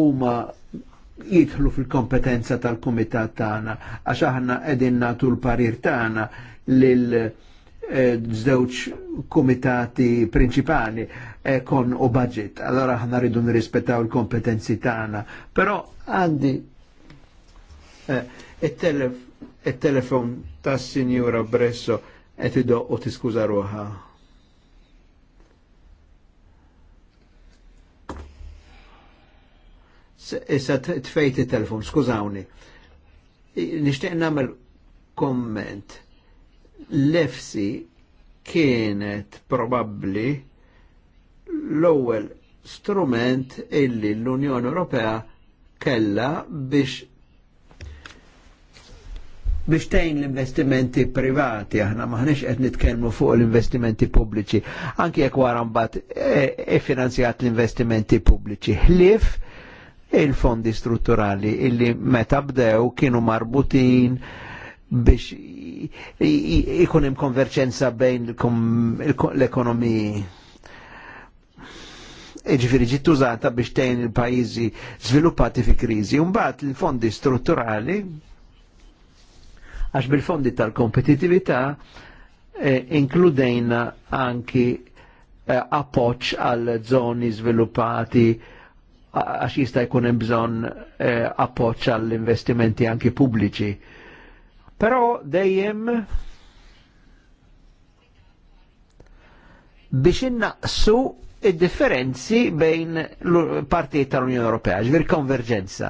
huma jidħlu fil-kompetenza tal-kumitat tagħna għax aħna qegħdin nagħtu l-parir tagħna lil Eh, żewġ komitati principali kon u budget. Allora ħna rridu nirrispettaw il-kompetenzi tagħna. Però għandi eh, it-telefon tas sinjura Bresso qed idoq u tiskuża ruħha. Issa tfejt il telefon skużawni. Nixtieq nagħmel komment l kienet probabli l-ewwel strument illi l-Unjoni Ewropea kella biex biex tejn l-investimenti privati, aħna maħniex qed nitkellmu fuq l-investimenti pubbliċi, anki jekk wara mbagħad iffinanzjat eh, e, l-investimenti pubbliċi. Ħlief il-fondi strutturali illi meta bdew kienu marbutin biex ikun hemm konverġenza bejn l-ekonomiji. Iġifieri ġiet użata biex tgħin il-pajjiżi żviluppati fi kriżi. Mbagħad il-fondi strutturali għax bil-fondi tal-kompetitività eh, inkludejna anki eh, appoċ għal żoni sviluppati għax jista' jkun hemm bżonn eh, appoġġ appoċ għall investimenti anki pubbliċi Però dejjem biex innaqsu id-differenzi bejn partijiet tal-Unjoni Ewropea, ġvir konverġenza.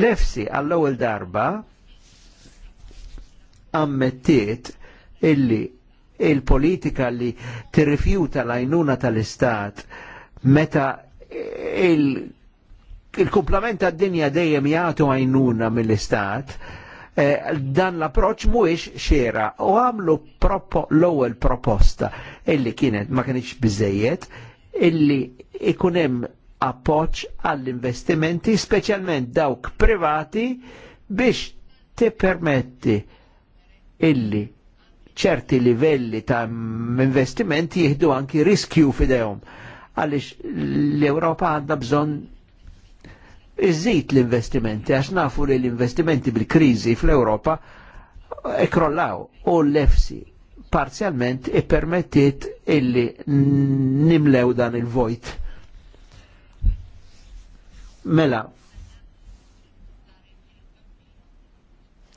L-EFSI għall-ewwel darba ammettiet illi il-politika li tirrifjuta l-għajnuna tal-Istat meta il-kumplament il tad-dinja dejjem jagħtu għajnuna mill-Istat, Eh, dan l-approċ mhuwiex xiera u għamlu l-ewwel proposta illi kienet ma kienx biżejjed illi ikun hemm appoġġ għall-investimenti speċjalment dawk privati biex tippermetti illi ċerti livelli ta' investimenti jihdu anki riskju fidejhom għaliex l-Ewropa għandha bżonn iżid l-investimenti, għax nafu li l-investimenti bil-krizi fl-Europa ikrollaw e u l-efsi parzialment e permettit illi nimlew dan il-vojt. Mela,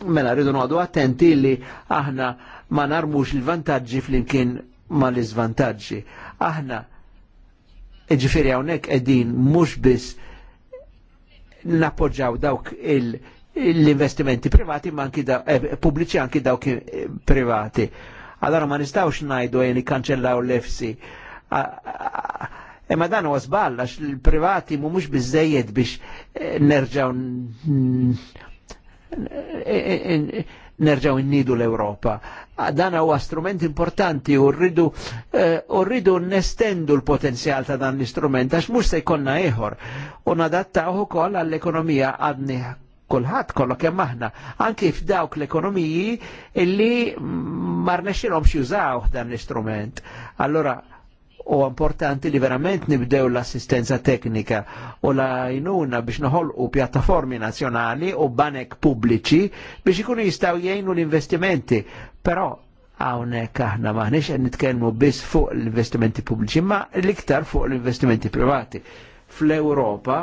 mela rridu noqdu attenti li aħna ma narmux il-vantaġġi flimkien ma l-izvantaġġi. Aħna e ġifiri għonek edin mux biss nappoġġaw dawk l-investimenti privati ma anki eh, pubbliċi anki dawk eh, privati. Allora ma nistawx najdu li eh, kanċellaw l fc Ema dan u żball għax il-privati mux bizzejed biex nerġaw nerġaw innidu l-Europa. Ah, dan huwa strument importanti u rridu eh, u rridu nestendu l-potenzjal ta' dan l-istrument għax mhux se jkollna eħor. u nadattaw ukoll għall-ekonomija għadni kullħat kollu kem maħna, anki f'dawk l-ekonomiji illi ma xjużaw dan l-istrument. Allora u importanti li verament nibdew l-assistenza teknika u la jnuna biex noħolqu pjattaformi nazjonali u banek pubbliċi biex ikunu jistaw jgħinu l-investimenti. Però hawnhekk aħna maħniex qed nitkellmu biss fuq l-investimenti pubbliċi, ma l-iktar fuq l-investimenti privati. Fl-Ewropa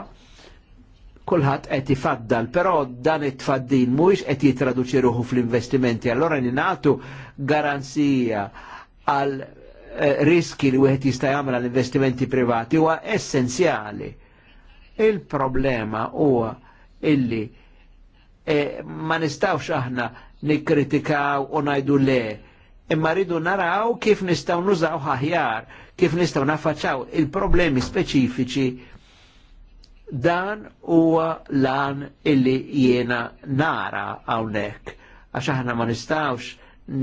kulħadd qed ifaddal, però dan it-tfaddil mhuwiex qed jitraduċi ruħu fl-investimenti, allora ningħatu garanzija għal Eh, riski li wieħed jista' jagħmel l-investimenti privati huwa essenzjali. Il-problema huwa illi e, ma nistawx aħna nikkritikaw u ngħidu le, imma rridu naraw kif nistgħu nużaw aħjar, kif nistgħu nafaċaw il-problemi speċifiċi dan huwa lan illi jiena nara hawnhekk għax aħna ma nistawx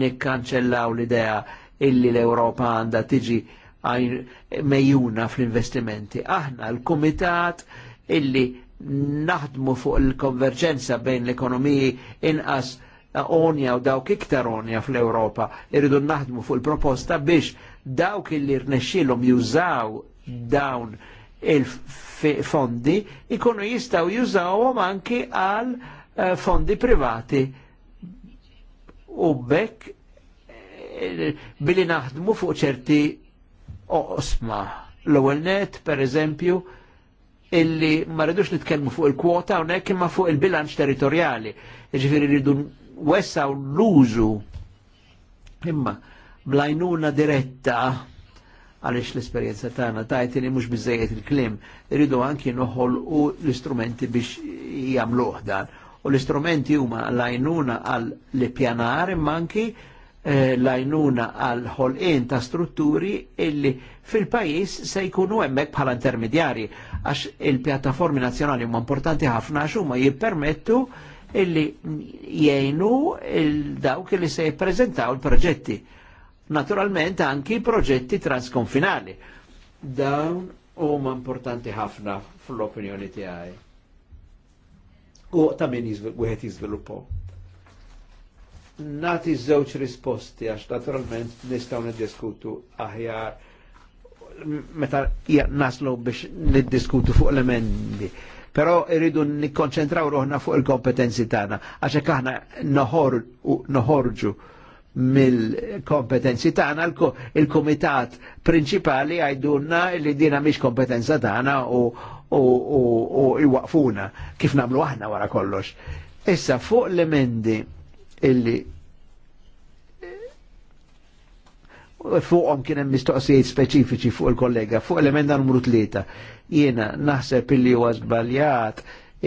nikkanċellaw l-idea illi l-Europa għanda tiġi mejjuna fl-investimenti. Aħna l-Komitat illi naħdmu fuq il-konverġenza bejn l-ekonomiji inqas onja u dawk iktar onja fl-Europa irridu naħdmu fuq il-proposta biex dawk illi rnexxilhom jużaw dawn il-fondi ikunu jistaw jużawhom anki għal eh, fondi privati u bekk billi naħdmu fuq ċerti oqsma. L-ewwel net, per eżempju, illi ma rridux nitkellmu fuq il-kwota hawnhekk imma fuq il-bilanċ territorjali. Ġifieri rridu wessaw l-użu imma blajnuna diretta għalix l-esperienza tagħna tajt li mhux biżejjed il-klim, irridu anki noħol u l-istrumenti biex jagħmluh dan. U l-istrumenti huma lajnuna għal l-pjanar imma anki Eh, lajnuna għal ħolqien ta' strutturi illi fil-pajis se jkunu hemmhekk bħala intermedjari għax il-pjattaformi nazzjonali huma importanti ħafna għax huma jippermettu illi jgħinu il-dawk li se jippreżentaw il-proġetti. Naturalment anki proġetti transkonfinali. Dawn huma importanti ħafna fl-opinjoni tiegħi. U ta' min wieħed jiżviluppaw nati żewġ risposti għax naturalment nistgħu niddiskutu aħjar meta naslu biex niddiskutu fuq l-emendi. Però irridu nikkonċentraw ruħna fuq il-kompetenzi tagħna għax hekk aħna noħorġu mill-kompetenzi tagħna il-kumitat prinċipali għajdunna li dina miex kompetenza tagħna u iwaqfuna kif nagħmlu aħna wara kollox. Issa fuq l-emendi illi eh, fuqhom kien hemm mistoqsijiet speċifiċi fuq il-kollega fuq l-emenda numru tlieta. Jiena naħseb illi huwa żbaljat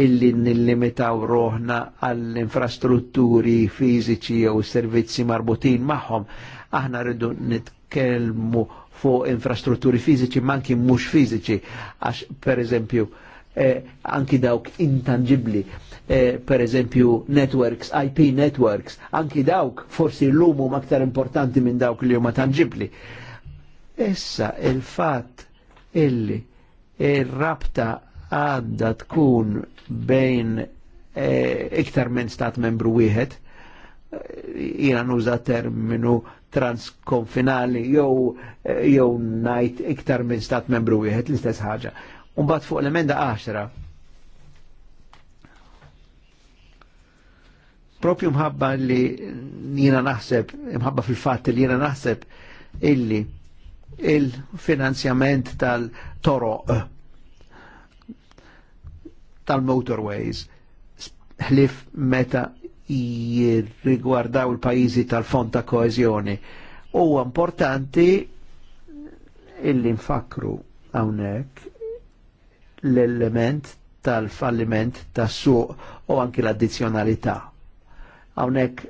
illi nillimitaw roħna għall-infrastrutturi fiżiċi jew servizzi marbutin magħhom. Aħna rridu nitkellmu fuq infrastrutturi fiżiċi manki mhux fiżiċi għax pereżempju. eżempju Eh, anki dawk intangibli, eh, per eżempju networks, IP networks, anki dawk forsi l-lumu maktar importanti minn dawk li huma tangibli. Issa il-fat illi il-rabta għadda tkun bejn eh, iktar minn stat membru wieħed, jina nuża terminu transkonfinali jew jew najt iktar minn stat membru wieħed l-istess ħaġa. Umbat fuq l-emenda 10. Propju mħabba li jina naħseb, mħabba fil-fat li jina naħseb illi il-finanzjament tal-toro eh, tal-motorways ħlif meta jirrigwardaw il-pajizi tal-fond ta' koezjoni. Huwa importanti illi nfakru hawnhekk l-element tal-falliment tas suq u anki l-addizjonalità. Hawnhekk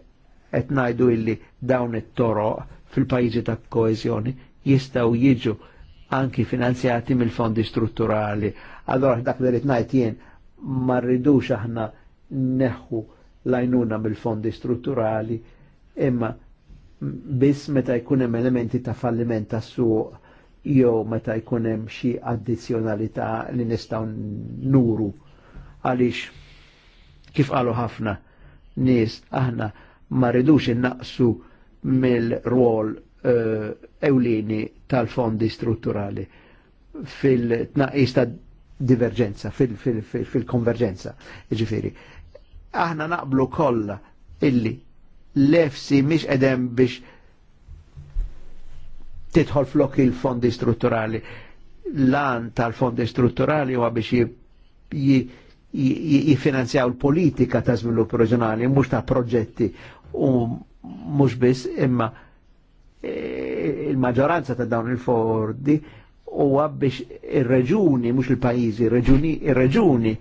qed ngħidu illi dawn it-toro fil-pajjiżi ta' koeżjoni jistgħu jiġu anki finanzjati mill-fondi strutturali. Allora dak li ngħid jien ma rridux aħna neħu lajnuna mill-fondi strutturali imma biss meta jkun hemm elementi ta' falliment tas suq jew meta jkun hemm xi addizzjonalità li nistgħu nuru għaliex kif qalu ħafna nies aħna ma rridux innaqsu mill-rwol uh, ewlieni tal-fondi strutturali fil-tnaqis ta' divergenza, fil-konverġenza, fil, fil ġifiri. Aħna naqblu kollha illi l-efsi miex edem biex titħol flok il-fondi strutturali. L-an tal-fondi strutturali huwa biex jifinanzjaw l-politika ta' żvilupp reġjonali, mhux ta' proġetti u mhux biss imma e, il-maġġoranza ta' dawn il-fordi huwa biex ir-reġuni, mhux il-pajjiżi, ir-reġuni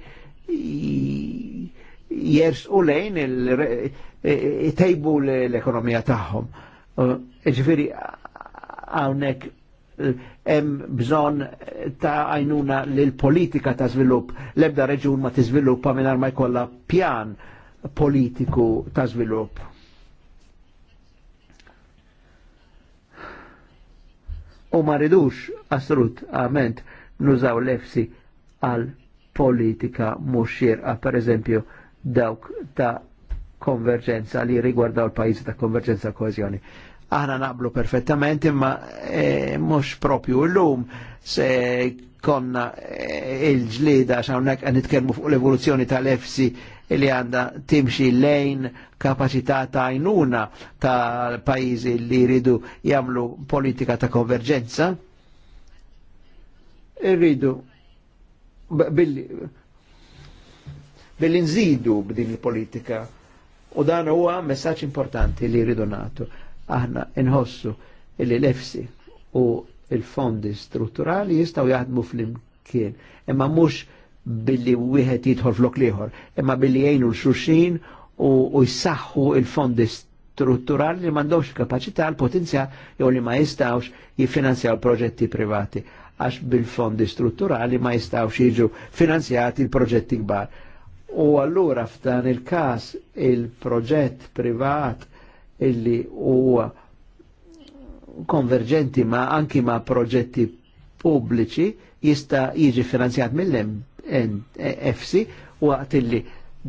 jers u lejn e, e, tejbu l-ekonomija tagħhom. Ġifieri hawnhekk eh, hemm bżonn ta' għajnuna lil politika ta' żvilupp. L-ebda reġun ma tiżviluppa mingħajr ma jkollha pjan politiku ta' żvilupp. U ma ridux assolutament nużaw lefsi efsi għal politika mhux xierqa, pereżempju dawk ta' konverġenza li rigwardaw l-pajjiżi ta' konverġenza kohezjoni aħna naqblu perfettament imma e, mhux propju llum se konna e, il-ġlida hawnhekk qed nitkellmu fuq l-evoluzzjoni tal-EFSI li għandha timxi lejn kapacità ta' għajnuna ta' pajizi li jridu jamlu politika ta' konverġenza. Irridu billi nżidu b'din il-politika u dan huwa messaġġ importanti li jridu nagħtu. Aħna inħossu illi l-EFSI u il-fondi strutturali jistaw jaħdmu fl-imkien, imma mux billi wieħed jidħol flok liħor, imma billi jgħinu l-xuxin u jsaħħu il-fondi strutturali li mandomx kapacità l-potenzjal jew li ma jistawx jifinanzjaw proġetti privati għax bil-fondi strutturali ma jistawx jiġu finanzjati l-proġetti kbar. U allura f'dan il-kas il-proġett privat illi huwa konverġenti ma anki ma proġetti pubbliċi jista jiġi finanzjat mill-FC waqt illi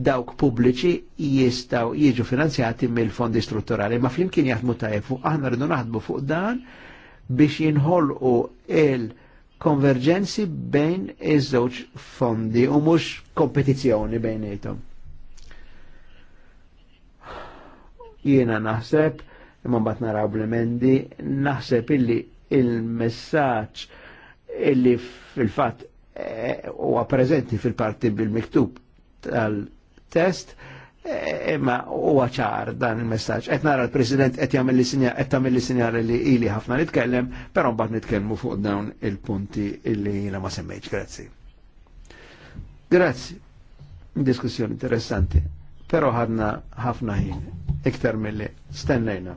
dawk pubbliċi jistaw jiġu finanzjati mill-fondi strutturali. Ma flimkien jaħdmu tajjeb fuq aħna rridu naħdmu fuq dan biex jinħolqu il-konverġenzi bejn iż-żewġ fondi u mhux kompetizzjoni bejn bejnietom. Jiena naħseb, imma bat naraw blemendi, naħseb illi il-messaġġ illi fil-fatt eh, huwa e, preżenti fil-parti bil-miktub tal-test eh, imma u huwa ċar dan il-messaġġ. et nara l-President qed jagħmel qed tagħmel sinjal li ili ħafna nitkellem, però mbagħad nitkellmu fuq dawn il-punti illi jiena ma semmejġ Grazzi. Grazzi. Diskussjoni interessanti. Però ħadna ħafna ħin iktar mill-li stennejna.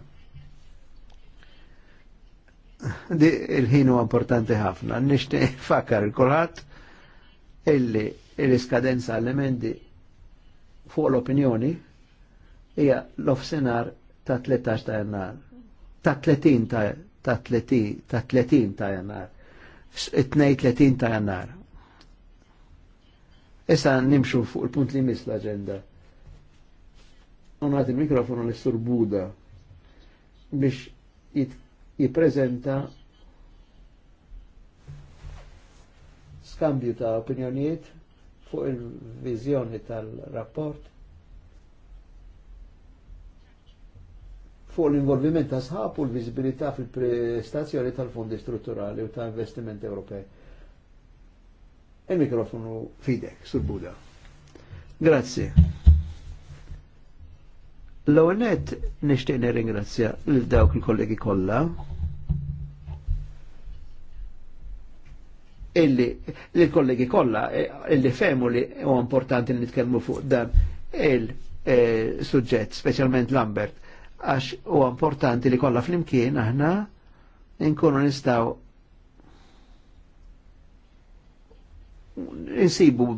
Di il-ħinu importanti ħafna, nishti fakar il-kolħat illi il-iskadenza għall-emendi fuq l-opinjoni hija l-ofsenar ta' 13 ta' jannar, ta' 30 ta' ta' 30 ta' 30 ta' jannar, 32 ta' jannar. Issa nimxu fuq il-punt li mis l-agenda unat il-mikrofonu li sur Buda biex jiprezenta skambju ta' opinjoniet fuq il-vizjoni tal-rapport fuq l-involviment ta' sħab u l vizibilità fil-prestazzjoni tal-fondi strutturali u ta' investimenti Ewropej. Il-mikrofonu fidek, sur Buda. Grazie. L-għonet nishtiq nirringrazzja lil dawk il-kollegi kollha illi l-kollegi kollha eh, illi femu li u importanti li nitkellmu fuq dan il-suġġett, eh, speċjalment Lambert, għax u importanti li kollha flimkien aħna nkunu nistaw insibu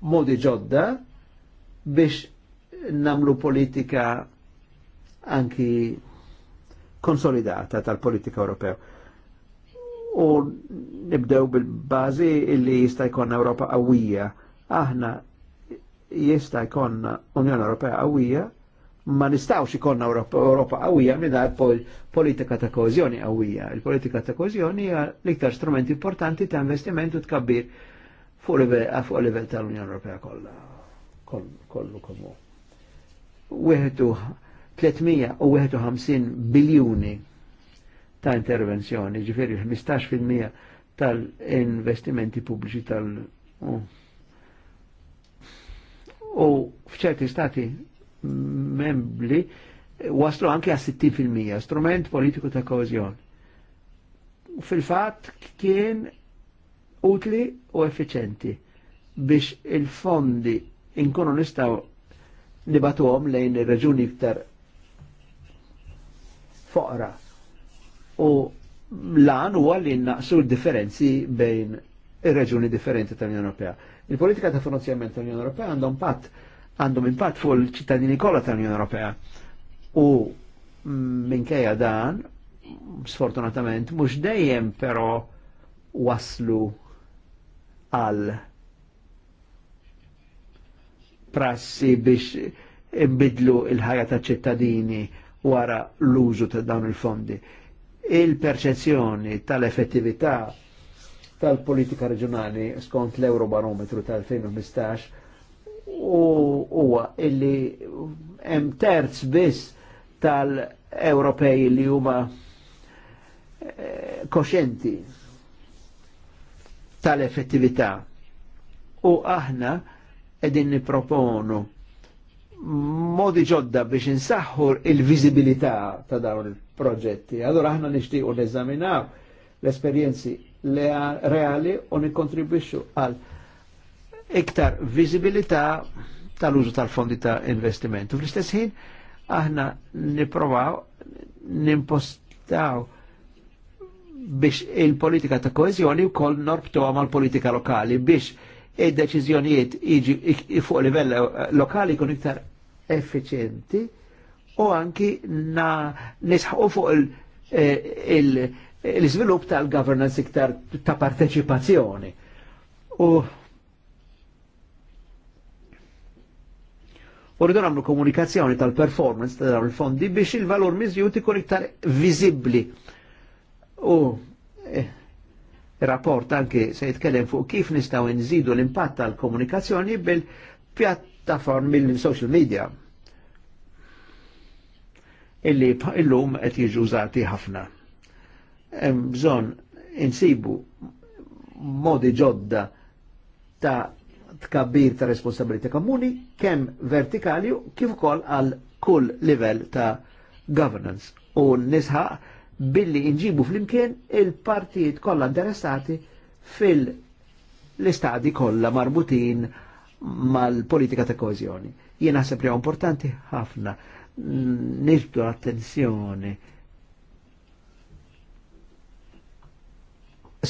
modi ġodda biex namlu politika anki konsolidata tal-politika Ewropew. U nibdew bil-bazi illi jista' jkollna Ewropa qawwija. Aħna jista' jkollna Unjoni Ewropea qawwija, ma nistgħux ikollna Ewropa qawwija mingħajr pol politika ta' koeżjoni qawwija. Il-politika ta' koeżjoni hija l-iktar strument importanti ta' investimentu tkabbir fuq livell tal-Unjoni Ewropea kollha kollu komu. 351 biljuni ta' intervenzjoni, ġifiri 15% tal-investimenti pubbliċi tal- u fċerti stati membri waslu anke għas 60% strument politiku ta' kohezjon. Fil-fat kien utli u effiċenti biex il-fondi inkunu nistaw nibatuhom lejn il reġuni iktar foqra. U lan u għalli naqsu differenzi bejn il reġuni differenti tal-Unjoni Ewropea. Il-politika ta' finanzjament tal-Unjoni Ewropea għandhom patt għandhom impatt fuq il-ċittadini kollha tal-Unjoni Ewropea. U minkejja dan, sfortunatament, mhux dejjem però waslu għal prassi biex imbidlu il-ħajja ta' ċittadini wara l-użu ta' dawn il-fondi. Il-perċezzjoni tal-effettività tal-politika reġjonali skont l-Eurobarometru tal-2015 huwa illi hemm terz biss tal-Ewropej li huma eh, koxenti tal-effettività. U aħna edin niproponu modi ġodda biex insaħħur il vizibilità ta' dawn il-proġetti. Allora aħna nixtiequ neżaminaw l-esperjenzi reali u nikkontribwixxu għal iktar viżibilità tal-użu tal-fondi ta' investimentu. Fl-istess ħin aħna nipprovaw nimpostaw biex il-politika ta' koezjoni wkoll norbtuha mal-politika lokali biex id-deċiżjonijiet iġi fuq livell eh, lokali kun iktar effiċenti u anki na nisħu fuq l-iżvilupp eh, tal-governance iktar ta' parteċipazzjoni. U rridu nagħmlu komunikazzjoni tal-performance ta' dawn il-fondi biex il-valur mizjuti kun iktar viżibbli. U eh, rapport anke se jitkellem fuq kif nistgħu nżidu l-impatt tal-komunikazzjoni bil-pjattaformi l-social media illi illum qed jiġu użati ħafna. Hemm bżonn insibu modi ġodda ta' tkabbir ta' responsabilità komuni kemm vertikali kif ukoll għal kull livell ta' governance u nisħaq billi inġibu fl-imkien il-partijiet kollha interessati fil-istadi kollha marbutin mal-politika ta' kozjoni. Jien naħseb li importanti ħafna nixbdu attenzjoni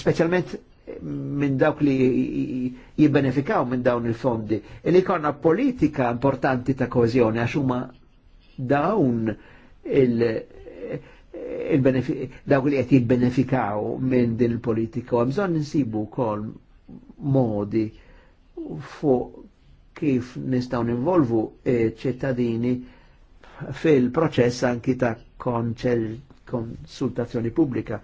specialment minn dawk li jibbenefikaw minn dawn il-fondi. Li konna politika importanti ta' kozjoni għax huma dawn il- dawk li qed jibbenefikaw minn din il-politika u bżonn insibu wkoll modi fuq kif nistgħu ninvolvu eh, ċittadini fil-proċess anki ta' konċel konsultazzjoni pubblika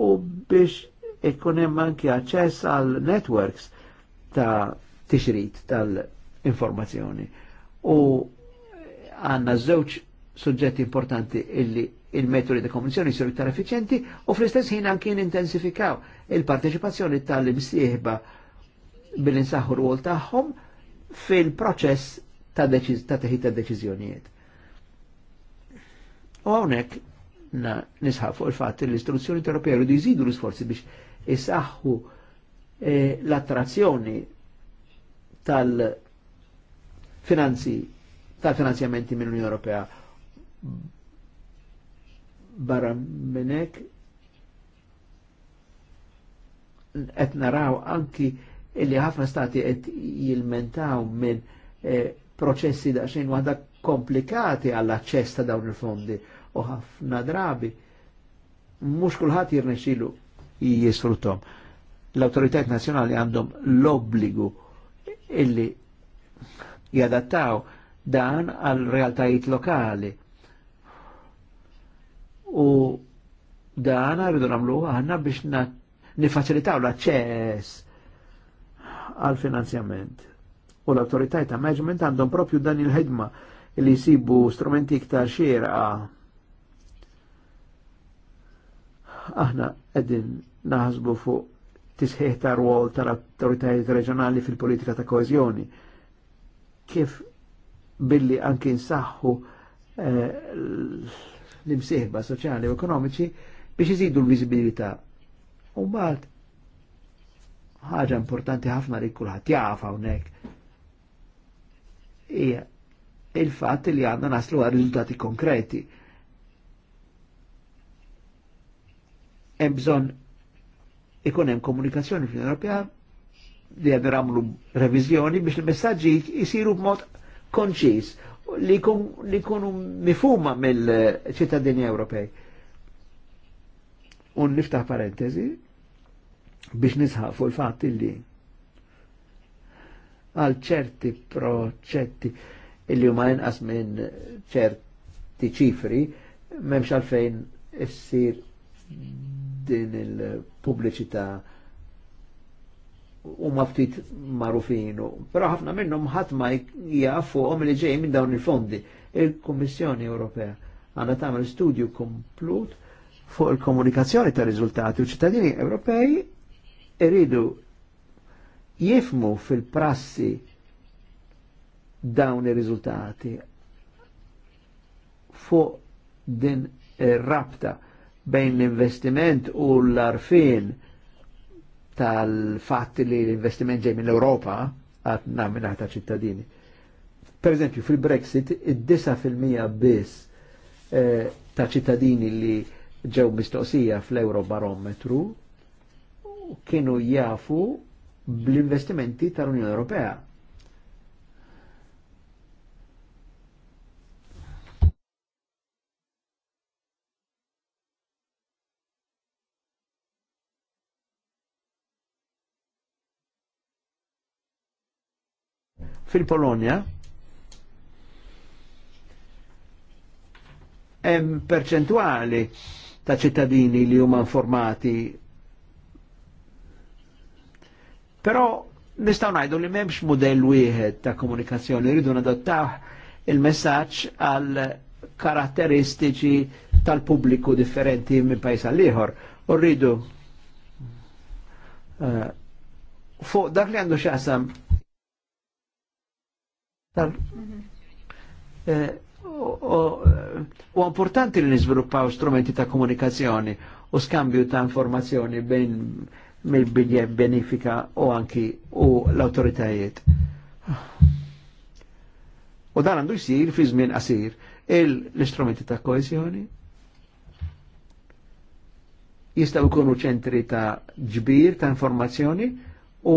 u biex ikun hemm anki aċċess għal networks ta' tixrid tal-informazzjoni. U għandna żewġ suġġetti importanti illi il-metodi ta' komunizjoni jisiru iktar effiċenti u fl-istess ħin anke intensifikaw il-parteċipazzjoni tal-imsieħba bil-insaħħu rwol tagħhom fil-proċess ta' teħid ta' deċiżjonijiet. U hawnhekk nisħab fuq il-fatt li l-istruzzjoni Ewropea jridu jżidu l-isforzi biex isaħħu eh, l-attrazzjoni tal-finanzi tal-finanzjamenti mill-Unjoni Ewropea barra minnek qed naraw anki illi ħafna stati et jilmentaw minn eh, processi da xejn waħda komplikati għall-aċċess ta' dawn il-fondi u ħafna drabi mhux kulħadd jirnexilu jisfruttom. L-autoritajt nazzjonali għandhom l-obbligu illi jadattaw dan għal realtajiet lokali U dan rridu namlu aħna biex nifacilitaw l-aċċess għal finanzjament. U l-autoritajt ta' management għandhom propju dan il-ħidma li jisibu strumenti iktar xierqa. Aħna qegħdin naħsbu fuq tisħiħ ta' rwol tal autoritajt reġjonali fil-politika ta' koezjoni. Kif billi anki nsaħħu eh, l-imsieħba soċjali u ekonomiċi biex iżidu l-viżibilità. U mbagħad ħaġa importanti ħafna li kulħadd jaf hawnhekk hija il-fatt li għandna naslu għal riżultati konkreti. Hemm bżonn ikun hemm komunikazzjoni fl Ewropea li għad ramlu revizjoni biex il messaġġi jisiru b'mod konċis li jkunu mifuma mill-ċittadini Ewropej. Un niftaħ parentesi biex nisħaq fuq il-fatt illi għal ċerti proċetti illi huma inqas minn ċerti ċifri memx għalfejn issir din il-pubbliċità u maftit ftit marufin. Però ħafna minnhom ħadd ma jaf għom li ġej minn dawn il-fondi. il kommissjoni Ewropea għandha tagħmel studju komplut fuq il-komunikazzjoni ta' rizultati. u ċittadini Ewropej iridu jifmu fil-prassi dawn il-rizultati. fuq din ir-rabta bejn l-investiment u l-arfin tal-fatt li l-investiment ġej minn europa għatna minna ta' ċittadini. Per eżempju, fil-Brexit, id-9 bis biss eh, ta' ċittadini li ġew mistoqsija fl-Eurobarometru kienu jafu bl-investimenti tal-Unjoni Ewropea fil polonia hemm perċentwali ta' ċittadini li huma informati. Però nistgħu ngħidu li m'hemmx mudell wieħed ta' komunikazzjoni rridu nadottaw il-messaġġ għal karatteristiċi tal-pubbliku differenti minn pajjiż għal ieħor. Urridu uh, eh, fuq dak li għandu x'aqsam Eh, u importanti li nizviluppaw strumenti ta' komunikazzjoni u skambju ta' informazzjoni bejn mill-bidje benifika u anki u l-autoritajiet. U dan għandu jisir fi żmien qasir l-istrumenti ta' koesjoni jistaw ikunu ċentri ta' ġbir ta' informazzjoni u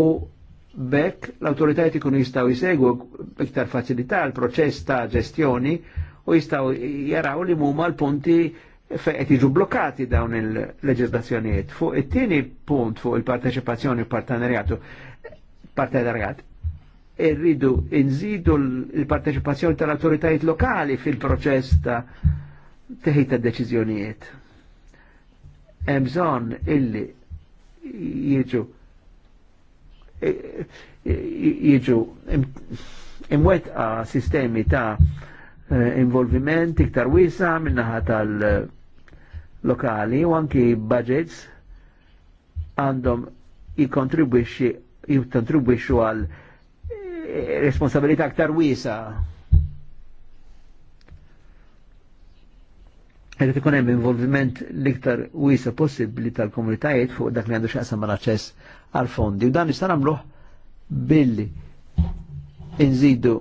Bekk l-autoritajiet ikunu jistaw jisegwu iktar faċilità l-proċess ta' ġestjoni u jistaw jaraw li huma l-punti fejqet iġu blokkati dawn il-leġislazzjonijiet. Fuq it-tieni punt fuq il-parteċipazzjoni u partenariatu, partenariat, Irridu inżidu l-parteċipazzjoni tal-autoritajiet lokali fil-proċess ta' teħid ta' deċiżjonijiet. Hemm bżonn illi jiġu jiġu imwetqa sistemi ta' eh, involviment iktar wisa minnaħa tal-lokali u anki budgets għandhom jikontribwixxu għal eh, responsabilità aktar wisa' Irrid ikun hemm involviment l-iktar wiesa possibbli tal-komunitajiet fuq dak li għandu x'aqsam mal-aċċess għal fondi u dan nista' nagħmluh billi inżidu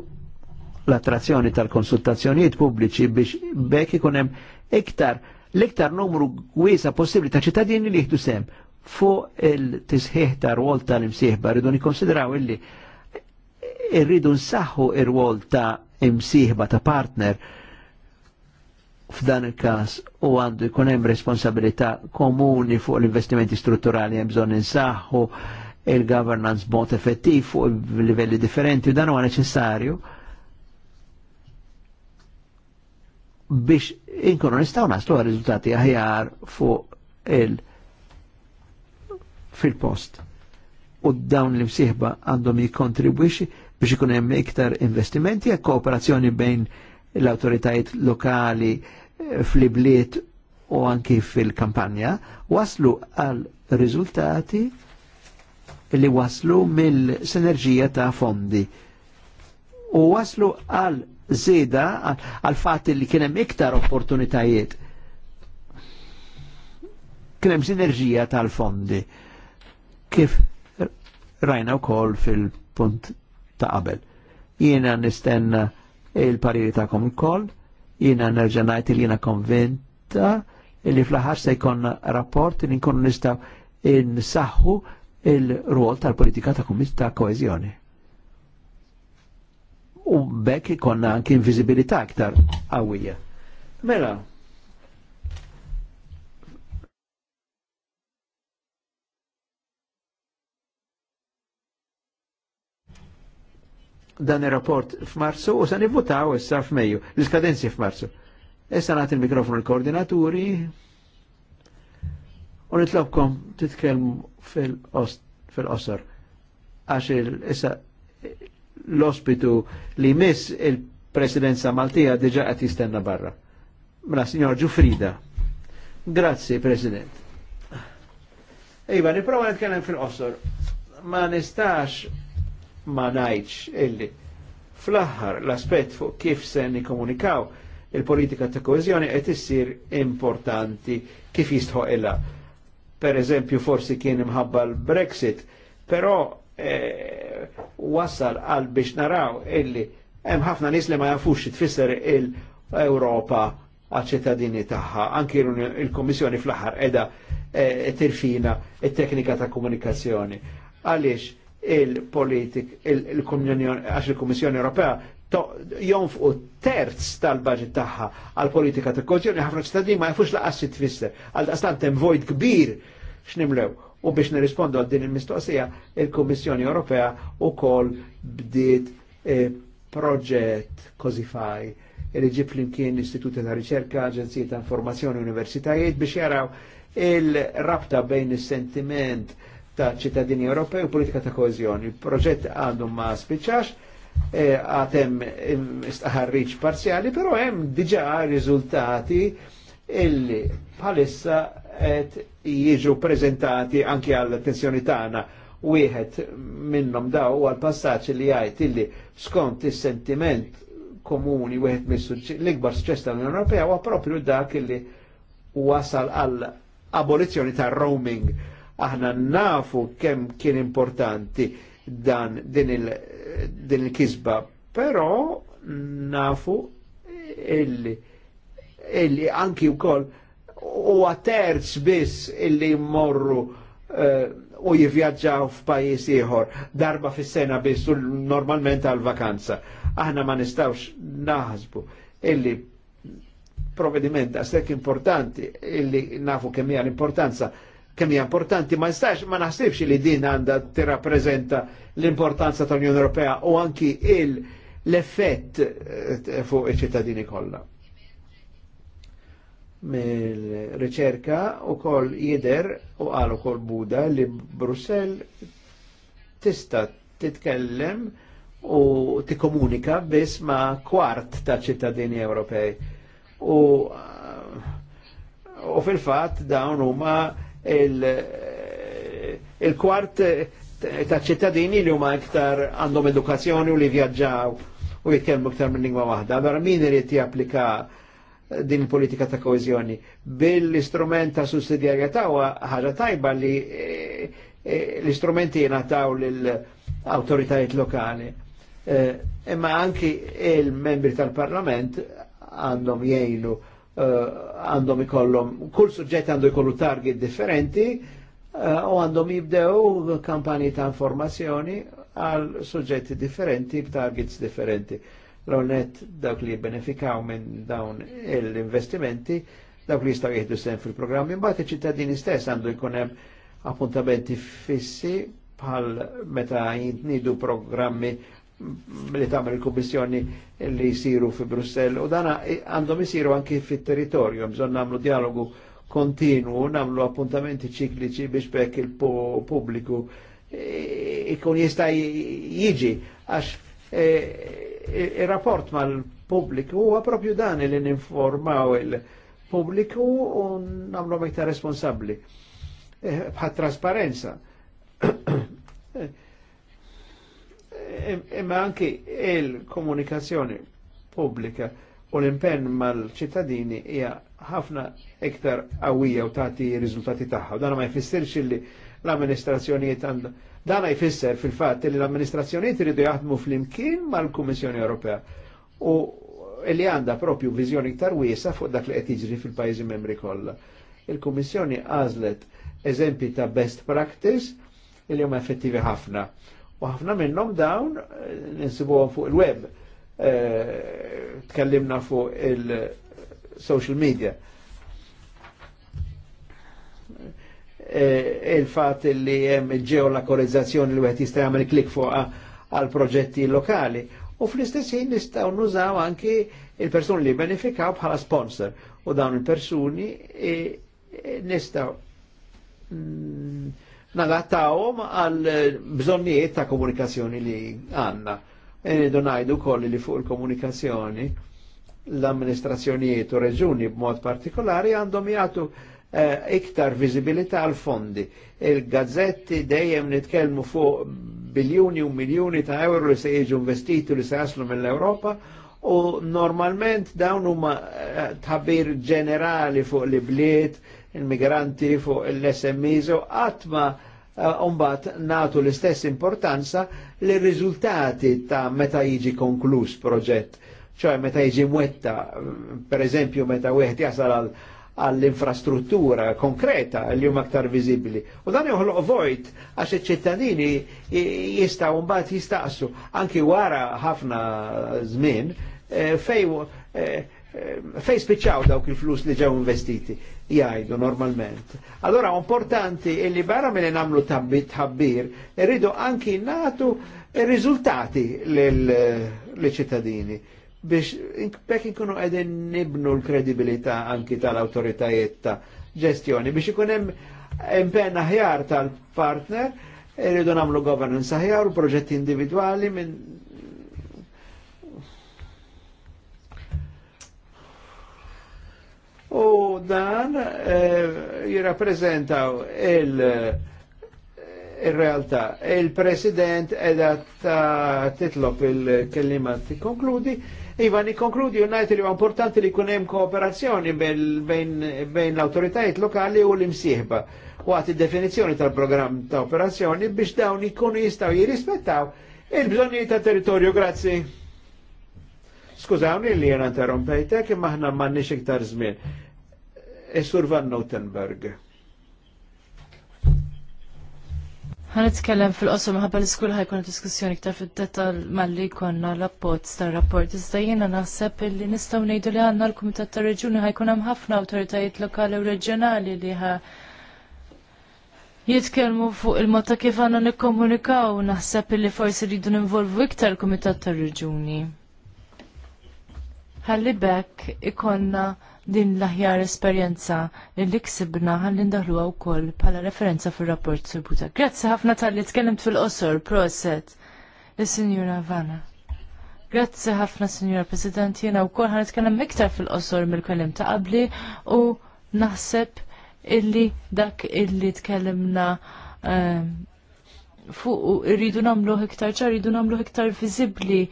l-attrazzjoni tal-konsultazzjonijiet pubbliċi biex bekk ikun hemm iktar l-iktar numru wiesa possibbli ta' ċittadini li jieħdu sem fuq il-tisħiħ ta' rwol tal-imsieħba rridu nikonsidraw illi irridu nsaħħu ir-rwol ta' imsieħba ta' partner f'dan il-kas u għandu jkun hemm responsabilità komuni fuq l-investimenti strutturali hemm bżonn insaħħu il-governance bot effettiv fuq livelli differenti u dan huwa neċessarju biex inkunu nistgħu naslu riżultati aħjar fuq il fil-post. U dawn l-imsieħba għandhom jikontribwixi biex ikun hemm iktar investimenti e kooperazzjoni bejn l-autoritajiet lokali eh, fl-ibliet u anki fil-kampanja, waslu għal riżultati li waslu mill-sinerġija ta' fondi. U waslu għal zida għal fatti li kienem iktar opportunitajiet. Kienem sinerġija tal-fondi. Kif rajna u kol fil-punt ta' qabel. Jiena nistenna il-pariri kom ukoll, jina nerġanajt il li jiena konvinta li flaħar se jkun rapport li nkunu nistgħu insaħħu il ruol tal-politika ta' kumit ta' koezjoni. U bekk ikonna anki invizibilità aktar għawija. Mela, dan il-rapport f'Marzu u sa' nivvutaw issa f'Mejju, l-iskadenzi f'Marzu. Issa nagħti il mikrofon il koordinaturi u nitlobkom titkellmu fil-qosor għax issa l-ospitu li miss il-presidenza Maltija diġa qed jistenna barra. Mela, signor Ġufrida. Grazzi, President. Iva, niprofa nitkellem fil-qosor. Ma nistax ma najċ illi fl-aħħar l-aspett fuq kif se nikomunikaw il-politika ta' koezjoni qed issir importanti kif jistħoq ilha. Per eżempju forsi kien imħabba l-Brexit, però eh, wasal għal biex naraw illi hemm ħafna nies li ma jafux tfisser il-Ewropa għal-ċittadini tagħha, anki il-Kommissjoni fl-aħħar qiegħda eh, tirfina it-teknika ta' komunikazzjoni. Għaliex il-politik, għax il-Kommissjoni Ewropea jonfqu terz tal-budget tagħha għal politika ta' koġjoni ħafna ċittadini ma jafux laqas tfisser. Għal daqstant hemm void kbir x'nimlew. U biex nirrispondu għal din il-mistoqsija, il-Kummissjoni Ewropea wkoll bdiet eh, proġett kozifaj li ġib flimkien istituti ta' riċerka, aġenziji ta' informazzjoni, universitajiet biex jaraw il-rabta bejn is-sentiment ta' ċittadini Ewropej u politika ta' koezjoni. Il-proġett għandu ma' spiċax, e, għatem istaħarriċ parzjali, pero hemm diġa riżultati illi bħalissa qed jiġu prezentati anki għall attenzjoni tagħna wieħed minnhom daw huwa l-passaġġ li jgħid illi skont is-sentiment komuni wieħed l-ikbar suċċess tal-Unjoni Ewropea huwa propju dak illi wasal għall abolizzjoni tar-roaming Aħna nafu kemm kien importanti dan din il-kisba, il però nafu illi illi anki wkoll u għaterz biss illi morru uh, eh, u jivvjaġġaw f'pajis ieħor darba fis-sena biss normalment għal vakanza. Aħna ma nistawx naħsbu illi provvediment għastek importanti illi nafu kemm hija l-importanza kemm hija importanti, ma nistax ma naħsibx li din għandha tirrappreżenta l-importanza tal-Unjoni Ewropea u anki il l-effett eh, fuq iċ-ċittadini kollha. Mill-riċerka u koll jider u għal u koll Buda li Brussel tista titkellem u tikkomunika biss ma' kwart ta' ċittadini Ewropej. U, eh, u fil-fatt dawn huma Eh, il-kwart eh, ta' ċittadini li huma iktar għandhom edukazzjoni u li vjaġġaw u jitkellmu iktar minn lingwa waħda. Allora min irid japplika eh, din il-politika ta' koezjoni? Bil-istrument ta' sussidjarjetà huwa ħaġa tajba li l-istrumenti jingħataw lill-awtoritajiet lokali. Imma anki il-membri tal-Parlament għandhom jgħinu Eh, għandhom uh, ikollhom, kull suġġett għandu jkollu target differenti uh, u għandhom jibdew kampanji ta' informazzjoni għal suġġetti differenti b'targets differenti. L-onet dawk li jibbenefikaw minn dawn l-investimenti, dawk li jistaw jihdu sen fil-programm, imbagħad iċ-ċittadini stess għandu jkun hemm appuntamenti fissi bħal meta jintnidu programmi li tagħmel il kommissjoni li jisiru fi Brussell u dana għandhom jisiru anki fit-territorju, bżon namlu dialogu kontinu, namlu appuntamenti ċikliċi biex bekk il-pubbliku ikun jista' jiġi għax e, e, il rapport ma' l pubbliku huwa propju dan li ninformaw il-pubbliku u namlu iktar responsabli e, bħat trasparenza imma anki il-komunikazzjoni pubblika u l-impenn mal-ċittadini hija ħafna iktar qawwija u tagħti riżultati tagħha. Dan ma jfissirx li l-amministrazzjonijiet għand dan jfisser fil-fatt li l-amministrazzjonijiet iridu jaħdmu fl-imkien mal-Kummissjoni Ewropea u li għandha propju viżjoni iktar wiesa fuq dak li qed jiġri fil-pajjiżi membri kollha. Il-Kummissjoni għażlet eżempji ta' best practice il huma effettivi ħafna U ħafna minnhom dawn eh, ninsibuhom fuq il-web. Eh, tkellimna fuq il-social media. Eh, il-fat li hemm il-ġeolakorizzazzjoni li wieħed jista' klik fuq għal proġetti lokali. U fl-istess ħin nistgħu nużaw anki il-persuni li benefikaw bħala sponsor. U dawn il-persuni nistgħu mm, nadatawhom għal bżonnijiet ta' komunikazzjoni li għandna. Nidu ngħidu koll li fuq il-komunikazzjoni l-amministrazzjonijiet u reġuni b'mod partikolari għandhom jagħtu eh, iktar viżibilità għal fondi. Il-gazzetti dejjem nitkellmu fuq biljuni u miljuni ta' euro li se jiġu investiti li se jaslu mill-Ewropa u normalment dawn huma eh, tħabbir ġenerali fuq li bliet, il-migranti fuq l smis u għatma Eh, umbat natu l-istess importanza li rizultati ta' meta jiġi konklus proġett, ċoħe meta jiġi mwetta, per eżempju meta wieħed jasal għall-infrastruttura konkreta li huma aktar viżibbli. U dan joħloq vojt għax iċ-ċittadini jistgħu mbagħad jistaqsu anki wara ħafna żmien eh, fejn eh, Eh, fej spiċċaw dawk il-flus li ġew investiti, jgħajdu normalment. Allora importanti illi barra minn namlu tabbit tħabbir, irridu anki natu riżultati l-ċittadini biex bekk inkunu qegħdin nibnu l-kredibilità anki tal-awtoritajiet ta' ġestjoni biex ikun hemm impenn aħjar tal-partner irridu namlu governance aħjar u proġetti individwali minn u dan eh, il- eh, il-realtà. Il-President edha ta' titlop il-kellima ti konkludi. Ivan ni konkludi unajt li importanti li kunem kooperazzjoni bejn l-autoritajiet lokali u l-imsieħba waqt il-definizjoni tal-programm ta' operazzjoni biex dawn ikunu jistaw jirrispettaw il-bżonni ta' territorio, Grazzi. Skużawni li jena interrompejtek imma ħna m'għandniex iktar żmien. Esur Van Notenberg. Għan itkellem fil qosom maħabba l-iskul ħajkun diskussjoni ktar fil-detal malli konna l-appot star rapport. Iżda jena naħseb li nistaw nejdu li għanna l-Kumitat ta' Reġuni ħajkun hemm ħafna awtoritajiet lokali u reġjonali li ħa jitkellmu fuq il-mod ta' kif għanna nikkomunikaw naħseb li forsi rridu ninvolvu iktar l-Kumitat ta' Reġuni. Ħalli bekk ikonna din l-aħjar esperjenza li ksibna ħalli ndaħluha wkoll bħala referenza fir-rapport Surbuta. Grazzi ħafna tal-li tkellimt fil-qosor, proset. Is-Sinjura Vanna. Grazzi ħafna, Sinjura President, jiena wkoll ħan nitkellem iktar fil-qosor mill kellim ta' qabli u naħseb illi dak illi tkellimna ehm, fuq irridu nagħmlu iktar ċar, rridu nagħmlu iktar viżibbli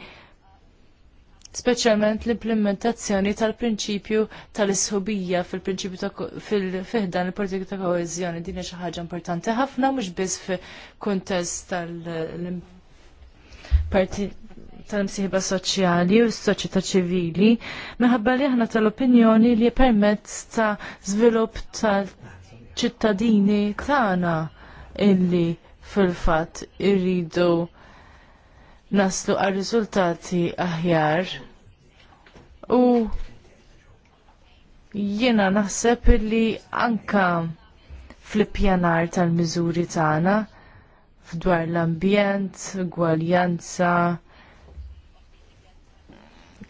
speċjalment l-implementazzjoni tal-prinċipju tal-isħubija fil-prinċipju fil-fihdan il-politika ta' koeżjoni. Din hija xi ħaġa importanti ħafna mhux biss f'kuntest tal-partit tal-msiħba soċjali u s-soċjetà ċivili, minħabba li aħna tal-opinjoni li permezz ta' żvilupp tal-ċittadini tagħna illi fil-fatt irridu naslu għal riżultati aħjar u jiena naħseb li anka fl-ippjanar tal-miżuri tagħna f'dwar l-ambjent, gwaljanza,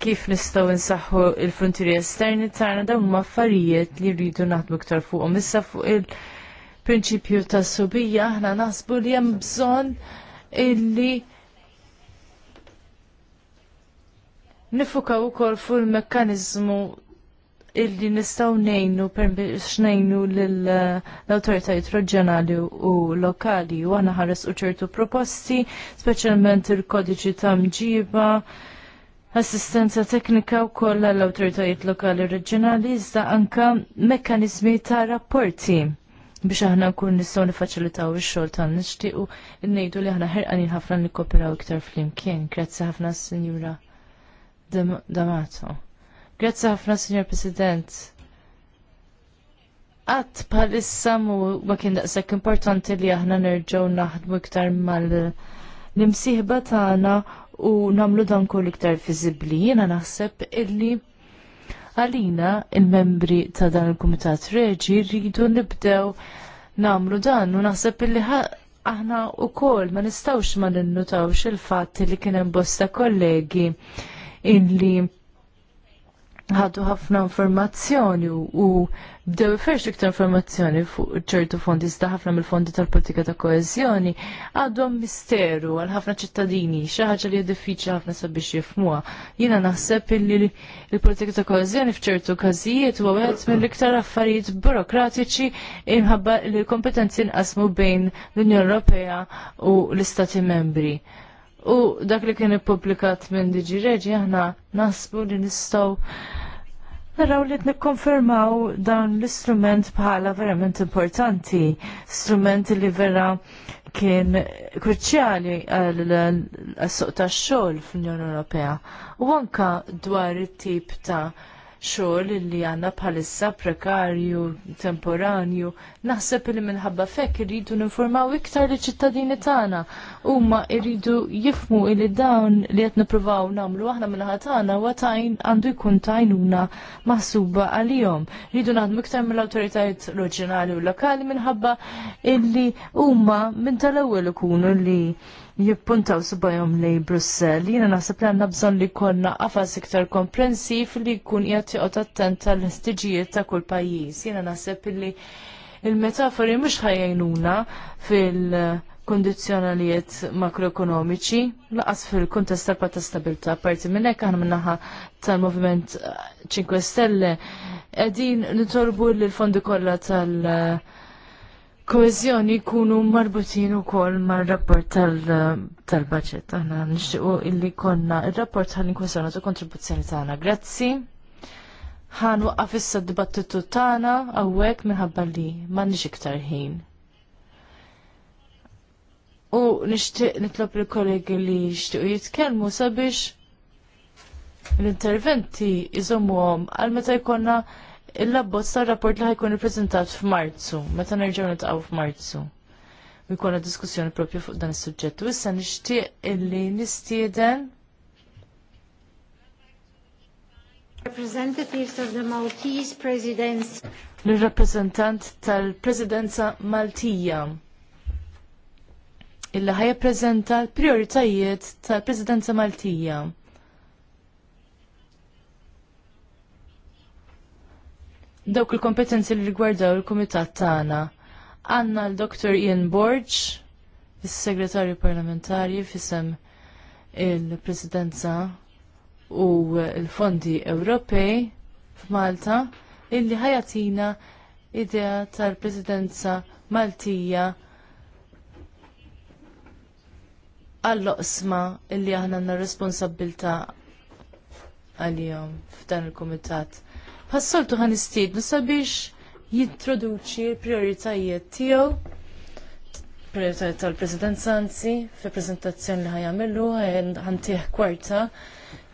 kif nistgħu nsaħħu l frontieri esterni tagħna dawn huma affarijiet li rridu naħdmu iktar fuqhom issa fuq il-prinċipju tas-subija aħna naħsbu li hemm bżonn illi nifukaw ukoll fuq il mekanizmu illi nistaw nejnu biex xnejnu l eh, autoritajt reġjonali u lokali u għana ħares uċertu ċertu proposti, specialment il-kodiċi ta' mġiba, assistenza teknika u koll l autoritajt lokali reġjonali, iżda anka mekanizmi ta' rapporti biex aħna nkun nistgħu nifaċilitaw ix-xogħol tagħna nixtiequ nnejdu li aħna ħerqanin ħafna nikkoperaw iktar flimkien. Grazzi ħafna, Sinjura Damato. Grazzi ħafna, Signor President. Għat bħalissa ma kien daqshekk importanti li aħna nerġgħu naħdmu iktar mal-imsieħba tagħna u nagħmlu dan kull iktar fiżibbli. Jiena naħseb illi għalina il-membri ta' dan il-Kumitat Reġi rridu nibdew nagħmlu dan u naħseb illi aħna u kol ma nistawx ma ninnutawx il-fatt li kien hemm bosta kollegi illi ħadu ħafna informazzjoni u bdew ferx iktar informazzjoni fuq ċertu fondi iżda ħafna mill-fondi tal-politika ta' koeżjoni għadhom misteru għal ħafna ċittadini xi ħaġa li diffiċli ħafna sabiex jifmuha. Jiena naħseb illi l-politika ta' koezjoni f'ċertu każijiet u għed mill-iktar affarijiet burokratiċi imħabba li l-kompetenzi nqasmu bejn l-Unjoni Ewropea u l-Istati Membri. U dak li kien ippubblikat minn Diġi Reġi aħna nasbu li nistgħu Naraw li nikkonfermaw dan l-istrument bħala verament importanti, strument li vera kien kruċjali għal-suq tax xogħol fl-Unjoni Ewropea. U anka dwar it-tip ta' xogħol li għandna bħalissa prekarju, temporanju, naħseb li minħabba fekk irridu ninformaw iktar li ċittadini tagħna. Huma irridu jifmu li dawn li qed nippruvaw nagħmlu aħna minħa tagħna huwa tajn għandu jkun tajnuna maħsuba għalihom. Rridu naħdmu iktar mill-awtoritajiet loġinali u lokali minħabba illi huma minn tal-ewwel ikunu li jippuntaw subajom li Brussel. Jina naħseb li għanna bżon li konna għafas iktar komprensiv li kun jgħat għot attent l istiġijiet ta' kull pajis. Jina naħseb li il-metafori mux ħajajnuna fil- kondizjonalijiet makroekonomiċi, laqas fil kontest tal-pat ta' stabilta, parti minn hekk aħna minnaħa tal-Moviment 5 Stelle, qegħdin nitolbu lill fondi kollha tal- uh, koezjoni jkunu marbutin ukoll mar-rapport tal budget Tal Aħna nixtiequ illi konna ir-rapport il inkwesjoni u kontribuzzjoni tagħna. Grazzi. Ħan waqaf issa d-dibattitu tagħna għawek minħabba li m'għandniex iktar ħin. U nixtieq nitlob il-kollegi li jixtiequ jitkellmu sabiex l-interventi iżommuhom għal meta jkollna Il-labbozz tar-rapport li ħajkun ippreżentat f'Marzu, meta nerġgħu nitqgħu f'Marzu. Jkollna diskussjoni propju fuq dan is-suġġett. U issa nixtieq illi nistieden Representatives of the Maltese Presidency. L-rappresentant tal-Presidenza Maltija illi ħajja preżenta l-prioritajiet tal-Presidenza Maltija. dawk il-kompetenzi li rigwardaw il-Kumitat tagħna. Għandna l-Dr. Ian Borge, is-Segretarju Parlamentari fisem il-Presidenza u l-Fondi Ewropej f'Malta illi ħajatina idea tal-Presidenza Maltija għall-oqsma illi aħna għandna responsabilta għal-jom f'dan il-Kumitat. Ħassoltu ħan istidnu sabiex jintroduċi l-prioritajiet tiegħu prioritajiet tal-President Sanzi fi prezentazzjoni li ħajamillu ħantih kwarta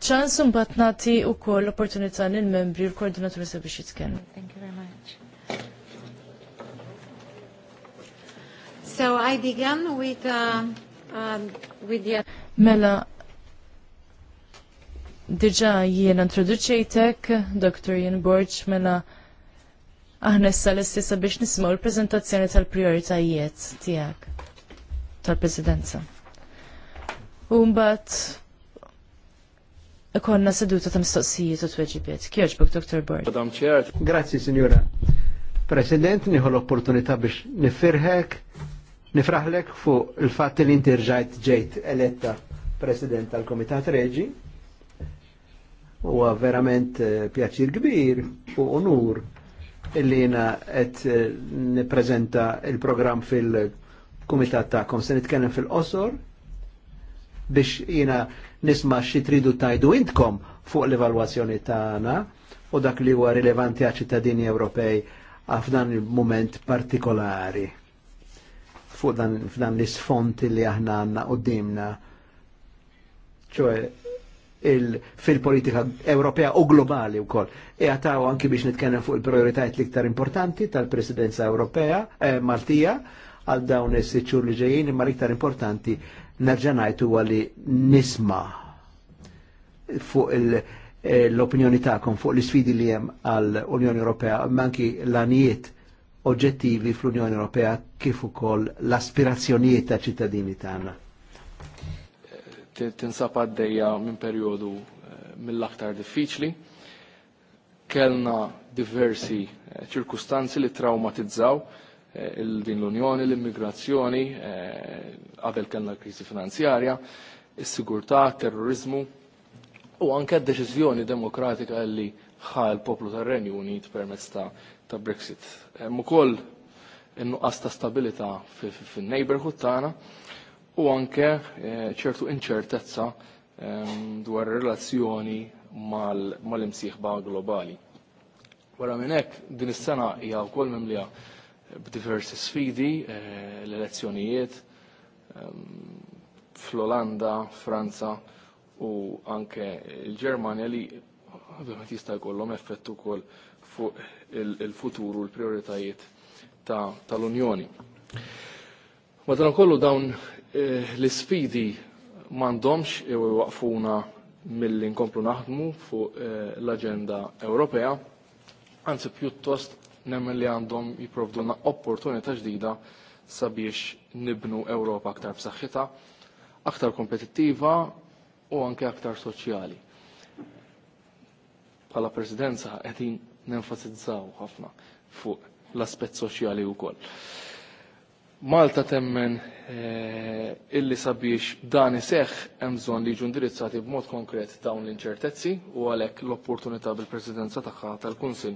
ċans mbagħad nagħti wkoll opportunità lill-membri u l-koordinaturi sabiex jitken. Thank you very much. So I began with uh, um, with the Mela Diġa jiena introduċejtek, Dr. Jien Borċ, mela aħna l-istessa biex nismaw l prezentazzjoni tal-prioritajiet tijak tal-presidenza. Umbat, mbagħad ikonna seduta ta' mistoqsijiet u tweġibiet. Kjerġbuk, Dr. Borg. Madam Chair. Grazzi, Signora. President, nieħu l-opportunità biex nifirħek, nifraħlek fuq il fat li inti rġajt ġejt eletta President tal-Komitat Reġi Huwa verament eh, pjaċir kbir u onur illi jina għet eh, niprezenta il-program fil-Kumitat ta'kom. Se nitkellem fil-qosor biex jina nisma xi tridu tajdu intkom fuq l-evalwazzjoni tagħna u dak li huwa rilevanti għal ċittadini Ewropej f'dan il-moment partikolari fuq dan, f'dan l-isfonti li aħna għanna u dimna ċoħe fil-politika Ewropea u globali wkoll. E għataw anki biex nitkellem fuq il-prioritajiet l-iktar importanti tal-Presidenza Ewropea eh, Maltija għal dawn is-siċur li ġejjin imma l-iktar importanti nerġanajtu għali nisma fuq eh, l-opinjoni tagħkom fuq l-sfidi li hemm għall unjoni Ewropea, manki l-anijiet oġġettivi fl-Unjoni Ewropea kif ukoll l-aspirazzjonijiet ta' ċittadini tagħna tinsab għaddejja minn perjodu eh, mill-aktar diffiċli. Kellna diversi eh, ċirkustanzi li traumatizzaw eh, din l-Unjoni, l-immigrazzjoni, qabel kellna l-kriżi finanzjarja, il sigurtà terrorizmu u anke d-deċiżjoni demokratika li ħa l-poplu tar-Renju Unit permezz ta' Brexit. Hemm ukoll in-nuqqas ta' stabilità fin-neighborhood tagħna u anke eh, ċertu inċertezza ehm, dwar relazzjoni mal-imsieħba globali. Wara minn hekk din is-sena hija wkoll mimlija b'diversi sfidi eh, l-elezzjonijiet ehm, fl-Olanda, Franza u anke l-Ġermanja li ovvjament jista' jkollhom effett ukoll fuq il-futur u l-prioritajiet tal-Unjoni. Madankollu dawn Eh, l-sfidi mandomx e, waqfuna mill-li nkomplu naħdmu fuq eh, l-agenda Ewropea, anzi pjuttost nemmen li għandhom jiprovduna opportunità ġdida sabiex nibnu Ewropa aktar b'saħħitha, aktar kompetittiva u anke aktar soċjali. Bħala presidenza qegħdin nenfasizzaw ħafna fuq l-aspett soċjali wkoll. Malta temmen eh, illi sabiex dan iseħħ hemm bżonn li jiġu indirizzati b'mod konkret dawn l-inċertezzi u għalhekk l-opportunità bil-Presidenza tagħha tal-Kunsill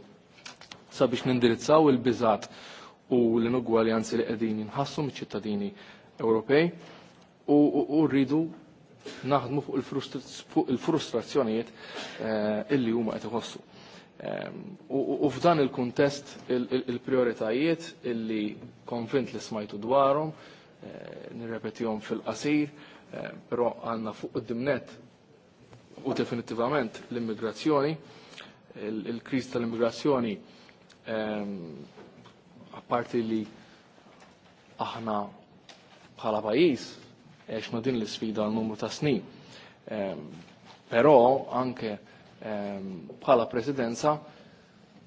sabiex nindirizzaw il bizat u l-inugwaljanzi li qegħdin jinħassu miċ-ċittadini Ewropej u rridu naħdmu fuq il-frustrazzjonijiet eh, illi huma qed iħossu. Ehm, u f'dan il-kuntest il-prioritajiet illi konvint li smajtu dwarom eh, nirrepetihom fil-qasir, eh, però għandna fuq id-dimnet u definitivament l-immigrazzjoni, il kriz tal-immigrazzjoni ehm, apparti li aħna bħala pajis, għax din l-sfida l numru ta' snin. Ehm, però anke Ehm, bħala presidenza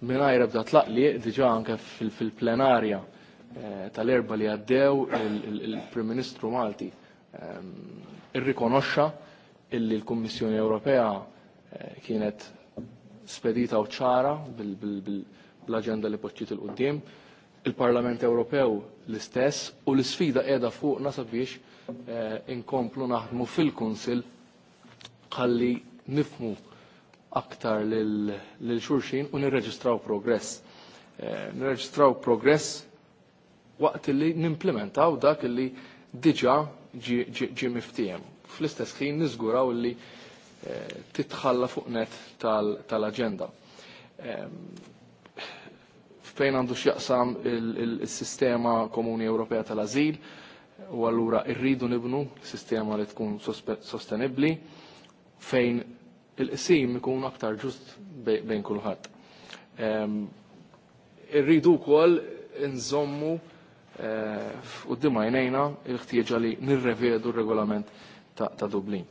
minajr ebda tlaqli diġa anke fil-plenarja eh, tal-erba li għaddew il-Prim Ministru Malti ehm, irrikonoxxa illi l-Kummissjoni Ewropea eh, kienet spedita u ċara bil-agenda li poċċiet il-qoddim, il-Parlament Ewropew l-istess u l-sfida qiegħda fuqna sabiex eh, inkomplu naħdmu fil-Kunsil ħalli nifmu aktar lil xulxin u nirreġistraw progress. Eh, nirreġistraw progress waqt li nimplementaw dak li diġa ġi miftijem. Fl-istess ħin niżguraw li eh, titħalla fuq net tal-agenda. Ehm, fejn għandu x'jaqsam il-sistema komuni Ewropea tal-azil, u allura irridu nibnu sistema li tkun sostenibli fejn il-qsim ikun aktar ġust bejn kulħadd. Irridu wkoll nżommu eh, f'quddiem għajnejna l-ħtieġa li nirrevedu r-regolament ta' Dublin.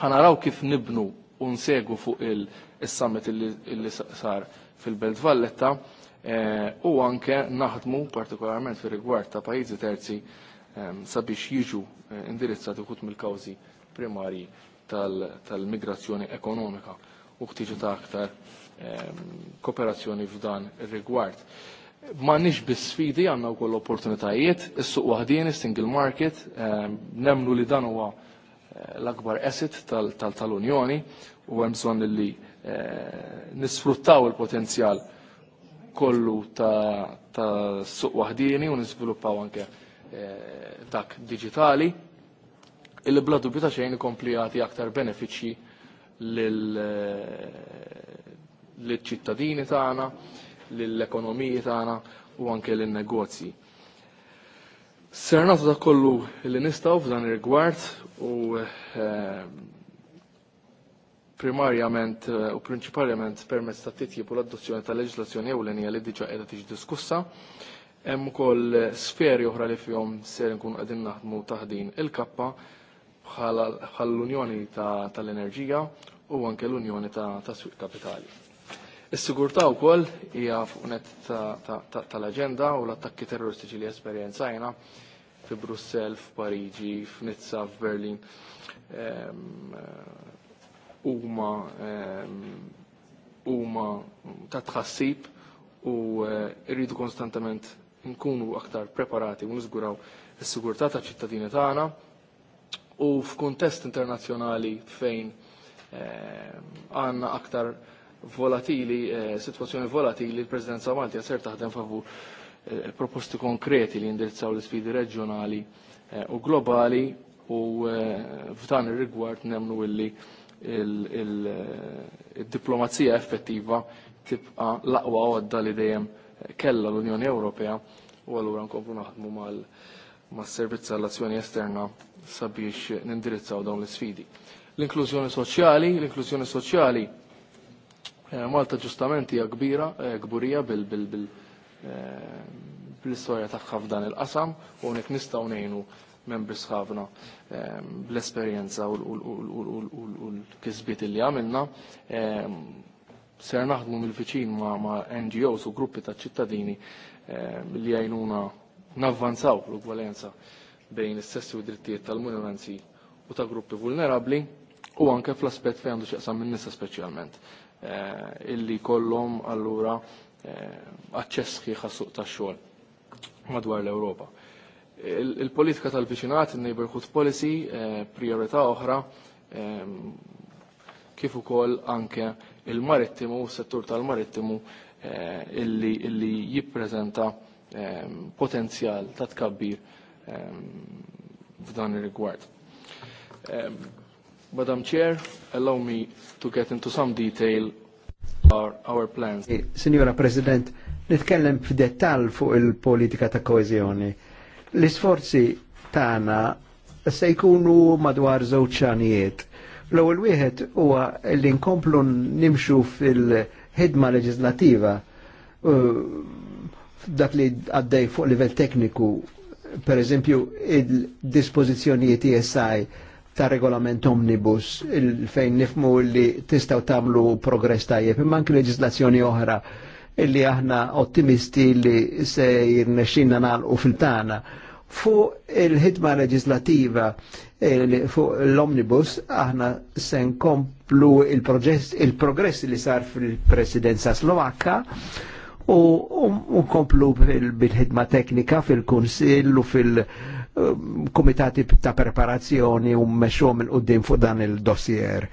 Ħanaraw kif nibnu u nsegu fuq il-summit li sar fil-Belt Valletta eh, u anke naħdmu partikolarment fir rigward ta' pajjiżi terzi sabiex jiġu eh, indirizzati kut mill-kawżi primarji tal-migrazzjoni tal ekonomika u ħtiġu ta' aktar ehm, kooperazzjoni f'dan ir-rigward. Ma nix bis-sfidi għanna u koll opportunitajiet, is-suq wahdien, single market, ehm, nemlu li dan huwa eh, l-akbar asset tal-Unjoni u hemm bżonn li eh, nisfruttaw il-potenzjal kollu ta' suq wahdieni u nisviluppaw anke eh, dak digitali illi bla dubju ta' xejn ikompli jagħti aktar benefiċċji eh, lill-ċittadini tagħna, lill-ekonomiji tagħna u anke lin-negozji. Serna nagħtu kollu li nistgħu f'dan ir-rigward u eh, primarjament eh, u prinċipalment permezz ta' titjib u l-adozzjoni ta' leġislazzjoni ewlenija li diġa qiegħda tiġi diskussa. Hemm ukoll sferi oħra li fihom ser nkun qegħdin naħdmu taħdin il-kappa bħal l-Unjoni tal-Enerġija u anke l-Unjoni ta' Suq Kapitali. Is-sigurtà wkoll hija net tal-aġenda u l-attakki terroristiċi li esperjenzajna fi Brussell, f'Pariġi, f'Nizza, f'Berlin ehm, huma ehm, huma ta' tħassib u eh, rridu konstantament nkunu aktar preparati u nżguraw is-sigurtà ta' ċittadini tagħna u f'kuntest internazzjonali fejn eh, għanna aktar volatili, eh, situazzjoni volatili, il-Presidenza Malti għasser taħdem favur eh, proposti konkreti li indirizzaw l-sfidi reġjonali u globali u f'dan ir-rigward nemnu illi il-diplomazija effettiva tibqa l-aqwa għodda li dejjem kella l-Unjoni Ewropea u għallura nkomplu naħdmu mal- ma' servizz għall-azzjoni esterna sabiex nindirizzaw dawn l-sfidi. L-inklużjoni soċjali, l-inklużjoni soċjali eh, Malta ġustament hija kbira, eh, kburija eh, bil-istorja tagħha f'dan il-qasam u hawnhekk nistgħu ngħinu membri ħafna bl-esperjenza u l-kisbiet li għamilna. Ser naħdmu mill-viċin ma' NGOs u gruppi ta' ċittadini li għajnuna navvanzaw l-ugwalenza bejn istessi u drittijiet tal-minoranzi u ta' gruppi vulnerabli u anke fl-aspett fejn għandu xieqsam minn nisa speċjalment eh, illi kollom allura eh, aċċess sħiħ għas-suq tax-xogħol madwar l-Ewropa. Il-politika tal-viċinat, il-neighborhood policy, eh, priorità oħra kif ukoll anke il-marittimu, s-settur tal-marittimu illi jippreżenta Ehm, potenzjal ta' tkabbir ehm, f'dan ir-rigward. Ehm, Madam Chair, allow me to get into some detail our, our plans. Eh, Signora President, nitkellem f'dettal fuq il-politika ta' koezjoni. L-isforzi tagħna se jkunu madwar żewġ L-ewwel wieħed huwa li nkomplu nimxu fil-ħidma leġislativa eh, dak li għaddej fuq livell tekniku, per eżempju, il-dispozizjonijiet ESI ta' regolament omnibus, fejn nifmu li tistaw tamlu progress tajjeb, imma anki leġislazzjoni oħra illi aħna ottimisti li se jirnexxinna nalqu fil-tana. Fuq il-ħidma leġislativa fuq l-omnibus aħna se nkomplu il-progress il li sar fil-presidenza slovakka u nkomplu bil-ħidma teknika fil-kunsill u fil-komitati ta' preparazzjoni u meċom il qoddim fuq dan il-dossier.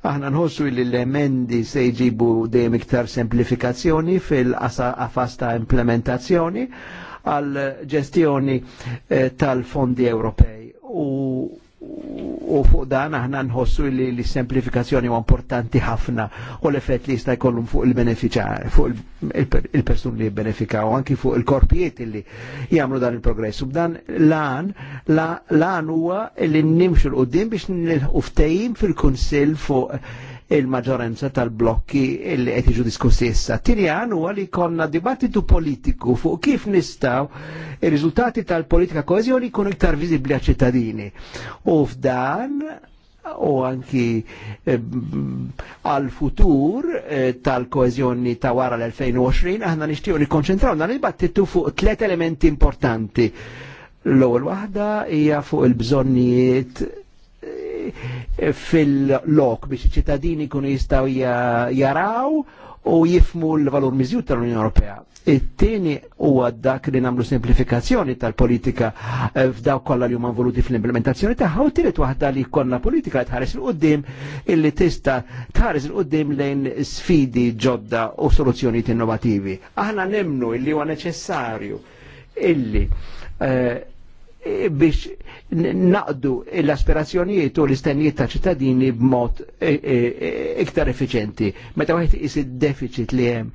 Aħna nħossu li l-emendi se jġibu dejjem iktar semplifikazzjoni fil-qafas ta' implementazzjoni għal ġestjoni eh, tal-fondi Ewropej u u fuq dan aħna nħossu li l-semplifikazzjoni u importanti ħafna u l-effett li jista' jkollhom fuq il benefiċja fuq il-persuni li jibbenefikaw anki fuq il-korpijiet li jagħmlu dan il-progress. U b'dan l lan huwa li nimxu l-qudiem biex nilħu ftehim fil-Kunsill fuq il-maġoranza tal-blokki li qed jiġu diskussi issa. Tieni għan huwa li konna dibattitu politiku fuq kif nistgħu ir-riżultati tal-politika koeżjoni jkunu iktar viżibbli għaċ-ċittadini. U f'dan u anki għal eh, futur eh, tal-koezjoni ta' wara l-2020 aħna nixtiju nikkonċentraw dan il-battitu fuq tlet elementi importanti. L-ewwel waħda hija fuq il-bżonnijiet fil-lok biex ċittadini kunu jistaw jaraw u jifmu l-valur mizjut tal-Unjoni Ewropea. It-tieni huwa dak li nagħmlu simplifikazzjoni tal-politika eh, f'dawk kollha li huma involuti fl-implementazzjoni tagħha u tielet waħda li jkollna politika tħares il qudiem illi tista' tħares il qudiem lejn sfidi ġodda u soluzzjonijiet innovativi. Aħna nemnu illi huwa neċessarju illi eh, biex naqdu l-aspirazzjonijiet u l-istennijiet ta' ċittadini b'mod e, e, e, iktar effiċenti. Meta wieħed is id-deficit li hemm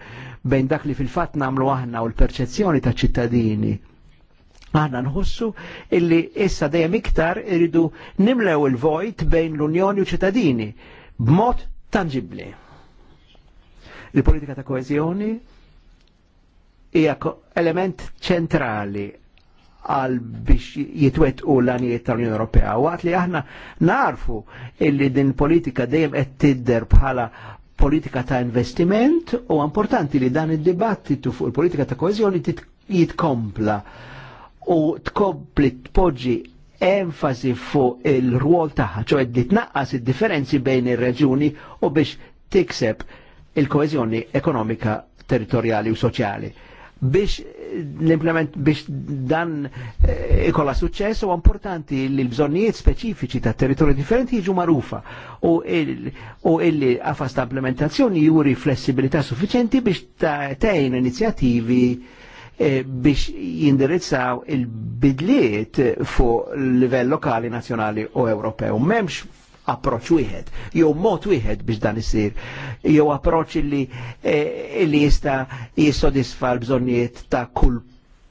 bejn dak li fil-fatt nagħmlu aħna u l-perċezzjoni ta' ċittadini. Aħna nħossu illi issa dejjem iktar iridu nimlew il-vojt bejn l-Unjoni u ċittadini b'mod tangibbli. Il-politika ta' koeżjoni hija element ċentrali għal biex jitwet u l-għanijiet tal-Unjoni Ewropea. għat li aħna narfu illi din politika dejjem qed tidder bħala politika ta' investiment u importanti li dan id-dibattitu fuq il-politika ta' koezjoni jitkompla u tkompli tpoġġi enfasi fuq il-rwol tagħha, ċoħed li tnaqqas id-differenzi bejn ir-reġuni u biex tikseb il-koezjoni ekonomika, territoriali u soċjali. Biex l-implement biex dan eh, ikolla suċċess u importanti li l-bżonnijiet speċifiċi ta' territorju differenti jiġu marufa u illi għafas ta' implementazzjoni juri flessibilità suffiċenti biex tejn inizjattivi eh, biex jindirizzaw il-bidliet fuq livell lokali, nazjonali u Ewropew. Memx approċ wieħed, jew mod wieħed biex dan isir, jew approċ illi, eh, li jista jissodisfa l bżonnijiet ta' kull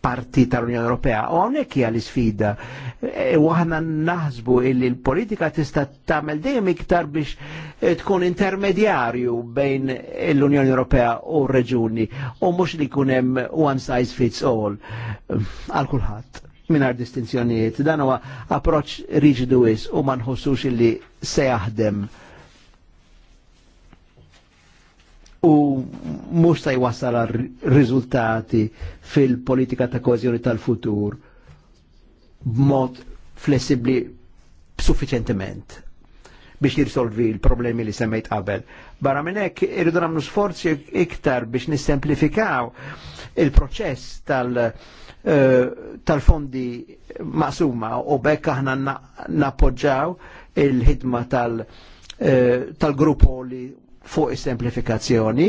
parti tal-Unjoni Ewropea. U hawnhekk hija l-isfida. Eh, u aħna naħsbu illi l-politika tista' tagħmel dejjem iktar biex eh, tkun intermedjarju bejn l-Unjoni Ewropea u r-reġuni u mhux li jkun hemm one size fits all għal kulħadd minar distinzjonijiet. Dan huwa approċ riġidu wis u ma nħossux illi se jaħdem u mhux se jwassal riżultati fil-politika ta' kozjoni tal-futur b'mod flessibbli suffiċentement biex jirsolvi l-problemi li semmejt qabel. Barra minn hekk irridu nagħmlu sforzi iktar biex nissemplifikaw il-proċess tal- Eh, tal-fondi maqsuma u bekk aħna nappoġġaw il-ħidma eh, tal-gruppo li fuq is-semplifikazzjoni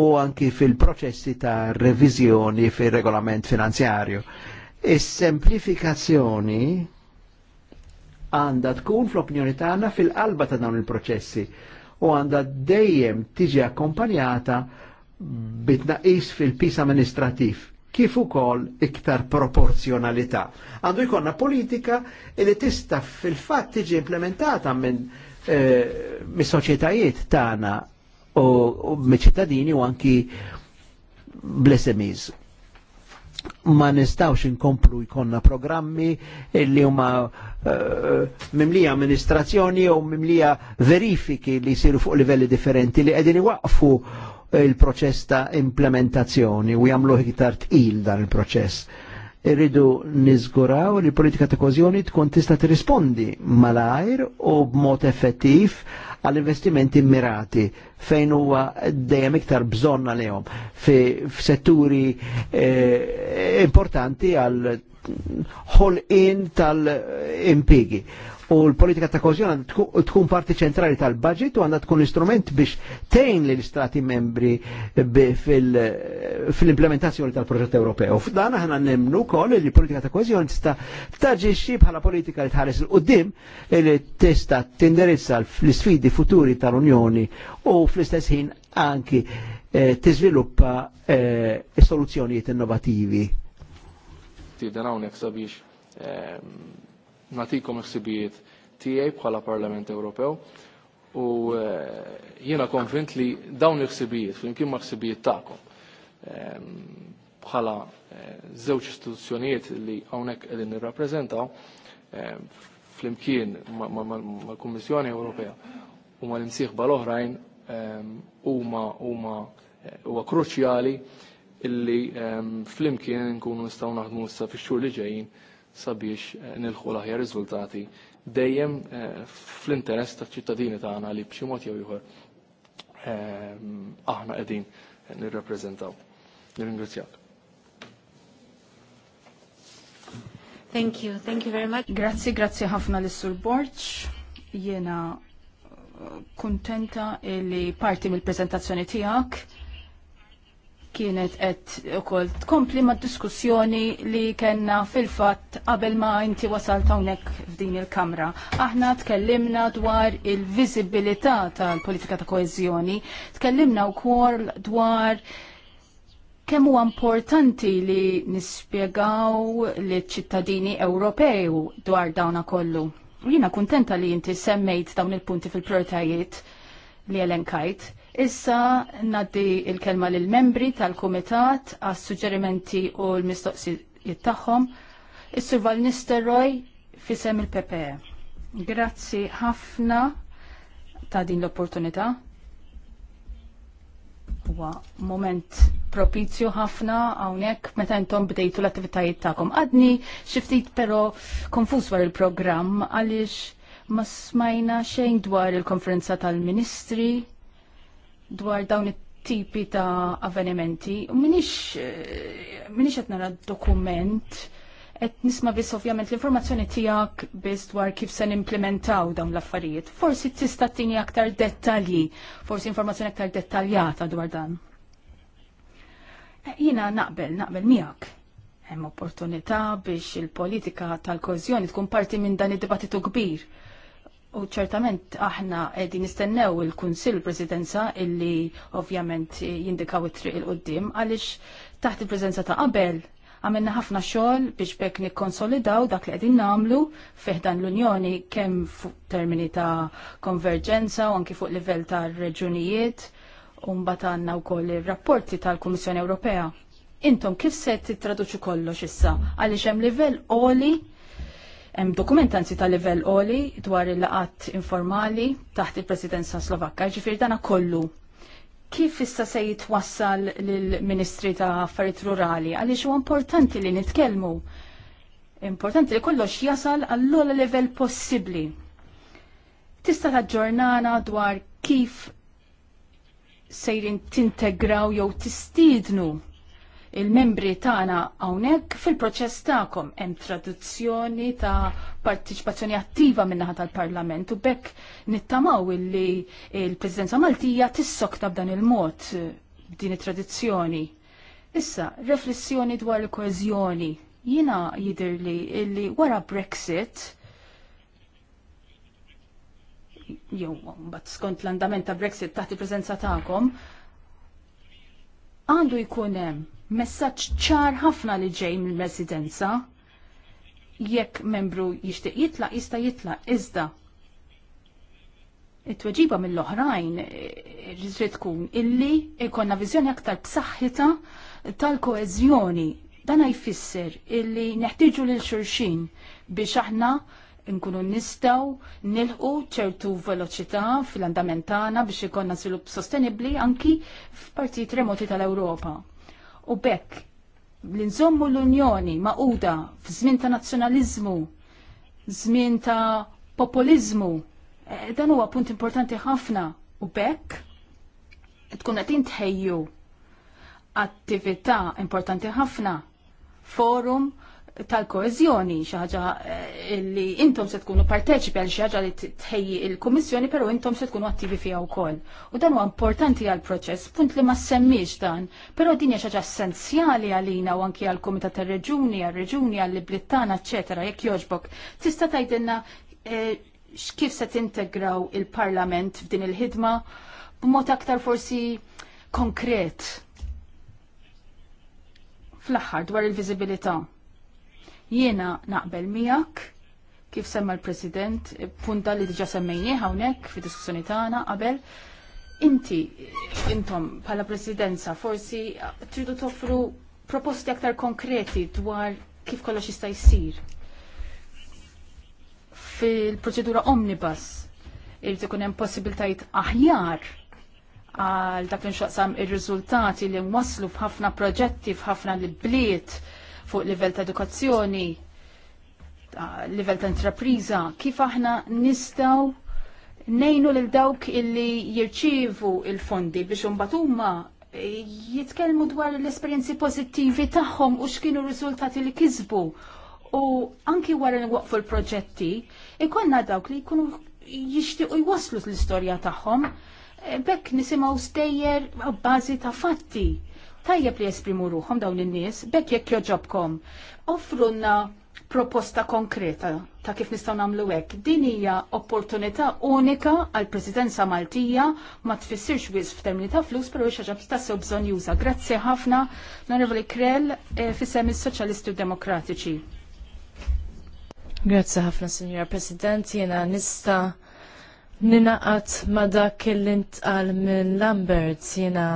u anki fil-proċessi ta' reviżjoni fil-regolament finanzjarju. Is-semplifikazzjoni għandha tkun fl-opinjoni tagħna fil-qalba ta' dawn il-proċessi u għandha dejjem tiġi akkompanjata bitnaqis fil-pis amministrativ kif ukoll iktar proporzjonalità. Għandu jkollna politika li tista' fil-fatt tiġi implementata minn eh, mi soċjetajiet tagħna u, u ċittadini u anki bl-SMEs. Ma nistawx inkomplu jkollna programmi li huma eh, mimlija amministrazzjoni u mimlija verifiki li jsiru fuq livelli differenti li qegħdin iwaqfu il-proċess ta' implementazzjoni u jagħmlu iktar tqil dan il-proċess. Irridu niżguraw li politika ta' kozjoni tkun tista' tirrispondi malajr u b'mod effettiv għall investimenti mirati fejn huwa dejjem iktar bżonn għalihom f'setturi eh, importanti għal ħolqien tal-impigi u l-politika ta' kozjon tkun parti ċentrali tal-budget u għandha tkun istrument biex tejn li l-istati membri fil-implementazzjoni tal-proġett Ewropew. F'dan aħna nemnu koll li l-politika ta' kozjon tista' taġixxi bħala politika li tħares il-qudiem li tista' tindirizza l-sfidi futuri tal-Unjoni u fl-istess ħin anki eh, tiżviluppa eh, soluzzjonijiet innovativi. sabiex ehm, natikom ħsibijiet tiegħi bħala Parlament Ewropew u eh, jiena konvint li dawn il-ħsibijiet flimkien maħsibijiet ħsibijiet tagħkom ehm, bħala eh, żewġ istituzzjonijiet li hawnhekk qegħdin nirrappreżentaw ehm, flimkien mal-Kummissjoni Ewropea u l imsieħba l-oħrajn ehm, huma huma eh, huwa kruċjali illi flimkien nkunu nistgħu naħdmu issa fix-xhur li ġejjin sabiex eh, nilħu laħja aħjar riżultati dejjem eh, fl-interess ta' ċittadini tagħna li b'xi mod jew ieħor eh, aħna qegħdin nirrappreżentaw. Nirringrazzjak. Thank you, thank you very much. Grazzi, grazzi ħafna l-Sur Borċ. Jena kontenta li parti mill-prezentazzjoni tijak kienet qed ukoll tkompli mad diskussjoni li kellna fil-fatt qabel ma inti wasalt hawnhekk f'din il-Kamra. Aħna tkellimna dwar il-viżibilità tal-politika ta' koeżjoni, tkellimna wkoll dwar kemm huwa importanti li nispjegaw li ċittadini Ewropew dwar dawna kollu. Jina kuntenta li inti semmejt dawn il-punti fil-prioritajiet li elenkajt Issa naddi il-kelma lill-membri tal-Kumitat għas suġġerimenti u l-mistoqsijiet tagħhom. Is-Sur Val Nisteroj fisem il-PPE. Grazzi ħafna ta' din l-opportunità huwa moment propizju ħafna hawnhekk meta intom bdejtu l-attivitajiet tagħkom. Għadni xi ftit però konfuż dwar il-programm għaliex ma smajna xejn dwar il-konferenza tal-ministri dwar dawn it-tipi ta' avvenimenti. Eh, minix qed nara dokument qed nisma' biss ovvjament l-informazzjoni tiegħek biss dwar kif se nimplementaw dawn l-affarijiet. Forsi tista' tini aktar dettalji, forsi informazzjoni aktar dettaljata dwar dan. Eh, jina naqbel, naqbel miegħek hemm opportunità biex il-politika tal kożjoni tkun parti minn dan id-dibattitu kbir. U ċertament aħna qegħdin nistennew il-Kunsill Presidenza illi ovvjament jindikaw it-triq il qudiem għaliex taħt il-preżenza ta' qabel għamilna ħafna xogħol biex bekk nikkonsolidaw dak li qegħdin nagħmlu fiħdan l-Unjoni kemm fuq termini ta' konverġenza u anki fuq livell ta' reġunijiet u mbagħad għandna wkoll ir-rapporti tal-Kummissjoni Ewropea. Intom kif se titraduċu kollox issa għaliex hemm livell qoli Hemm dokumentanzi ta' livell oli dwar il-laqat informali taħt il-Presidenza Slovakka, ġifier dana kollu. Kif issa se jitwassal lill-Ministri ta' Affarijiet Rurali għaliex huwa importanti li nitkellmu. Importanti li kollox jasal għall-ola livell possibbli. Tista' taġġornana dwar kif sejrin tintegraw jew tistidnu il-membri tagħna hawnhekk fil-proċess tagħkom hemm traduzzjoni ta' partiċipazzjoni attiva min-naħa tal-Parlament u bekk nittamaw illi il-Presidenza Maltija tissokta b'dan il-mod din it-tradizzjoni. Issa, riflessjoni dwar il Jina Jiena li illi wara Brexit jew mbagħad skont l-andament ta' Brexit taħt il-preżenza tagħkom, għandu jkun hemm messaġġ ċar ħafna li ġej mill-residenza. Jekk membru jixtieq jitlaq jista' jitlaq iżda it-tweġiba mill-oħrajn eh, ġizri tkun illi ikonna viżjoni aktar b'saħħita tal-koeżjoni. Dan jfisser illi neħtieġu lil xurxin biex aħna nkunu nistaw nilħu ċertu veloċità fil andamentana tagħna biex ikonna żvilupp sostenibbli anki f'partijiet remoti tal-Ewropa u bekk li nżommu l-Unjoni maquda f'żmien ta' nazzjonaliżmu, żmien ta' populizmu, e, dan huwa punt importanti ħafna u bekk tkun qed intħejju attività importanti ħafna forum tal-koezjoni, xaħġa eh, li intom se tkunu parteċipi għal xaħġa li tħejji il-Komissjoni, pero intom se tkunu attivi fija u koll. U dan huwa importanti għal proċess, punt li ma semmix dan, pero din hija xaħġa essenzjali għalina u anki għal Komitat tar-Reġuni, għal-Reġuni, għal librittana ecc. jekk joġbok. Tista' tgħidilna eh, x'kif se tintegraw il-Parlament f'din il-ħidma b'mod aktar forsi konkret fl-aħħar dwar il-viżibilità. Jiena naqbel miegħek kif semma l-President, punta li diġa semmejni hawnhekk fi diskussjoni tagħna qabel. Inti, intom, bħala presidenza, forsi tridu toffru proposti aktar konkreti dwar kif kollox jista' jsir. Fil-proċedura omnibus, irid ikun hemm possibiltajiet aħjar għal dak li nxaqsam ir-riżultati li nwasslu f'ħafna proġetti f'ħafna li bliet fuq livell ta' edukazzjoni, livell ta' intrapriża, kif aħna nistgħu nejnu lil dawk illi jirċievu il-fondi biex imbagħad huma eh, jitkellmu dwar l-esperjenzi pożittivi tagħhom u x'kienu r-riżultati li kisbu. U anki wara nwaqfu l-proġetti, ikonna dawk li jkunu jixtiequ jwaslu l-istorja tagħhom eh, bekk nisimgħu stejjer b'bażi ta' fatti Tajjeb li jesprimu ruhom dawn in-nies, bekk jekk joġobkom. Offrunna proposta konkreta ta' kif nistgħu nagħmlu hekk. Din hija opportunità unika għal Presidenza Maltija ma tfissirx wisq f'termini ta' flus, però xi ħaġa tassew bżonn juża. Grazzi ħafna, Narevoli Krell, eh, fis-semi Soċjalisti u Demokratiċi. Grazzi ħafna, Sinjora President, jiena nista' ninaqat ma dak il-intqal minn Lambert jiena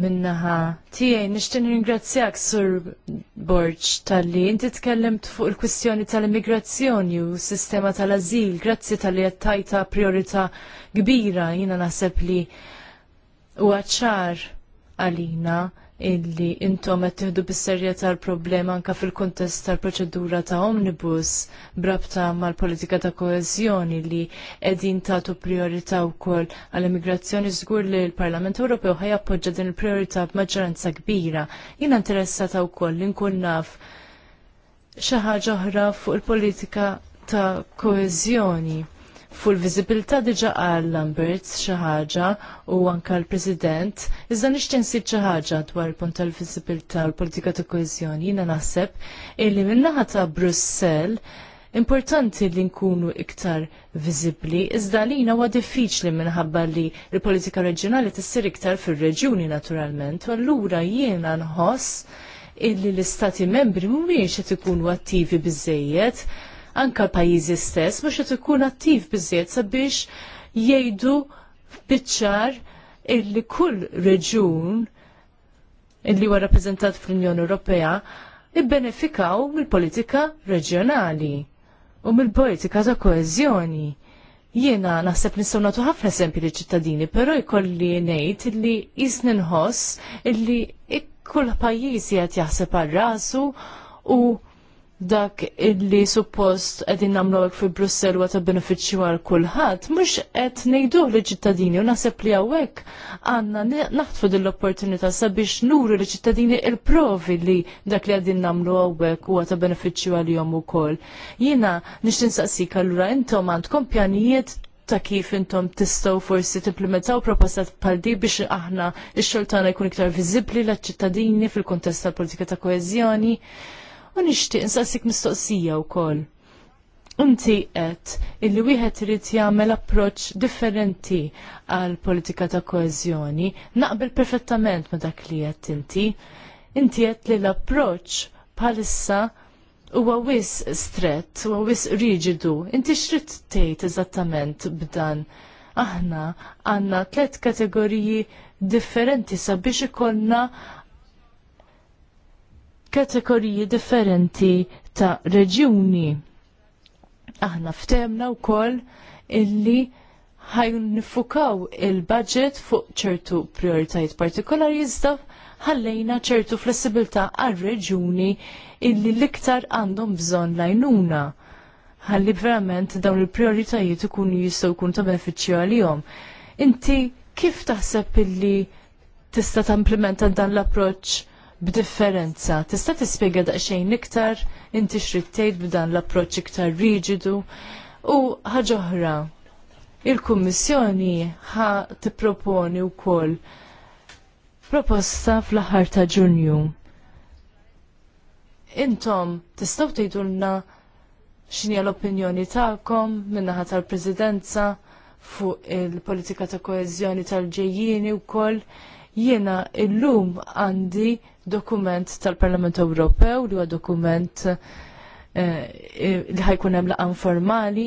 minnaħa tiegħi nixtieq ringrazzjak Sur Borġ talli inti tkellimt fuq il-kwistjoni tal-immigrazzjoni u s-sistema tal-ażil. Grazzi talli qed tajta priorità kbira jiena naħseb li huwa ċar għalina illi intom qed tieħdu bis-serjetà l-problema anke fil-kuntest tal-proċedura ta' omnibus brabta mal-politika ta' koeżjoni li qegħdin tagħtu priorità wkoll għall-immigrazzjoni żgur li l-Parlament Ewropew ħajappoġġa din il-priorità b'maġġoranza kbira. Jiena interessata wkoll li nkun naf xi ħaġa oħra fuq il-politika ta' koeżjoni Full il-viżibilità diġà qal Lambert xi ħaġa u anke l-President, iżda nixtieq sit xi ħaġa dwar il-punt tal vizibilta u l-politika ta' koeżjoni jiena naħseb illi min-naħa ta' Brussell Importanti li nkunu iktar viżibbli, iżda lina huwa diffiċli minħabba li l-politika reġjonali tissir iktar fir-reġjuni naturalment, u allura jiena nħoss illi l-istati membri mhumiex qed ikunu attivi biżejjed anka l-pajjiżi stess mhux qed ikun attiv biżjed sabiex jgħidu biċċar illi kull reġun illi huwa rappreżentat fl-Unjoni Ewropea ibbenefikaw mill-politika reġjonali u mill-politika ta' koeżjoni. Jiena naħseb nistgħu nagħtu ħafna eżempji li ċittadini, però jkolli ngħid illi jisni nħoss illi kull pajjiż qed jaħseb għal rasu u dak illi suppost qegħdin nagħmlu hekk fi Brussell wa ta' benefiċċju għal kulħadd, mhux qed ngħiduh liċ-ċittadini u naħseb li hawnhekk għandna naħtfu din l-opportunità sabiex nuru liċ-ċittadini il-provi li dak li qegħdin nagħmlu hawnhekk huwa ta' benefiċċju għalihom ukoll. Jiena nixtieq insaqsik allura intom għandkom pjanijiet ta' kif intom tistaw forsi tipplementaw propostat bħal biex aħna x-xoltana jkun iktar viżibli l ċittadini fil-kontest tal-politika ta' koezjoni, U nixtieq nsassik mistoqsija wkoll. Inti qed illi wieħed irid jagħmel approċċ differenti għal politika ta' koeżjoni, naqbel perfettament ma' dak li qed inti. Inti qed li l-approċċ bħalissa huwa wis strett, huwa wis riġidu. Inti xrid tgħid eżattament b'dan aħna għandna tliet kategoriji differenti sabiex ikollna kategoriji differenti ta' reġjuni. Aħna ftemna wkoll illi ħajnifukaw il-budget fuq ċertu prioritajiet partikolari iżda ħallejna ċertu flessibilità għal reġjuni illi l-iktar għandhom bżonn lajnuna. Ħalli verament dawn il-prioritajiet ikunu jistgħu jkun ta' benefiċċju għalihom. Inti kif taħseb illi tista' tamplementa dan l-approċċ b'differenza. Tista' tispjega daqsxejn iktar inti xrid tgħid b'dan l-approċċ iktar riġidu u ħaġa oħra. Il-Kummissjoni ħa tipproponi wkoll proposta fl-aħħar ta' Ġunju. Intom tistgħu tgħidulna x'inhi l-opinjoni tagħkom min-naħa tal-Presidenza fuq il-politika ta' koeżjoni tal-ġejjini wkoll jiena illum għandi dokument tal-Parlament Ewropew li huwa dokument eh, li ħajkun hemm laqgħa informali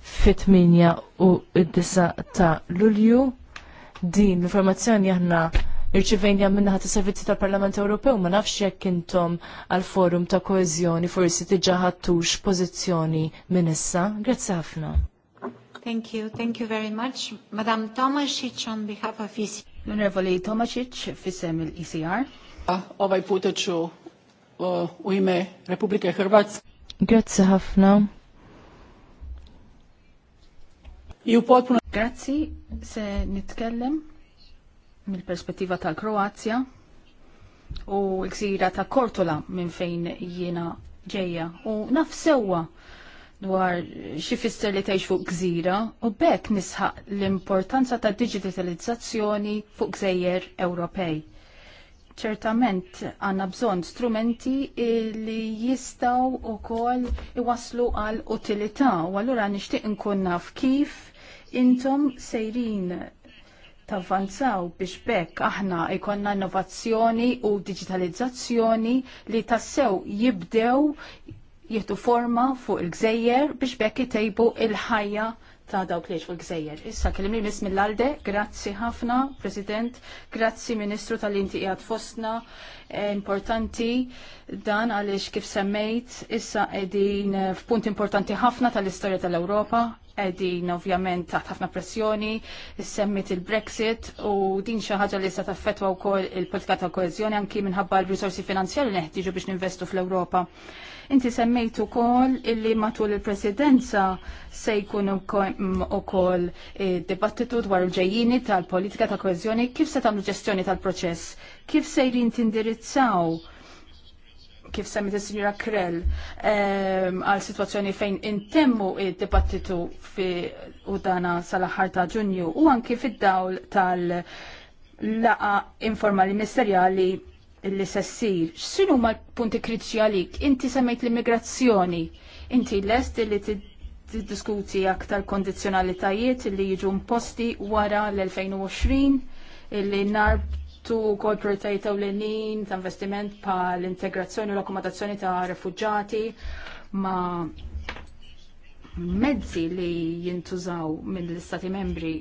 fit-8 u 9 ta' Lulju. Din l-informazzjoni aħna irċivejnja minna ħat servizzi tal-Parlament Ewropew ma nafx jekk intom għal forum ta' koezjoni forsi tiġa ħattux pożizzjoni minn issa. Grazzi ħafna. Thank you, thank you very much. Madam Tomasic on behalf of ECR. Onorevoli Tomasic, fissem il-ECR ovaj puta u ime Republike Hrvatske. Grazie ħafna. potpuno. Grazzi, se nitkellem mill-perspettiva tal-Kroazja u l-gżira ta' Kortola minn fejn jiena ġejja u nafsewa dwar xi li tgħix fuq gżira u bekk nisħaq l-importanza ta' digitalizzazzjoni fuq gżejjer Ewropej ċertament għanna bżon strumenti li jistaw u kol iwaslu għal utilità u għallura nishtiq nkun naf kif intom sejrin tavvanzaw biex bekk aħna ikonna innovazzjoni u digitalizzazzjoni li tassew jibdew jieħdu forma fuq il-gżejjer biex bekk jtejbu il-ħajja il ħajja ta' dawk li fuq gżejjer. Issa kellimni miss mill-Alde, grazzi ħafna, President, grazzi Ministru tal-inti qiegħed fostna, eh, importanti dan għaliex kif semmejt, issa qegħdin eh, f'punt importanti ħafna tal-istorja tal-Ewropa, qegħdin ovvjament taħt ħafna pressjoni, semmit il-Brexit u din xi ħaġa li se taffettwa wkoll il-politika ta' koeżjoni anki minħabba l-risorsi finanzjali li neħtieġu biex ninvestu fl-Ewropa. Inti semmejtu kol illi matul il-presidenza se jkun u kol mm, eh, dibattitu dwar il-ġejjini tal-politika ta' koezjoni, kif se tagħmlu ġestjoni tal-proċess, kif se jrin tindirizzaw kif semmit il-Sinjura Krell ehm, għal situazzjoni fejn intemmu id-dibattitu fi u dana sal-aħħar ta' Ġunju u anki fid-dawl tal- laqa informali ministerjali Illi se ssir, x'inhu ma punti kritiċi għalik? Inti semmejt l-immigrazzjoni, inti lest li tiddiskuti aktar kondizzjonalitajiet li jiġu imposti wara l-2020 illi narbtu kol prioritajiet ewlenin ta' investiment pa' l-integrazzjoni u l-akkomodazzjoni ta' refugġati ma' mezzi li jintużaw mill istati membri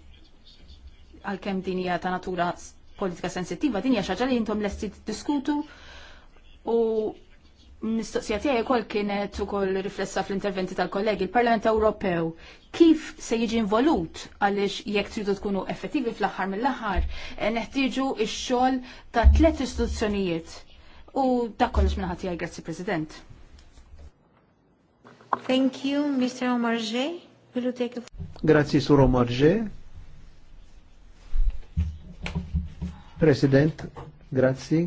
għal-kem dinija ta' natura politika sensittiva din hija xaġa li intom lesti diskutu u mistoqsija tiegħi wkoll kienet ukoll riflessa fl-interventi tal-kollegi l parlament Ewropew kif se jiġi involut għaliex jekk tridu tkunu effettivi fl-aħħar mill-aħħar eh, neħtieġu x-xogħol ta' tliet istituzzjonijiet. U dak kollox minn ħadd grazzi President. Thank you, Mr. Omarje. Grazie, Grazzi, Sur Omarje. President, grazzi.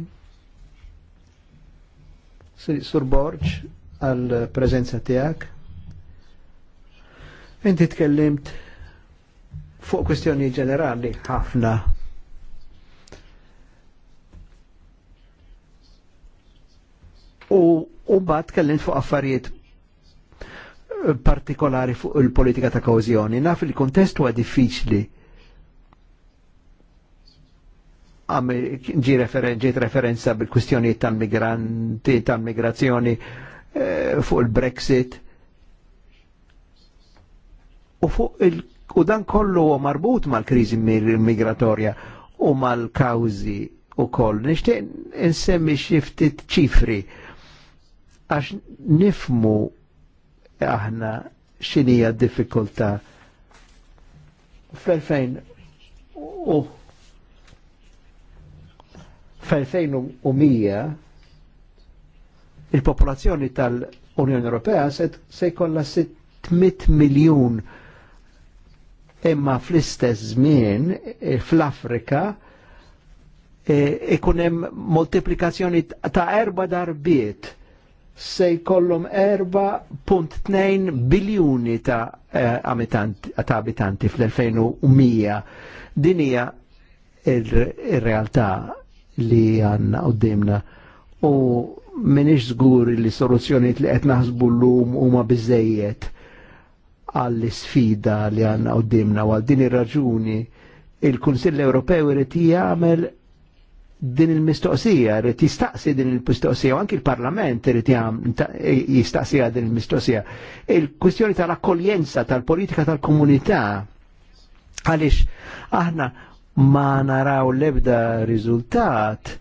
Sur Borg għal prezenza tijak. Inti tkellimt fuq kwestjoni ġenerali ħafna. U, u bat tkellimt fuq affarijiet partikolari fuq il-politika ta' kozjoni. Naf il-kontestu għad diffiċli ġi referen, referenza bil-kwistjoni tal-migranti, tal-migrazzjoni eh, fuq il-Brexit u fuq il u dan kollu marbut mal-krizi migratorja u mal-kawzi u koll. Nishtiq xi xiftit ċifri għax nifmu aħna xinija diffikulta fl-2000 u Fl-2000 il-popolazzjoni tal-Unjoni Ewropea se jkollha 600 miljun imma fl-istess żmien eh, fl-Afrika eh, ikun hemm moltiplikazzjoni ta' erba darbiet se jkollhom 4.2 biljuni ta' eh, ta' abitanti fl-2100. Din hija ir-realtà li għanna għoddimna. U minix zgur li soluzzjoniet li qed naħsbu l-lum huma bizzejiet għall sfida li għanna għoddimna u għal din ir-raġuni il-Kunsill Ewropew irid jagħmel din il-mistoqsija, irid jistaqsi din il-mistoqsija, u anki il-Parlament irid jistaqsija din il-mistoqsija. Il-kwistjoni tal-akkoljenza tal-politika tal-komunità għaliex aħna ma naraw lebda rizultat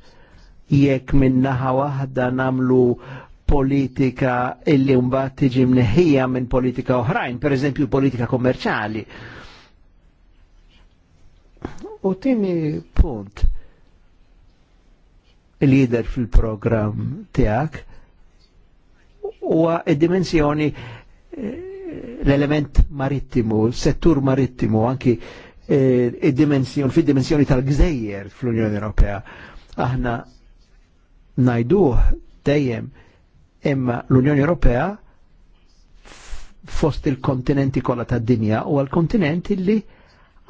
jekk minnaħa waħda namlu politika illi mbagħad tiġi mneħija minn politika oħrajn, per eżempju politika kommerċali. U tini punt il-lider fil-program tiegħek huwa id-dimensjoni eh, l-element marittimu, settur marittimu, anki Eh, id-dimensjoni, fid-dimensjoni tal gżegjer fl-Unjoni Ewropea. Aħna najduh dejjem imma l-Unjoni Ewropea fost il-kontinenti kolla ta' dinja u għal-kontinent li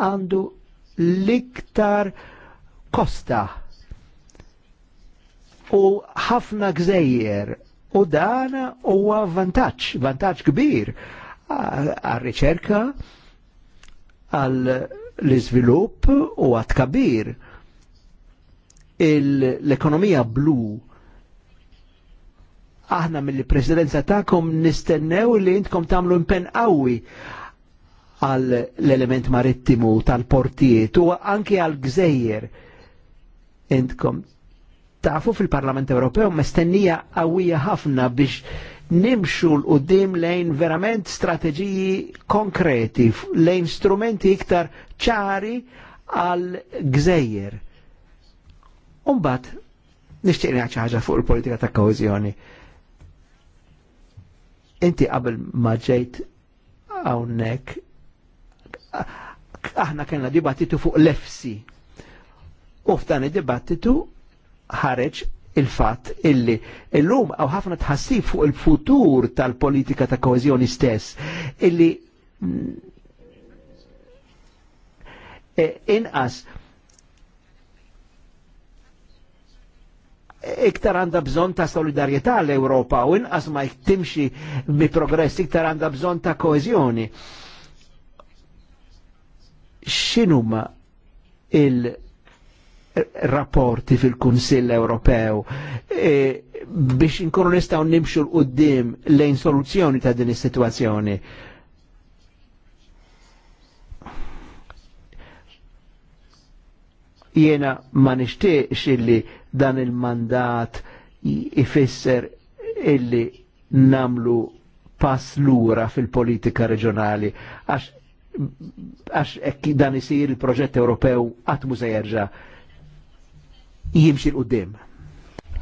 għandu l-iktar kosta u ħafna gżegjer u dan u vantaġġ, vantaċ kbir għal-riċerka, għal l-iżvilupp u għat kabir. L-ekonomija blu aħna mill-presidenza ta'kom nistennew li intkom tamlu impen qawwi għal l-element marittimu tal-portijiet u anke għal gżejjer intkom tafu fil-Parlament Ewropew mestennija qawwija ħafna biex nimxu l-qoddim lejn verament strategiji konkreti, lejn strumenti iktar ċari għal gżejjer. Umbat, nishtiqni ħaġa fuq il-politika ta' kohezjoni. Inti qabel ma ġejt hawnhekk aħna kellna dibattitu fuq l-efsi. U f'dan id-dibattitu ħareġ il-fat illi illum għaw ħafna tħassib fuq il-futur tal-politika ta' koezjoni stess illi mm, e, inqas iktar għanda bżon ta' solidarjetà l-Europa u inqas ma jtimxi bi progress iktar għanda bżon ta' koezjoni. Xinuma il- rapporti fil-Kunsill Ewropew e, biex inkunu nistgħu nimxu l-qudiem lejn soluzzjoni ta' din is-sitwazzjoni. Jiena ma nixtieqx illi dan il-mandat ifisser illi namlu pass lura fil-politika reġjonali għax għax dan isir il-proġett Ewropew għatmu se jerġa' jimxi l-qoddim.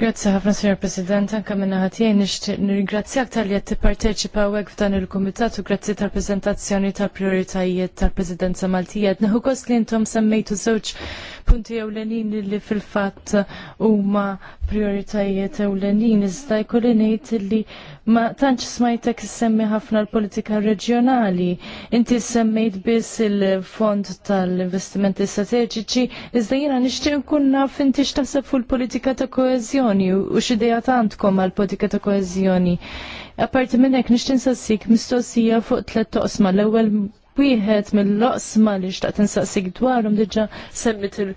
Grazzi ħafna, Sr. President, anka minna ħatijaj nishtiq nirgrazzjak tal-li għed t-parteċipa u f'dan il-Komitat u grazzi tal-prezentazzjoni tal-prioritajiet tal-Presidenza Maltija. Nħu kost li intom semmejtu zoċ punti ewlenin li fil-fatt huma prioritajiet ewlenin iżda jkolli ngħid li ma tantx smajtek semmi ħafna l-politika reġjonali. Inti semmejt biss il-fond tal-investimenti strateġiċi iżda jiena nixtieq nkun naf inti x'taħseb fuq il-politika ta' koeżjoni u x'idea għandkom għall politika ta' koeżjoni. Apparti minn hekk nixtieq nsassik mistoqsija fuq tliet toqsma l-ewwel wieħed mill-loqsma li xtaqt insaqsik dwarhom diġà semmit il-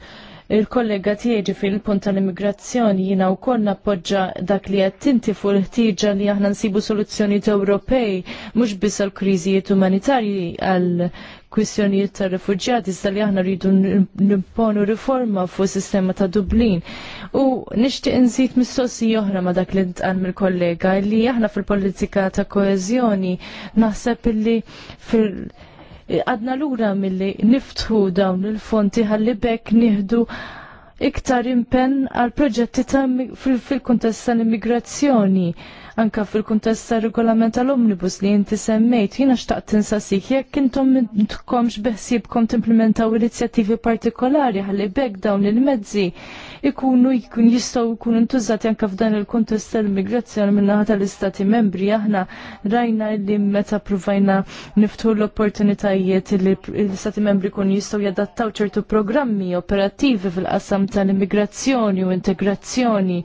kollega tiegi fil-punt tal-immigrazzjoni jiena wkoll nappoġġa dak li qed tinti fuq il-ħtieġa li aħna nsibu soluzzjonijiet Ewropej mhux biss għal kriżijiet umanitarji għal kwistjonijiet ta' refugjati iżda li aħna rridu nimponu riforma fuq sistema ta' Dublin. U nixtieq inżid mistoqsi oħra ma' dak li ntqal mill-kollega li aħna fil-politika ta' koeżjoni naħseb illi fil- Eh, għadna lura milli niftħu dawn il-fonti ħalli bekk nieħdu iktar impenn għal proġetti ta' fil-kuntest tal-immigrazzjoni, anka fil-kuntest ta' regolament tal-omnibus li inti semmejt, jina xtaqt tinsasik, jekk kintom tkomx beħsibkom timplementaw inizjattivi partikolari ħalli bekk dawn il-mezzi ikunu jkun jistgħu jkunu ntużati anka f'dan il kontest tal-immigrazzjoni minnaħa tal-istati membri aħna rajna li meta provajna niftu l-opportunitajiet li l-istati membri kun jistgħu jadattaw ċertu programmi operattivi fil-qasam tal-immigrazzjoni u integrazzjoni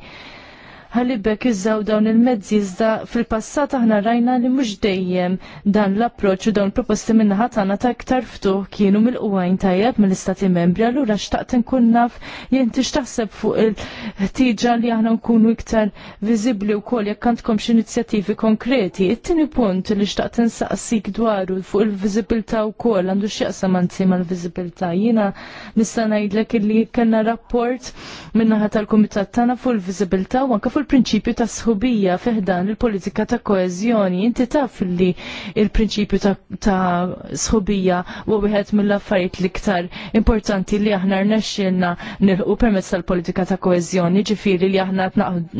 ħalibek iżaw dawn il-mezzi iżda fil-passat aħna rajna li mhux dejjem dan l-approċċ u dawn proposti minnaħa tagħna ta' iktar ftuħ kienu mill-qwajn tajjeb mill-istati membri allura xtaqt nkun naf jien tixtaħseb fuq il-ħtieġa li aħna nkunu iktar viżibbli wkoll jekk għandkom inizjattivi konkreti. It-tieni punt li xtaqt insaqsik dwaru fuq il-viżibilità wkoll għandu x'jaqsam anzi mal-viżibilità. Jiena nista' ngħidlek li kellna rapport minnaħa tal-kumitat tagħna fuq il-viżibilità u anke fuq il-prinċipju ta' sħubija feħdan il-politika ta' koezjoni. Inti taf li il-prinċipju ta', sħubija u wieħed mill-affarijiet l-iktar importanti li aħna rnexxilna nilħu permezz tal-politika ta' koezjoni, ġifieri li aħna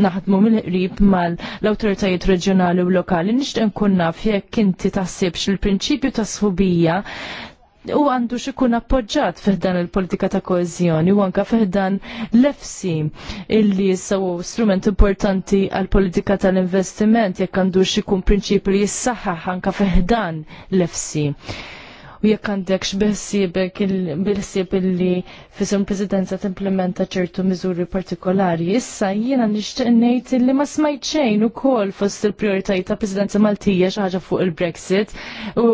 naħdmu mill-qrib mal-awtoritajiet reġjonali u lokali. Nixtieq nkun naf jekk inti taħsibx il-prinċipju ta' sħubija u għandu xikun appoġġat fiħdan il-politika ta' koezjoni u anka fiħdan l-efsi illi sawu strument importanti għal-politika tal-investiment jekk għandu xikun prinċipju li jissaħħaħ anka fiħdan l-efsi u jekk għandek x'beħsiebek il ħsieb illi fisem presidenza timplementa ċertu miżuri partikolari. Issa jiena nixtieq ngħid illi ma smajt xejn ukoll fost il-prijoritajiet ta' presidenza Maltija xi ħaġa fuq il-Brexit u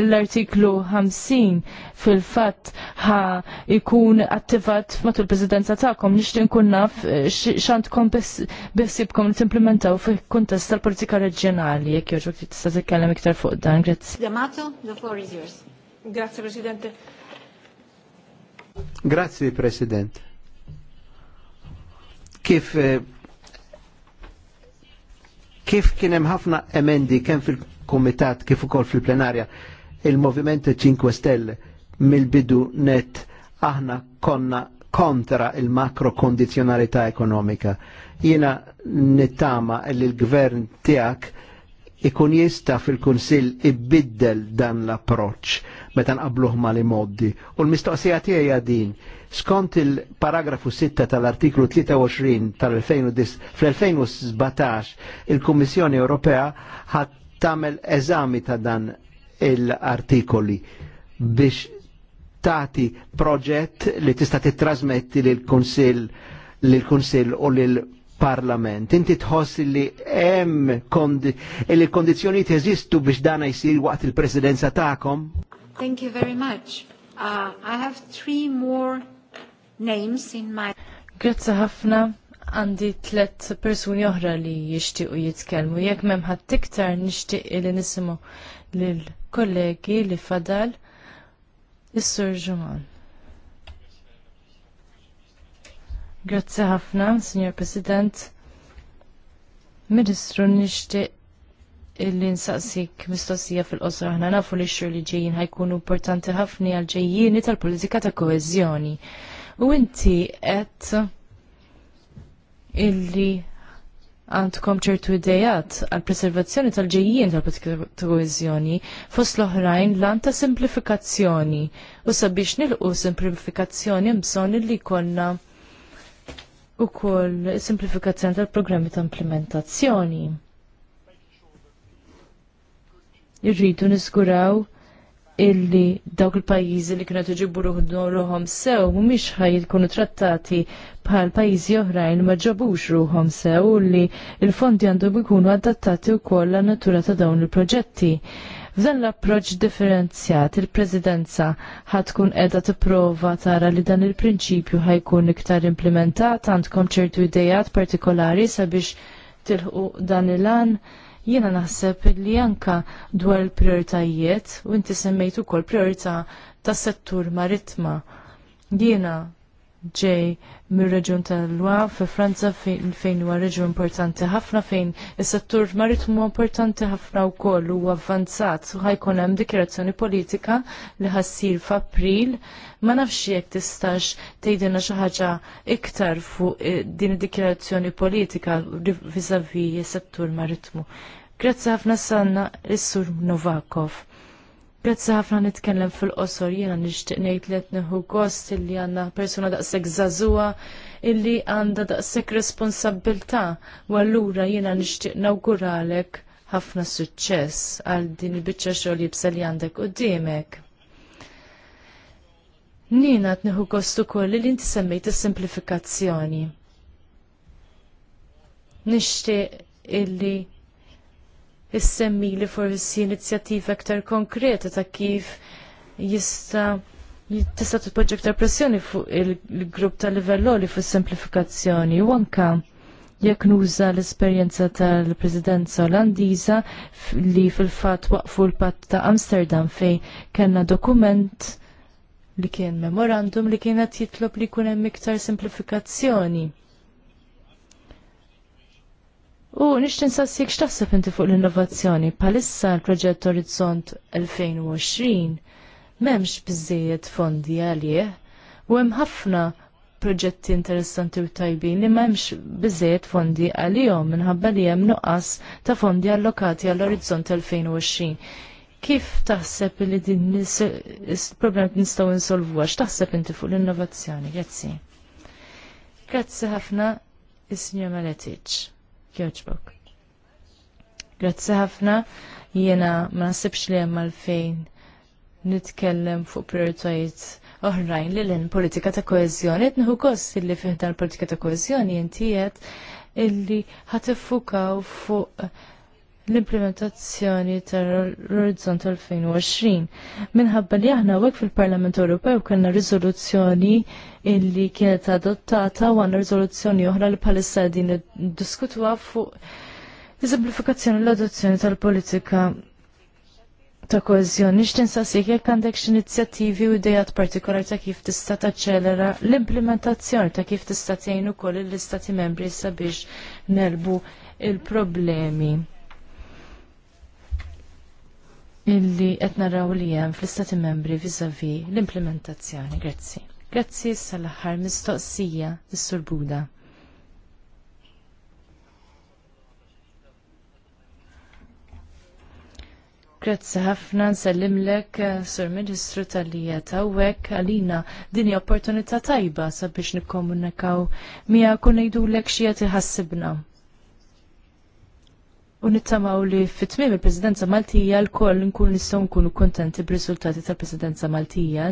l-artiklu 50 fil-fatt ħa jkun attivat matul il-presidenza tagħkom nixtieq nkun naf x'għandkom beħsiebkom timplementaw fil-kuntest tal-politika reġjonali jekk jogħġbok tista' titkellem iktar fuq dan. Grazzi. D'Amato, the floor is yours. Grazie Presidente. Grazie President. Kif eh, kif kien hemm ħafna emendi kemm fil-kumitat kif ukoll fil-plenarja il movimento 5 Stelle mill-bidu net aħna konna kontra il-makro kondizjonalità ekonomika. Jiena nittama li l-gvern tiegħek ikun jista fil-Kunsill ibiddel dan l-approċċ meta nqabluh li moddi. U l-mistoqsija tiegħi din, skont il-paragrafu 6 tal-artiklu 23 tal-2010 fl-2017 il-Kummissjoni Ewropea ħadd tagħmel eżami ta' dan l-artikoli biex tagħti proġett li tista' titrasmetti lill-Kunsill lill-Kunsill u lil parlament. Inti tħoss li hemm kondi, li kondizjoni jeżistu biex dana jsir waqt il-presidenza tagħkom? Thank you very much. Uh, I have three more names in my... Grazie ħafna. Għandi tlet persuni oħra li jixtiequ jitkellmu. Jekk m'hemm ħadd iktar nixtieq li nisimgħu lill-kollegi li fadal is-Sur Ġuman. Grazzi ħafna, Signor President. Ministru nixtieq illi nsaqsik mistoqsija fil qosra aħna nafu li x-xhur li ġejjin ħajkunu importanti ħafna għal ġejjini tal-politika ta' koeżjoni. U inti qed illi għandkom ċertu idejat għal preservazzjoni tal-ġejjien tal-politika ta' koeżjoni fost l-oħrajn lan ta' simplifikazzjoni u sabiex nilqu simplifikazzjoni bżonn li konna u koll simplifikazzjoni tal-programmi ta' implementazzjoni irridu niskuraw illi dawk il-pajjiżi li kienu tiġibu ruħhom sew mhumiex ħaj jkunu trattati bħal pajjiżi oħrajn ma ġabux ruħom sew u li l-fondi għandhom ikunu adattati wkoll għan natura ta' dawn il-proġetti. F'dan l-approċ differenzjat il-Presidenza ħad tkun qiegħda tipprova tara li dan il-prinċipju ħajkun iktar implementat għandkom ċertu idejat partikolari sabiex tilħu dan il-an. il an Jiena naħseb li anka dwar il-prioritajiet u inti semmejt ukoll priorità tas settur maritma. Jiena ġej mir-reġjun tal-Lwa fi Franza fejn huwa reġjun importanti ħafna fejn is-settur maritmu importanti ħafna wkoll u avvanzat u ħajkun hemm dikjerazzjoni politika li ħassir f'April Ma nafx jekk tistax tgħidilna xi ħaġa iktar fuq eh, din id-dikjarazzjoni politika is settur maritmu. Grazzi ħafna sanna is-Sur Novakov. Grazzi ħafna nitkellem fil-qosor jiena nixtieq ngħid li qed neħu gost illi għandna persuna daqshekk żagħżugħa illi għandha daqshekk responsabbiltà u allura jiena nixtieq nawguralek ħafna suċċess għal din il-biċċa xogħol jibsa li għandek qudiemek. Nina tniħu kostu kolli li inti semmejt is-simplifikazzjoni. Nixtieq illi jissemmi li forsi inizjattiva aktar konkreta ta' kif jista' tista' titpoġġa aktar pressjoni fuq il-grupp ta' livello li fuq simplifikazzjoni u anka jekk nuża l-esperjenza tal-Presidenza Olandiża li fil-fatt waqfu l-Patt ta' Amsterdam fejn kellna dokument li kien memorandum li kienet jitlob li jkun hemm iktar simplifikazzjoni. U nishtin sassik x'taħseb inti fuq l-innovazzjoni bħalissa l-proġett Orizzont 2020 m'hemmx biżejjed fondi għalih u hemm ħafna proġetti interessanti u tajbin li m'hemmx biżejjed fondi għalihom minħabba li hemm nuqqas ta' fondi allokati għall-orizzont 2020. Kif taħseb li din il-problema nistgħu insolvu għax taħseb inti fuq l-innovazzjoni? Grazzi. Grazzi ħafna is-Sinjor Maletic. Kjoġbok. Grazzi ħafna jiena ma nasibx li hemm għalfejn nitkellem fuq prioritajiet oħrajn li l-in politika ta' koezjoni, etnħu kost li fiħda l-politika ta' koezjoni jintijet illi ħatifukaw fuq l-implementazzjoni tal-Orizzont 2020. Minħabba li aħna għek fil-Parlament Ewropew kellna rizoluzzjoni illi kienet adottata u għanna riżoluzzjoni oħra li bħalissa din diskutu fuq l-simplifikazzjoni l-adozzjoni tal-politika ta' koezjoni. X'tin sasik jekk għandek x'inizjattivi u idejat partikolari ta' kif tista' taċċelera l-implementazzjoni ta' kif tista' tgħin ukoll l-istati membri sabiex nelbu il-problemi illi qed naraw li hemm fl-Istati Membri viżavi l-implementazzjoni. Grazzi. Grazzi sal-aħħar mistoqsija is-Sur Buda. Grazzi ħafna lek Sur Ministru tal-lija tawwek, għalina dini opportunità tajba sabiex nikkomunikaw mija kun ngħidulek xi tiħassibna. U nittamaw li fit tmim il-Presidenza Maltija l-koll nkun nistgħu nkunu kontenti b'riżultati tal-Presidenza Maltija.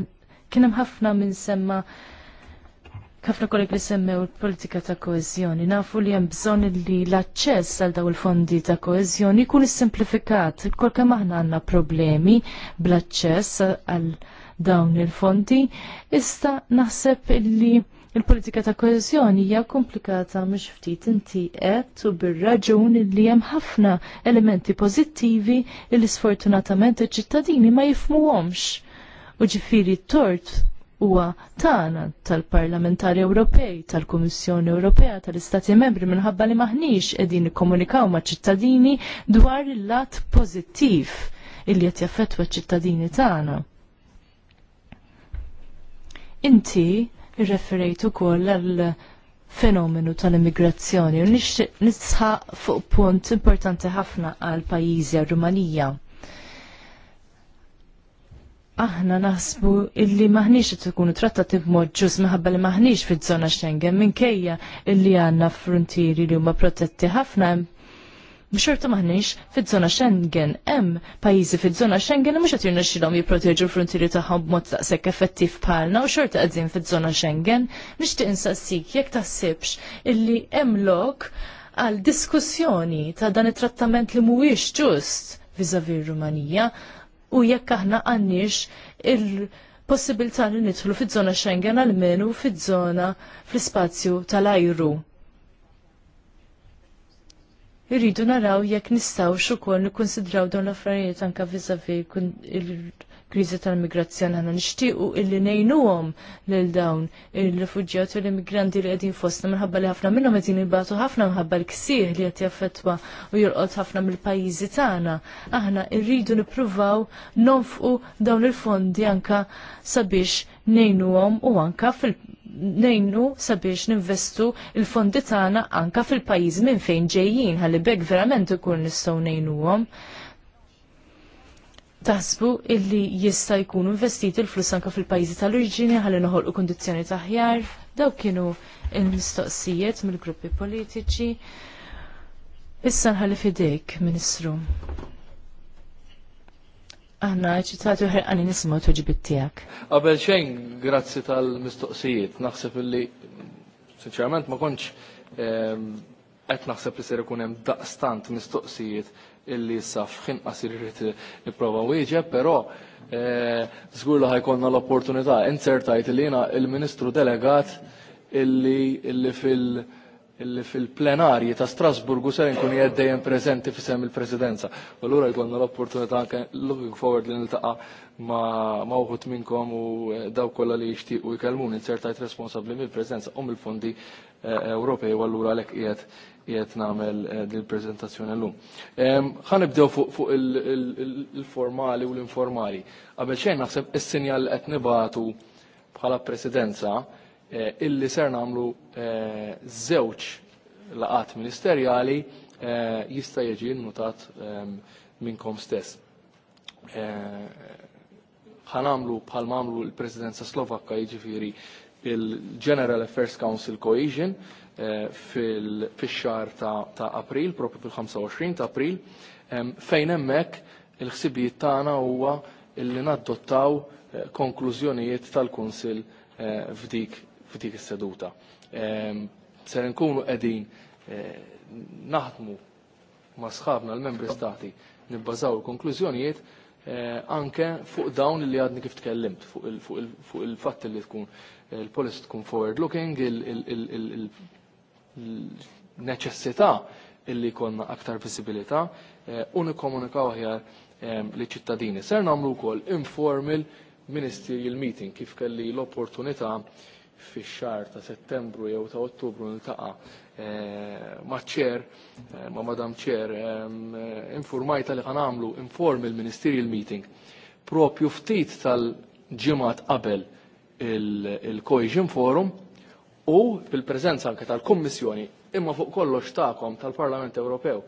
Kien hemm ħafna minn semma ħafna kollek li semmew il-politika ta' koezjoni, nafu li hemm bżonn li l-aċċess għal daw il-fondi ta' koezjoni jkun issimplifikat. Kol kemm aħna għandna problemi bl-aċċess għal dawn il-fondi, issa naħseb li Il-politika ta' koezjoni hija komplikata mhux ftit inti qed u bir-raġun li hemm ħafna elementi pożittivi li sfortunatament iċ-ċittadini ma jifmuhomx. U ġifieri tort huwa tagħna tal-Parlamentari Ewropej, tal-Kummissjoni Ewropea, tal-Istati Membri minħabba li maħniex qegħdin nikkomunikaw maċ-ċittadini dwar il-lat pożittiv illi qed jaffettwa ċ-ċittadini tagħna. Inti irreferejt ukoll għal fenomenu tal-immigrazzjoni u fuq punt importanti ħafna għal pajjiżi għal Rumanija. Aħna naħsbu illi maħniex qed ikunu trattati b'mod ġus minħabba li maħniex fiż-żona Schengen minkejja illi għandna frontieri li huma protetti ħafna Mxorta maħniex fil-zona Schengen, hemm pajizi fil-zona Schengen mux għatir naxilom jiproteġu frontieri taħħom b'mod taqsek effettiv palna u xorta għadzin fil-zona Schengen, nixtieq insassik jekk taħsibx illi hemm lok għal diskussjoni ta' dan it-trattament li mhuwiex ġust viżavi Rumanija u jekk aħna għannix il- possibilta li nidħlu fiż-żona Schengen għal menu fiż-żona fl-ispazju tal-ajru irridu naraw jekk nistgħu ukoll nikkunsidraw dawn l-affarijiet anke vizavi il-kriżi tal-migrazzjoni għandna nixtiequ illi ngħinuhom lil dawn ir-refuġjati u l-immigranti li qegħdin fostna minħabba li ħafna minnhom qegħdin jibgħatu ħafna minħabba l-ksieħ li qed jaffettwa u jolqod ħafna mill-pajjiżi tagħna. Aħna rridu nippruvaw nonfqu dawn il-fondi anke sabiex ngħinuhom u anke fil- nejnu sabiex ninvestu il-fondi tagħna anka fil-pajjiż minn fejn ġejjin ħalli bekk verament ikun nistgħu nejnuhom. Taħsbu illi jista' jkunu investiti il flus anka fil-pajjiżi tal-oriġini ħalli noħolqu kondizzjoni taħjar. Dawk kienu l mistoqsijiet mill-gruppi politiċi. Issa nħalli fidejk, Ministru. Aħna ċitati uħri għani nisma tuġibit tijak. Għabel xejn, grazzi tal-mistoqsijiet, naħseb illi, sinċerament, ma konċ għet naħseb li ser ikun hemm daqstant mistoqsijiet illi issa fħin qasir irrid nipprova wieġeb, però e, żgur li ħajkonna l-opportunità insertajt li jiena il-Ministru delegat illi fil- illi fil-plenarji ta' Strasburgu ser nkun jeddejjem prezenti fisem il-presidenza. U l-ura jkollna l-opportunità anke looking forward li niltaqa ma' uħut minnkom u eh, daw kollha li jixtiequ jkellmuni insertajt responsabbli mill-preżenza u mill-fondi eh, Ewropej u allura għalhekk qiegħed qiegħed nagħmel eh, din il-preżentazzjoni llum. Ehm, Ħa nibdew fuq il-formali u l-informali. Qabel xejn naħseb is-sinjal qed nibatu bħala presidenza Eh, illi ser namlu eh, zewċ laqat ministerjali eh, jista jieġi notat ehm, minnkom stess. ħanamlu bħal mamlu l-presidenza slovakka jiġifiri il-General Affairs Council Cohesion fil-xar ta' april, propju fil-25 ta' april, ehm, fejn hemmhekk il-ħsibijiet tagħna huwa illi naddottaw konklużjonijiet tal-Kunsil f'dik f'dik is-seduta. Ehm, Ser nkunu qegħdin eh, naħdmu ma' sħabna l-membri stati nibbażaw il-konklużjonijiet eh, anke fuq dawn li għadni kif tkellimt, fuq il-fatt li tkun il-policy tkun forward-looking, il-neċessità illi konna aktar visibilità eh, u nikkomunikaw aħjar ehm, li ċittadini. Ser namlu kol informal ministerial meeting kif kelli l-opportunità fix-xar ta' settembru jew ta' ottubru niltaqa' eh, ma' ċer, eh, ma' madam ċer, eh, informajta li għanamlu il ministerial meeting propju ftit tal-ġimat qabel il-Cohesion Forum u fil-prezenza anke tal-Kommissjoni imma fuq kollox ta'kom tal-Parlament Ewropew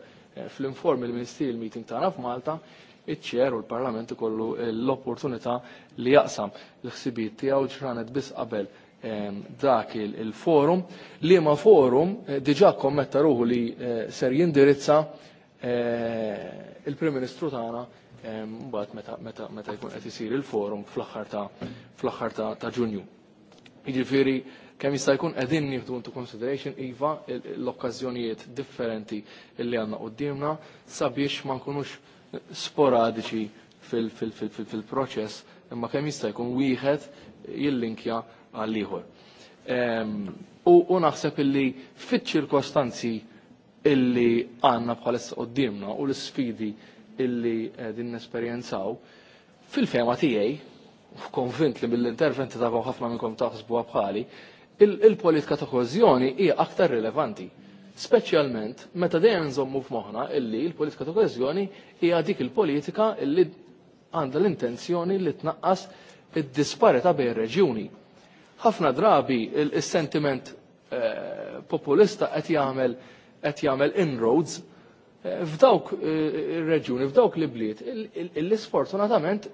fl il ministerial meeting tagħna f'Malta iċ-ċer u l-Parlament kollu l-opportunità li jaqsam l ħsibiet tiegħu ġranet biss qabel Ehm, dak il-forum li ma forum eh, diġa kommetta ruħu li eh, ser jindirizza eh, il-Prim Ministru tagħna ehm, mbagħad meta jkun qed isir il-forum fl-aħħar ta' Ġunju. Jiġifieri kemm jista' jkun qegħdin nieħdu into consideration iva l-okkażjonijiet differenti li għandna quddiemna sabiex ma nkunux sporadiċi fil-proċess imma kemm jista' jkun wieħed jillinkja għalliħor. Ehm, u naħseb illi fit ċirkostanzi illi għanna bħalissa qoddimna u l-sfidi illi eh, din nesperjenzaw, fil-fema tijaj, konvint li mill-interventi ta' ħafna minnkom taħsbu bħali, il-politika ta' kohezjoni hija aktar rilevanti. Speċjalment meta dejjem nżommu f'moħħna illi l-politika ta' kohezjoni hija dik il-politika illi għandha l-intenzjoni li tnaqqas id disparita bejn reġjuni ħafna drabi il-sentiment eh, populista qed jagħmel qed jagħmel inroads eh, f'dawk eh, ir-reġjuni, f'dawk li bliet, l-isfortunatament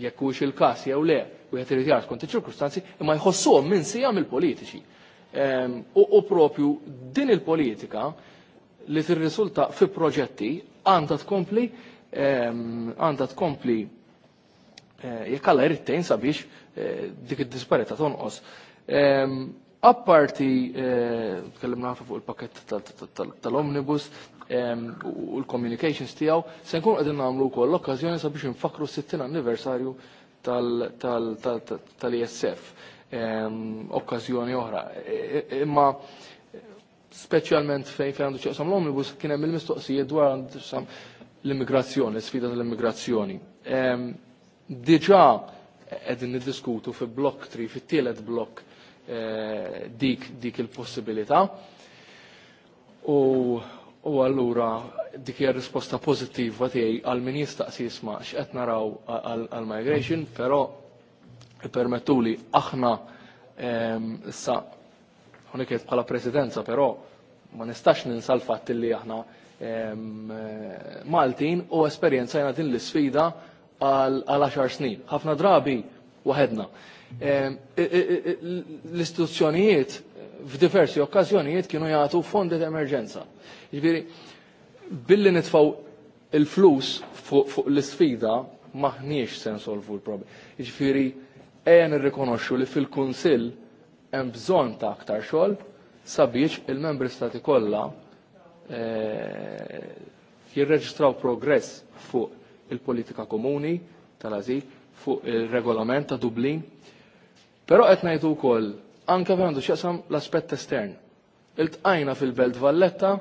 jekk hux il-każ jew le, wieħed irid jara skont iċ-ċirkustanzi, imma jħossuhom minn sija il politiċi ehm, U propju din il-politika li tirrisulta fi proġetti għandha tkompli ehm, għandha tkompli Eh, jekk alla sabiex eh, dik id-disparita tonqos. Ehm, apparti, eh, tkellimna għafu fuq il-pakket tal-omnibus ehm, u l-communications tiegħu, se nkun qegħdin nagħmlu wkoll l-okkażjoni sabiex nfakru 60 anniversarju tal-ISF. Ehm, okkażjoni oħra. E, e, imma speċjalment fejn fejn għandu ċaqsam l-omnibus kien hemm il-mistoqsijiet dwar l-immigrazzjoni, l-sfida tal-immigrazzjoni diġa edin niddiskutu fi blok tri, fi tielet blok eh, dik, dik il-possibilità. U, u allura dik hija risposta pozittiva tiegħi għal min jistaqsi jisma' x'qed naraw għal migration, però permettuli aħna ehm, issa hawnhekk qed bħala presidenza, però ma nistax ninsa l-fatt li aħna ehm, eh, Maltin u esperjenzajna din l-isfida għal 10 snin. Ħafna drabi waħedna. L-istituzzjonijiet f'diversi okkażjonijiet kienu jagħtu fondi ta' emerġenza. Jiġifieri billi nitfaw il-flus fuq l-isfida maħniex se nsolvu l-problemi. Jiġifieri ejja nirrikonoxxu li fil-Kunsill hemm bżonn ta' aktar xogħol sabiex il-membri stati kollha eh, jirreġistraw progress fuq il-politika komuni tal-azil fuq il-regolament ta' Dublin. Pero qed ngħidu wkoll anke għandu x'jaqsam l-aspett estern. Iltqajna fil-Belt Valletta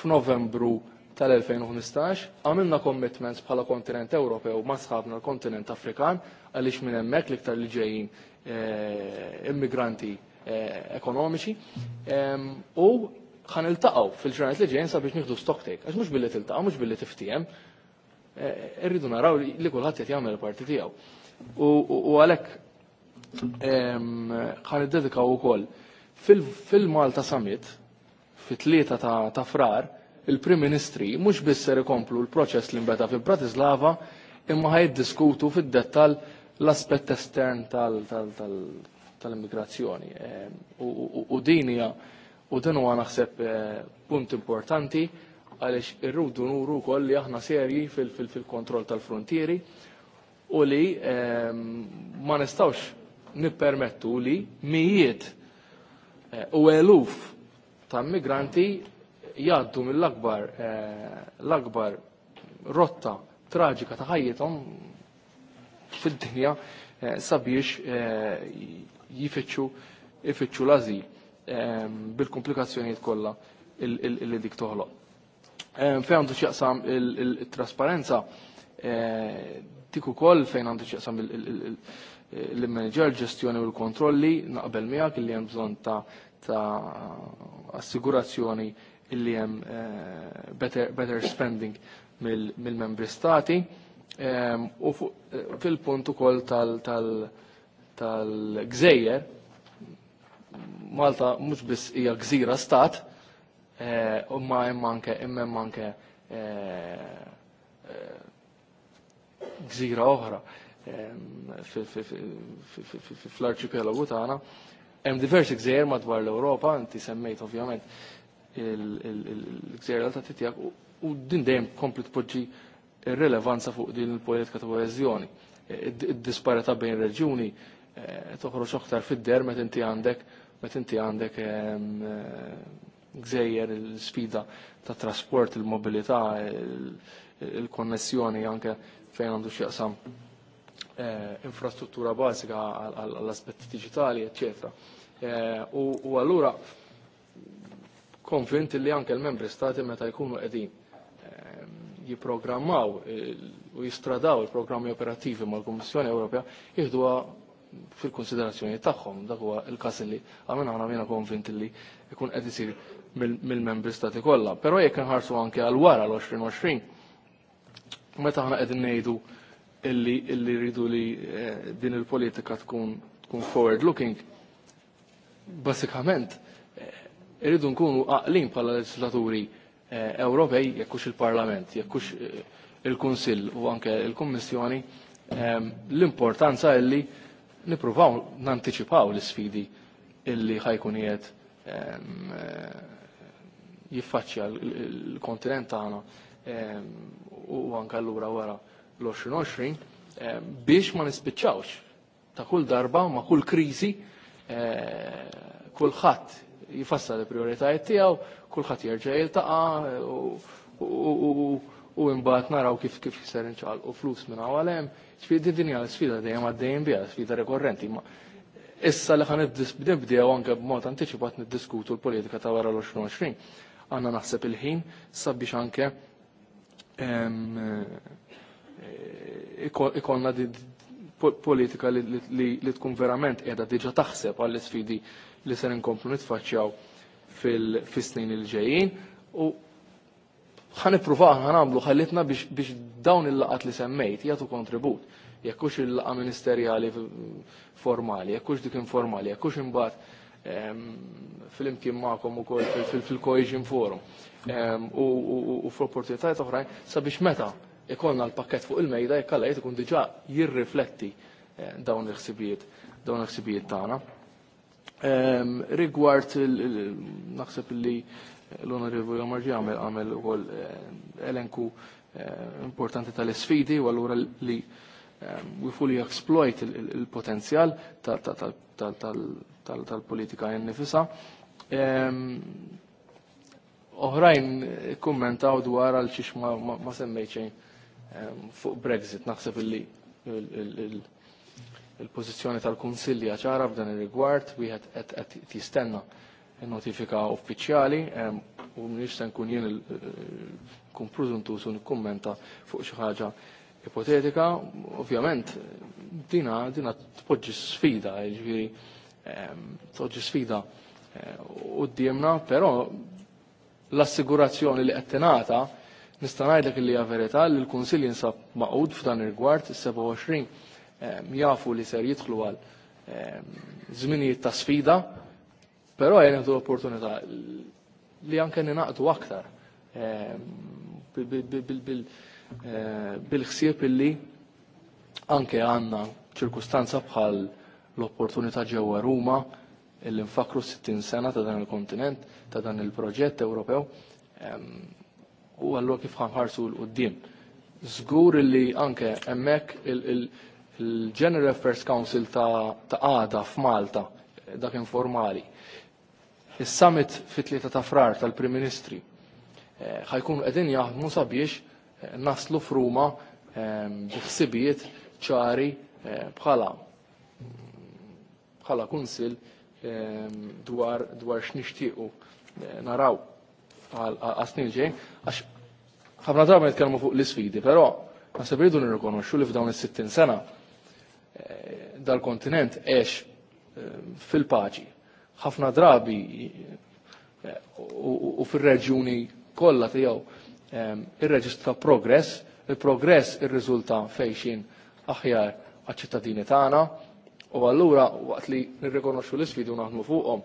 f'Novembru tal-2015 għamilna commitments bħala kontinent Ewropew ma' sħabna l-kontinent Afrikan għaliex minn hemmhekk l-iktar li ġejjin eh, immigranti eh, ekonomiċi ehm, u ħan fil-ġranet li ġejjin sabiex nieħdu take, għax mhux billi tiltaqgħu mhux billi tiftiem, Eh, irridu naraw li kulħadd qed jagħmel il-parti tiegħu. U għalhekk ehm, ħan iddedikaw ukoll fil-Malta Summit fit-tlieta ta' frar il-Prim Ministri mhux biss ser ikomplu l-proċess li nbeta fi Bratislava imma diskutu fid dettall l-aspett estern tal-immigrazzjoni. Ehm, u din hija u din huwa naħseb eh, punt importanti għaliex irrudu nuru wkoll li aħna serji fil-kontroll tal-frontieri u li ehm, ma nistawx nippermettu li mijiet eh, u eluf ta' migranti jgħaddu mill-akbar eh, l-akbar rotta traġika ta' ħajjithom fid-dinja eh, sabiex jifittxu ifittxu l-azil ehm, bil-komplikazzjonijiet kollha li dik toħloq. Eh, fejn għandu xjaqsam il-trasparenza, tiku eh, kol fejn għandu xjaqsam il-manager, ġestjoni u l-kontrolli, naqbel miegħek illi hemm bżonn ta' assigurazzjoni illi hemm eh, better spending mill-membri stati ehm, u fil-punt ukoll tal-gżejjer Malta mhux biss hija gżira stat, Eh, umma imma anke imma immanke eh, eh, gżira oħra ehm, fl-arċipelagu tagħna. Hemm diversi gżejjer madwar l-Ewropa, inti semmejt ovvjament il-gżejjer tal Titjak u din dejjem kompli tpoġġi ir-relevanza fuq din il-politika ta' koeżjoni. Id-disparità bejn reġjuni toħroġ aktar fid-der meta inti għandek meta inti għandek ehm, gżejjer il-sfida ta' trasport, il-mobilità, il-konnessjoni anke fejn għandu x'jaqsam eh, infrastruttura bazika għall aspet digitali, eccetera. Eh, u allura konvint li anke l-membri stati meta jkunu qegħdin ehm, jiprogrammaw eh, u jistradaw il-programmi operativi mal-Kummissjoni Ewropea jihduha fil-konsiderazzjoni tagħhom dak huwa il-każ li għamilna għana mina konvint li jkun qed isir mill-membri stati kollha. Però jekk nħarsu anke għal wara l-2020, meta aħna qegħdin ngħidu illi rridu li eh, din il-politika tkun forward looking, basikament eh, irridu nkunu għaqlin bħala leġislaturi eh, Ewropej jekkux il-Parlament, jekkux il-Kunsill u anke il-Kummissjoni l-importanza illi nipruvaw nanticipaw l-sfidi illi ħajkun jiffaċċja l-kontinent tagħna ehm, u anke allura wara l-2020 ehm, biex ma nispiċċawx ta' kull darba ma' kull kriżi ehm, kulħadd jifassal il-prioritajiet tiegħu, kulħadd jerġa' jiltaqa' u mbagħad naraw kif kif ser inċaqalqu flus minn hawn din dinja l-sfida dejjem għaddejjem biha, sfida rekorrenti. issa li ħan nibdew anke b'mod antiċipat niddiskutu l-politika ta' wara l-2020 għanna naħseb il-ħin sabiex anke eh, ikonna politika li tkun verament edha diġa taħseb għall sfidi li ser inkomplu nitfaċċjaw fil-snin il-ġejjin u ħanipruvaħ ħanamlu ħallitna biex dawn il-laqat li semmejt jagħtu kontribut. Jekkux il-laqa ministerjali formali, jekkux dik informali, jekkux imbagħad Ehm, fil-imkien ma'kom u fil-Cohesion Forum ehm, u fil-opportunitajt oħrajn sabiex meta ikonna l-pakket fuq il-mejda jekkalla għalajt ikun diġà jirrifletti eh, dawn il-ħsibijiet dawn il-ħsibijiet tagħna. Ehm, rigward naħseb li l onorivu Omarġi għamil għamel ukoll eh, elenku eh, importanti tal-sfidi u allura li Um, we fully exploit il-potenzjal tal-politika jennifisa. Um, oħrajn kommentaw dwar għal xiex ma semmejċejn um, fuq Brexit, naħseb illi il-pozizjoni tal-Konsilja ċara f'dan ir-rigward, wieħed qed jistenna notifika uffiċjali u mniex se nkun jien kun pruduntu sun kummenta fuq xi ħaġa ipotetika, ovvjament, dina, dina tpoġġi sfida, ġviri, ehm, tpoġġi sfida eh, u d-diemna, pero l-assigurazzjoni li għettenata nistanajdlek li għaverita li l-Konsil jinsab maqud f'dan il-gwart, 27 ehm, jafu li ser jitħlu għal zmini ehm, ta' sfida, pero jenet l-opportunità li anke ninaqdu aktar Eh, bil-ħsieb illi anke għandna ċirkustanza bħal l-opportunità ġewwa Ruma illi nfakru 60 sena ta' dan il-kontinent, ta' dan il-proġett Ewropew, u għallu kif ħanħarsu l-qoddim. Zgur illi anke emmek il-General Affairs Council ta' għada f'Malta, dak informali. Is-summit fit tlieta ta' frar tal-Prim Ministri eh, ħajkunu qegħdin jaħdmu sabiex Eh, naslu fruma ehm, b'ħsibijiet ċari eh, bħala bħala kunsil ehm, dwar dwar x'nixtiequ eh, naraw għal ġej għax ħafna drabi nitkellmu fuq l-isfidi, però naħseb irridu nirrikonoxxu li f'dawn is-60 sena dal-kontinent għex ehm, fil-paċi. ħafna drabi u fil-reġjuni kollha tiegħu ir-reġistra progress, il-progress ir-riżulta fejxin aħjar għaċ-ċittadini tagħna u allura waqt li nirrikonoxxu l-isfidu naħdmu fuqhom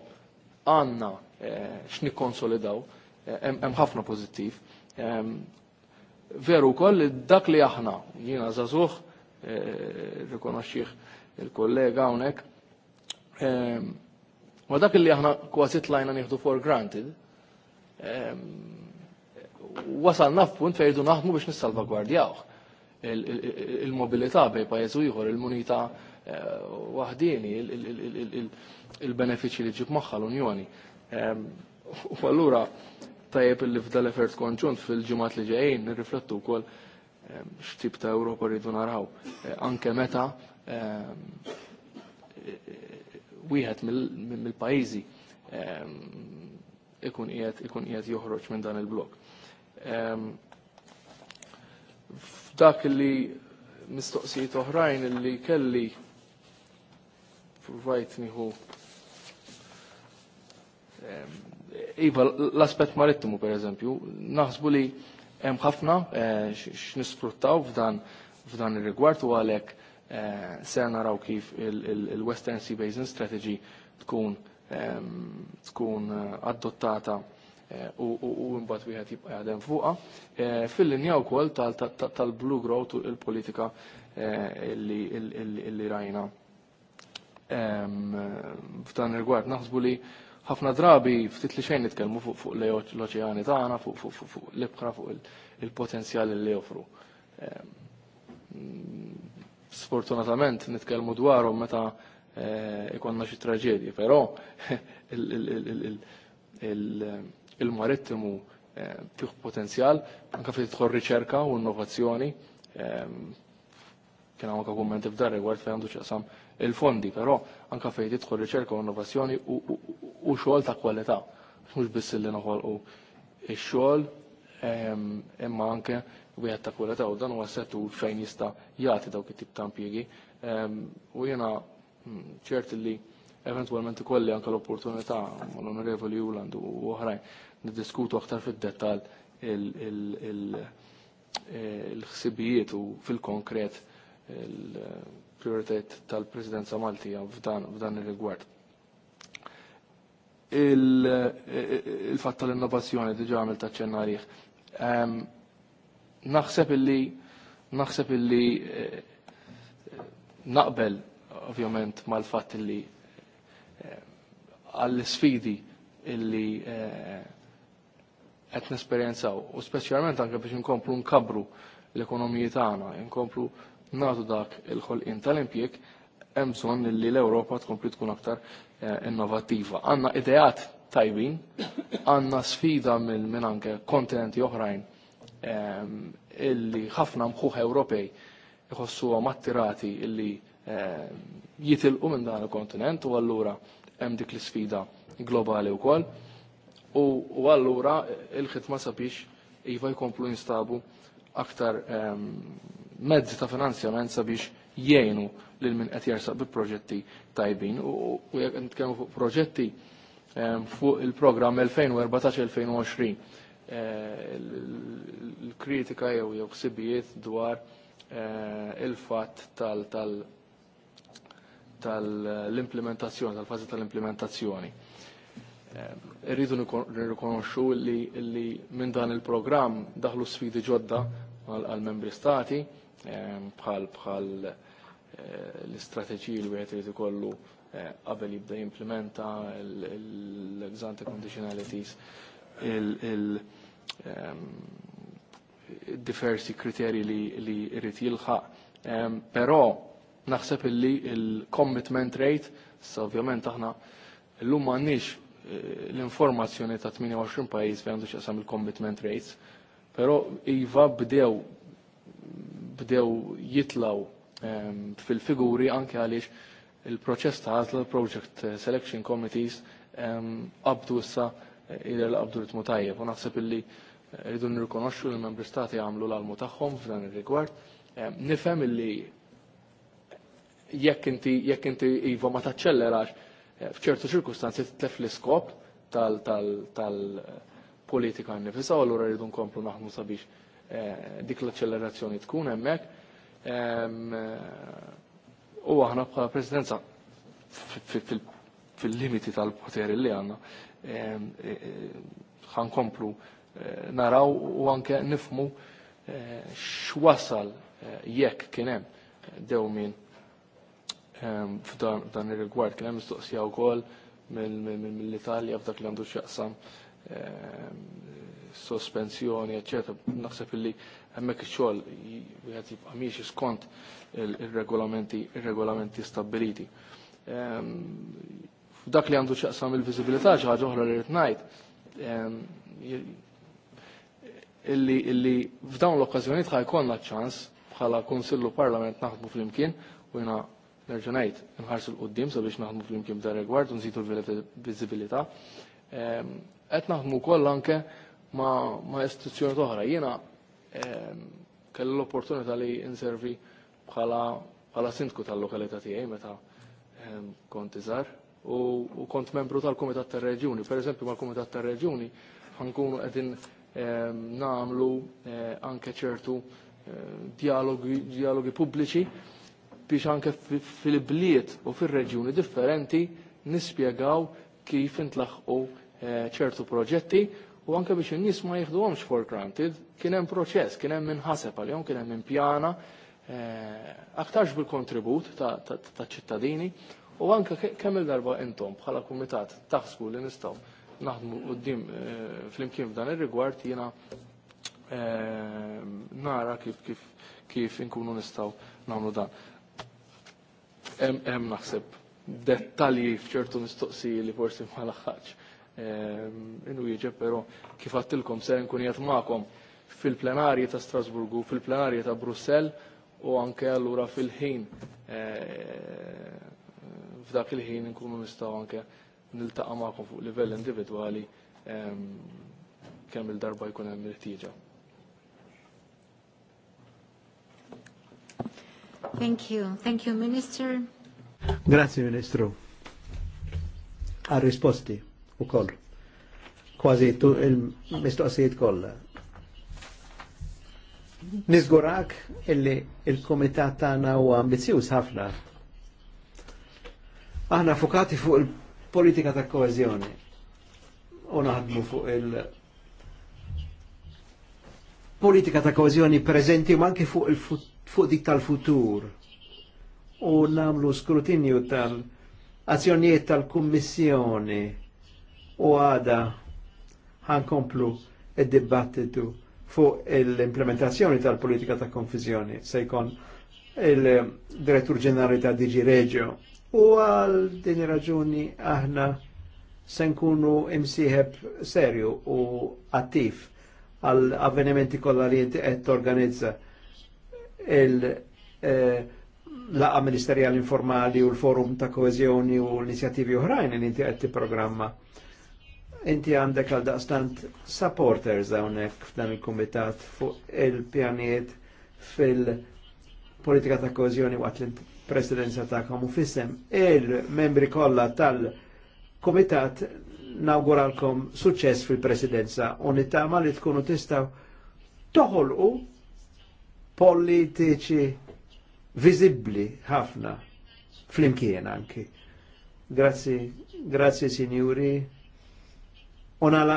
għandna eh, x'nikkonsolidaw eh, hemm ħafna pożittiv. Veru wkoll dak li aħna jiena żagħżugħ eh, rikonoxxih il-kollega hawnhekk. Ma dak li aħna kważi tlajna nieħdu for granted wasalna f'punt fejn fejdu naħmu biex nissalvagwardjaw il-mobilità bej pajjiż ieħor, il-munita eh, wahdini, il-benefiċċji li ġib magħha l-Unjoni. Ehm, u allura tajjeb li f'dal effert konġunt fil-ġimgħat li ġejjin nirriflettu wkoll ehm, x'tip ta' Ewropa rridu naraw eh, anke meta ehm, wieħed mill-pajjiżi ikun qiegħed ikun qiegħed joħroġ minn dan il-blok. F'dak li mistoqsijiet oħrajn li kelli provajt nieħu Iva, l-aspet marittimu per eżempju, naħsbu li hemm ħafna eh, x'nisfruttaw f'dan f'dan ir-rigward u għalhekk eh, se naraw kif il-Western Sea Basin Strategy tkun tkun eh, adottata u mbagħad wieħed jibqa' jaħdem fuqha. Eh, fil-linja wkoll tal-blue growth u l-politika eh, li rajna. F'dan rigward naħsbu li ħafna drabi ftit li xejn nitkellmu fuq l-oċeani tagħna, fuq l-ibħra, fuq il-potenzjal li joffru. Sfortunatament nitkellmu dwarhom meta eh, ikonna xi traġedji, però il-marittimu tiħ eh, potenzjal, anka fi tħor riċerka u innovazzjoni, ehm, kien għamma ka kummenti f'dar rigward fejn għandu ċaqsam il-fondi, però anka fejn tidħol riċerka u innovazzjoni u xogħol ta' kwalità, mhux biss li noħolqu ix-xogħol ehm, imma anke wieħed ta' kwalità u dan huwa u fejn jista' jagħti dawk it-tip ta' impjiegi. Ehm, u jiena hmm, ċert li eventwalment ikolli anke l-opportunità mal-Onorevoli Juland u oħrajn niddiskutu aktar fid-dettal eh, il-ħsibijiet u fil-konkret il-prioritet eh, tal-Presidenza Maltija f'dan ir-rigward. Eh, il-fatt tal-innovazzjoni diġa għamil ta' ċennarih. Naħseb illi naħseb illi naqbel ovvjament mal fat illi għall-sfidi illi qed nesperjenzaw u speċjalment anke biex nkomplu nkabru l-ekonomiji tagħna, nkomplu nagħtu dak il-ħolqien tal-impjieg hemm bżonn li l-Ewropa tkompli tkun aktar eh, innovattiva. Għandna ideat tajbin, għandna sfida minn min anke kontinenti oħrajn ehm, illi ħafna mħuħ Ewropej għam attirati illi ehm, jitilqu minn dan il-kontinent u allura hemm dik l-isfida globali wkoll. koll u allura il-ħitma sabiex iva jkomplu jinstabu aktar ehm, mezzi ta' finanzjament sabiex jgħinu lil min qed jersaq bi proġetti tajbin. U jekk nitkellmu fuq proġetti ehm, fuq il-programm 2014-2020 l kritika jew jew ksibijiet dwar eh, il-fatt tal-implementazzjoni, tal-fazi tal-implementazzjoni. Eh, irridu nirrikonoxxu li minn dan il-programm daħlu sfidi ġodda għal-membri stati eh, bħal bħal eh, l-istrateġiji li wieħed irid ikollu qabel jibda jimplementa l-exante conditionalities il-diversi ehm, kriterji li rrid jilħaq. Ehm, però naħseb illi il-commitment rate, sa ovvjament aħna l-lum l-informazzjoni ta' 28 pajjiż fejn għandu x'qasam il-commitment rates, però iva bdew bdew jitlaw ehm, fil-figuri anke għaliex il-proċess ta' għazla project selection committees għabdu ehm, issa eh, il qabdu ritmu tajjeb. U naħseb illi eh, rridu nirrikonoxxu li l-membri stati għamlu l-almu tagħhom f'dan ir-rigward. Ehm, nifhem illi jekk inti jekk inti iva ma taċċellerax Eh, fċertu ċirkustanzi t-tlef l-iskop tal-politika nifisa, u l-għura rridu nkomplu naħmu sabiex eh, dik l-accelerazzjoni tkun hemmhekk. Ehm, eh, u aħna bħala presidenza fil-limiti tal-poteri li għanna ehm, ħankomplu naraw u anke nifmu x'wasal jekk kien hemm dew minn f'dan ir-rigward kien hemm mistoqsija wkoll mill-Italja f'dak li għandu x'jaqsam sospensjoni, eċetera, Naħseb illi hemmhekk ix-xogħol wieħed jibqa' miex skont ir-regolamenti ir-regolamenti stabbiliti. F'dak li għandu x'jaqsam il-viżibilità xi ħaġa oħra li rid ngħid illi illi f'dawn l-okkażjonijiet ħajkonna ċans bħala Kunsillu Parlament naħdmu flimkien u jiena nerġanajt nħarsu l-qoddim sabiex naħdmu fl-imkien b'dan rigward u nżidu l-viżibilità. Qed naħdmu wkoll anke ma' istituzzjoni oħra. Jiena kelli l-opportunità li inservi bħala sindku tal-lokalità tiegħi meta kont iżgħar u kont membru tal-Kumitat tar Per Pereżempju mal-Kumitat tar-Reġjuni ħankunu qegħdin nagħmlu eh, anke ċertu eh, dialogi pubbliċi biex anke fil-bliet u fil-reġjuni differenti nispjegaw kif intlaħqu eh, ċertu proġetti u anke biex in-nies ma jieħduhomx for granted kien hemm proċess, kien hemm inħaseb għalihom, kien hemm impjana eh, aktarx bil-kontribut ta' ċittadini u anke kemm il-darba intom bħala kumitat taħsbu li nistgħu naħdmu qudiem eh, flimkien f'dan ir-rigward jiena nara kif kif kif inkunu nistgħu nagħmlu dan. Hemm naħseb dettalji fċertu mistoqsi li forsi ma laħħax, Inu jieġeb pero kif se nkun jgħat maqom fil-plenarji ta' Strasburgu, fil-plenarji ta' Brussel u anke allura fil-ħin eh, f'dak il-ħin nkunu nistgħu anke niltaqa' maqom fuq livell individwali kemm il-darba jkun hemm irtiġa'. Thank you. Thank you, Minister. Grazie, Ministru. Għal risposti u koll. Kważi il-mistoqsijiet kollha. Nizgurak illi il-komitat tagħna huwa ambizzjuż ħafna. Aħna fukati fuq il-politika ta' koeżjoni u naħdmu fuq il- politika ta' koeżjoni preżenti ma anke fuq il-futur fuq dik tal-futur u namlu skrutinju tal-azzjonijiet tal-Kummissjoni u għada ħankomplu il dibattitu fuq l-implementazzjoni tal-politika ta' konfizjoni sejkon il-direttur ġenerali ta' Digi Reġio u għal din raġuni aħna se nkunu imsieħeb serju u attiv għal avvenimenti kollha li inti qed torganizza il-laqa eh, ministerjali informali u l-forum ta' koezjoni u l-inizjativi uħrajn li inti għetti programma. Inti għandek għal daqstant supporters għonek f'dan il-komitat fuq il-pjaniet fil-politika ta' koezjoni waqt l-presidenza ta' kamu fissem il-membri kollha tal-komitat nawguralkom suċċess fil-presidenza unita ma li tkunu tistaw toħolqu politiċi viżibbli ħafna fl-imkien anki. Grazzi, grazzi sinjuri. Unala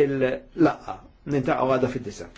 il-laqqa, nintaqqa għada fit disa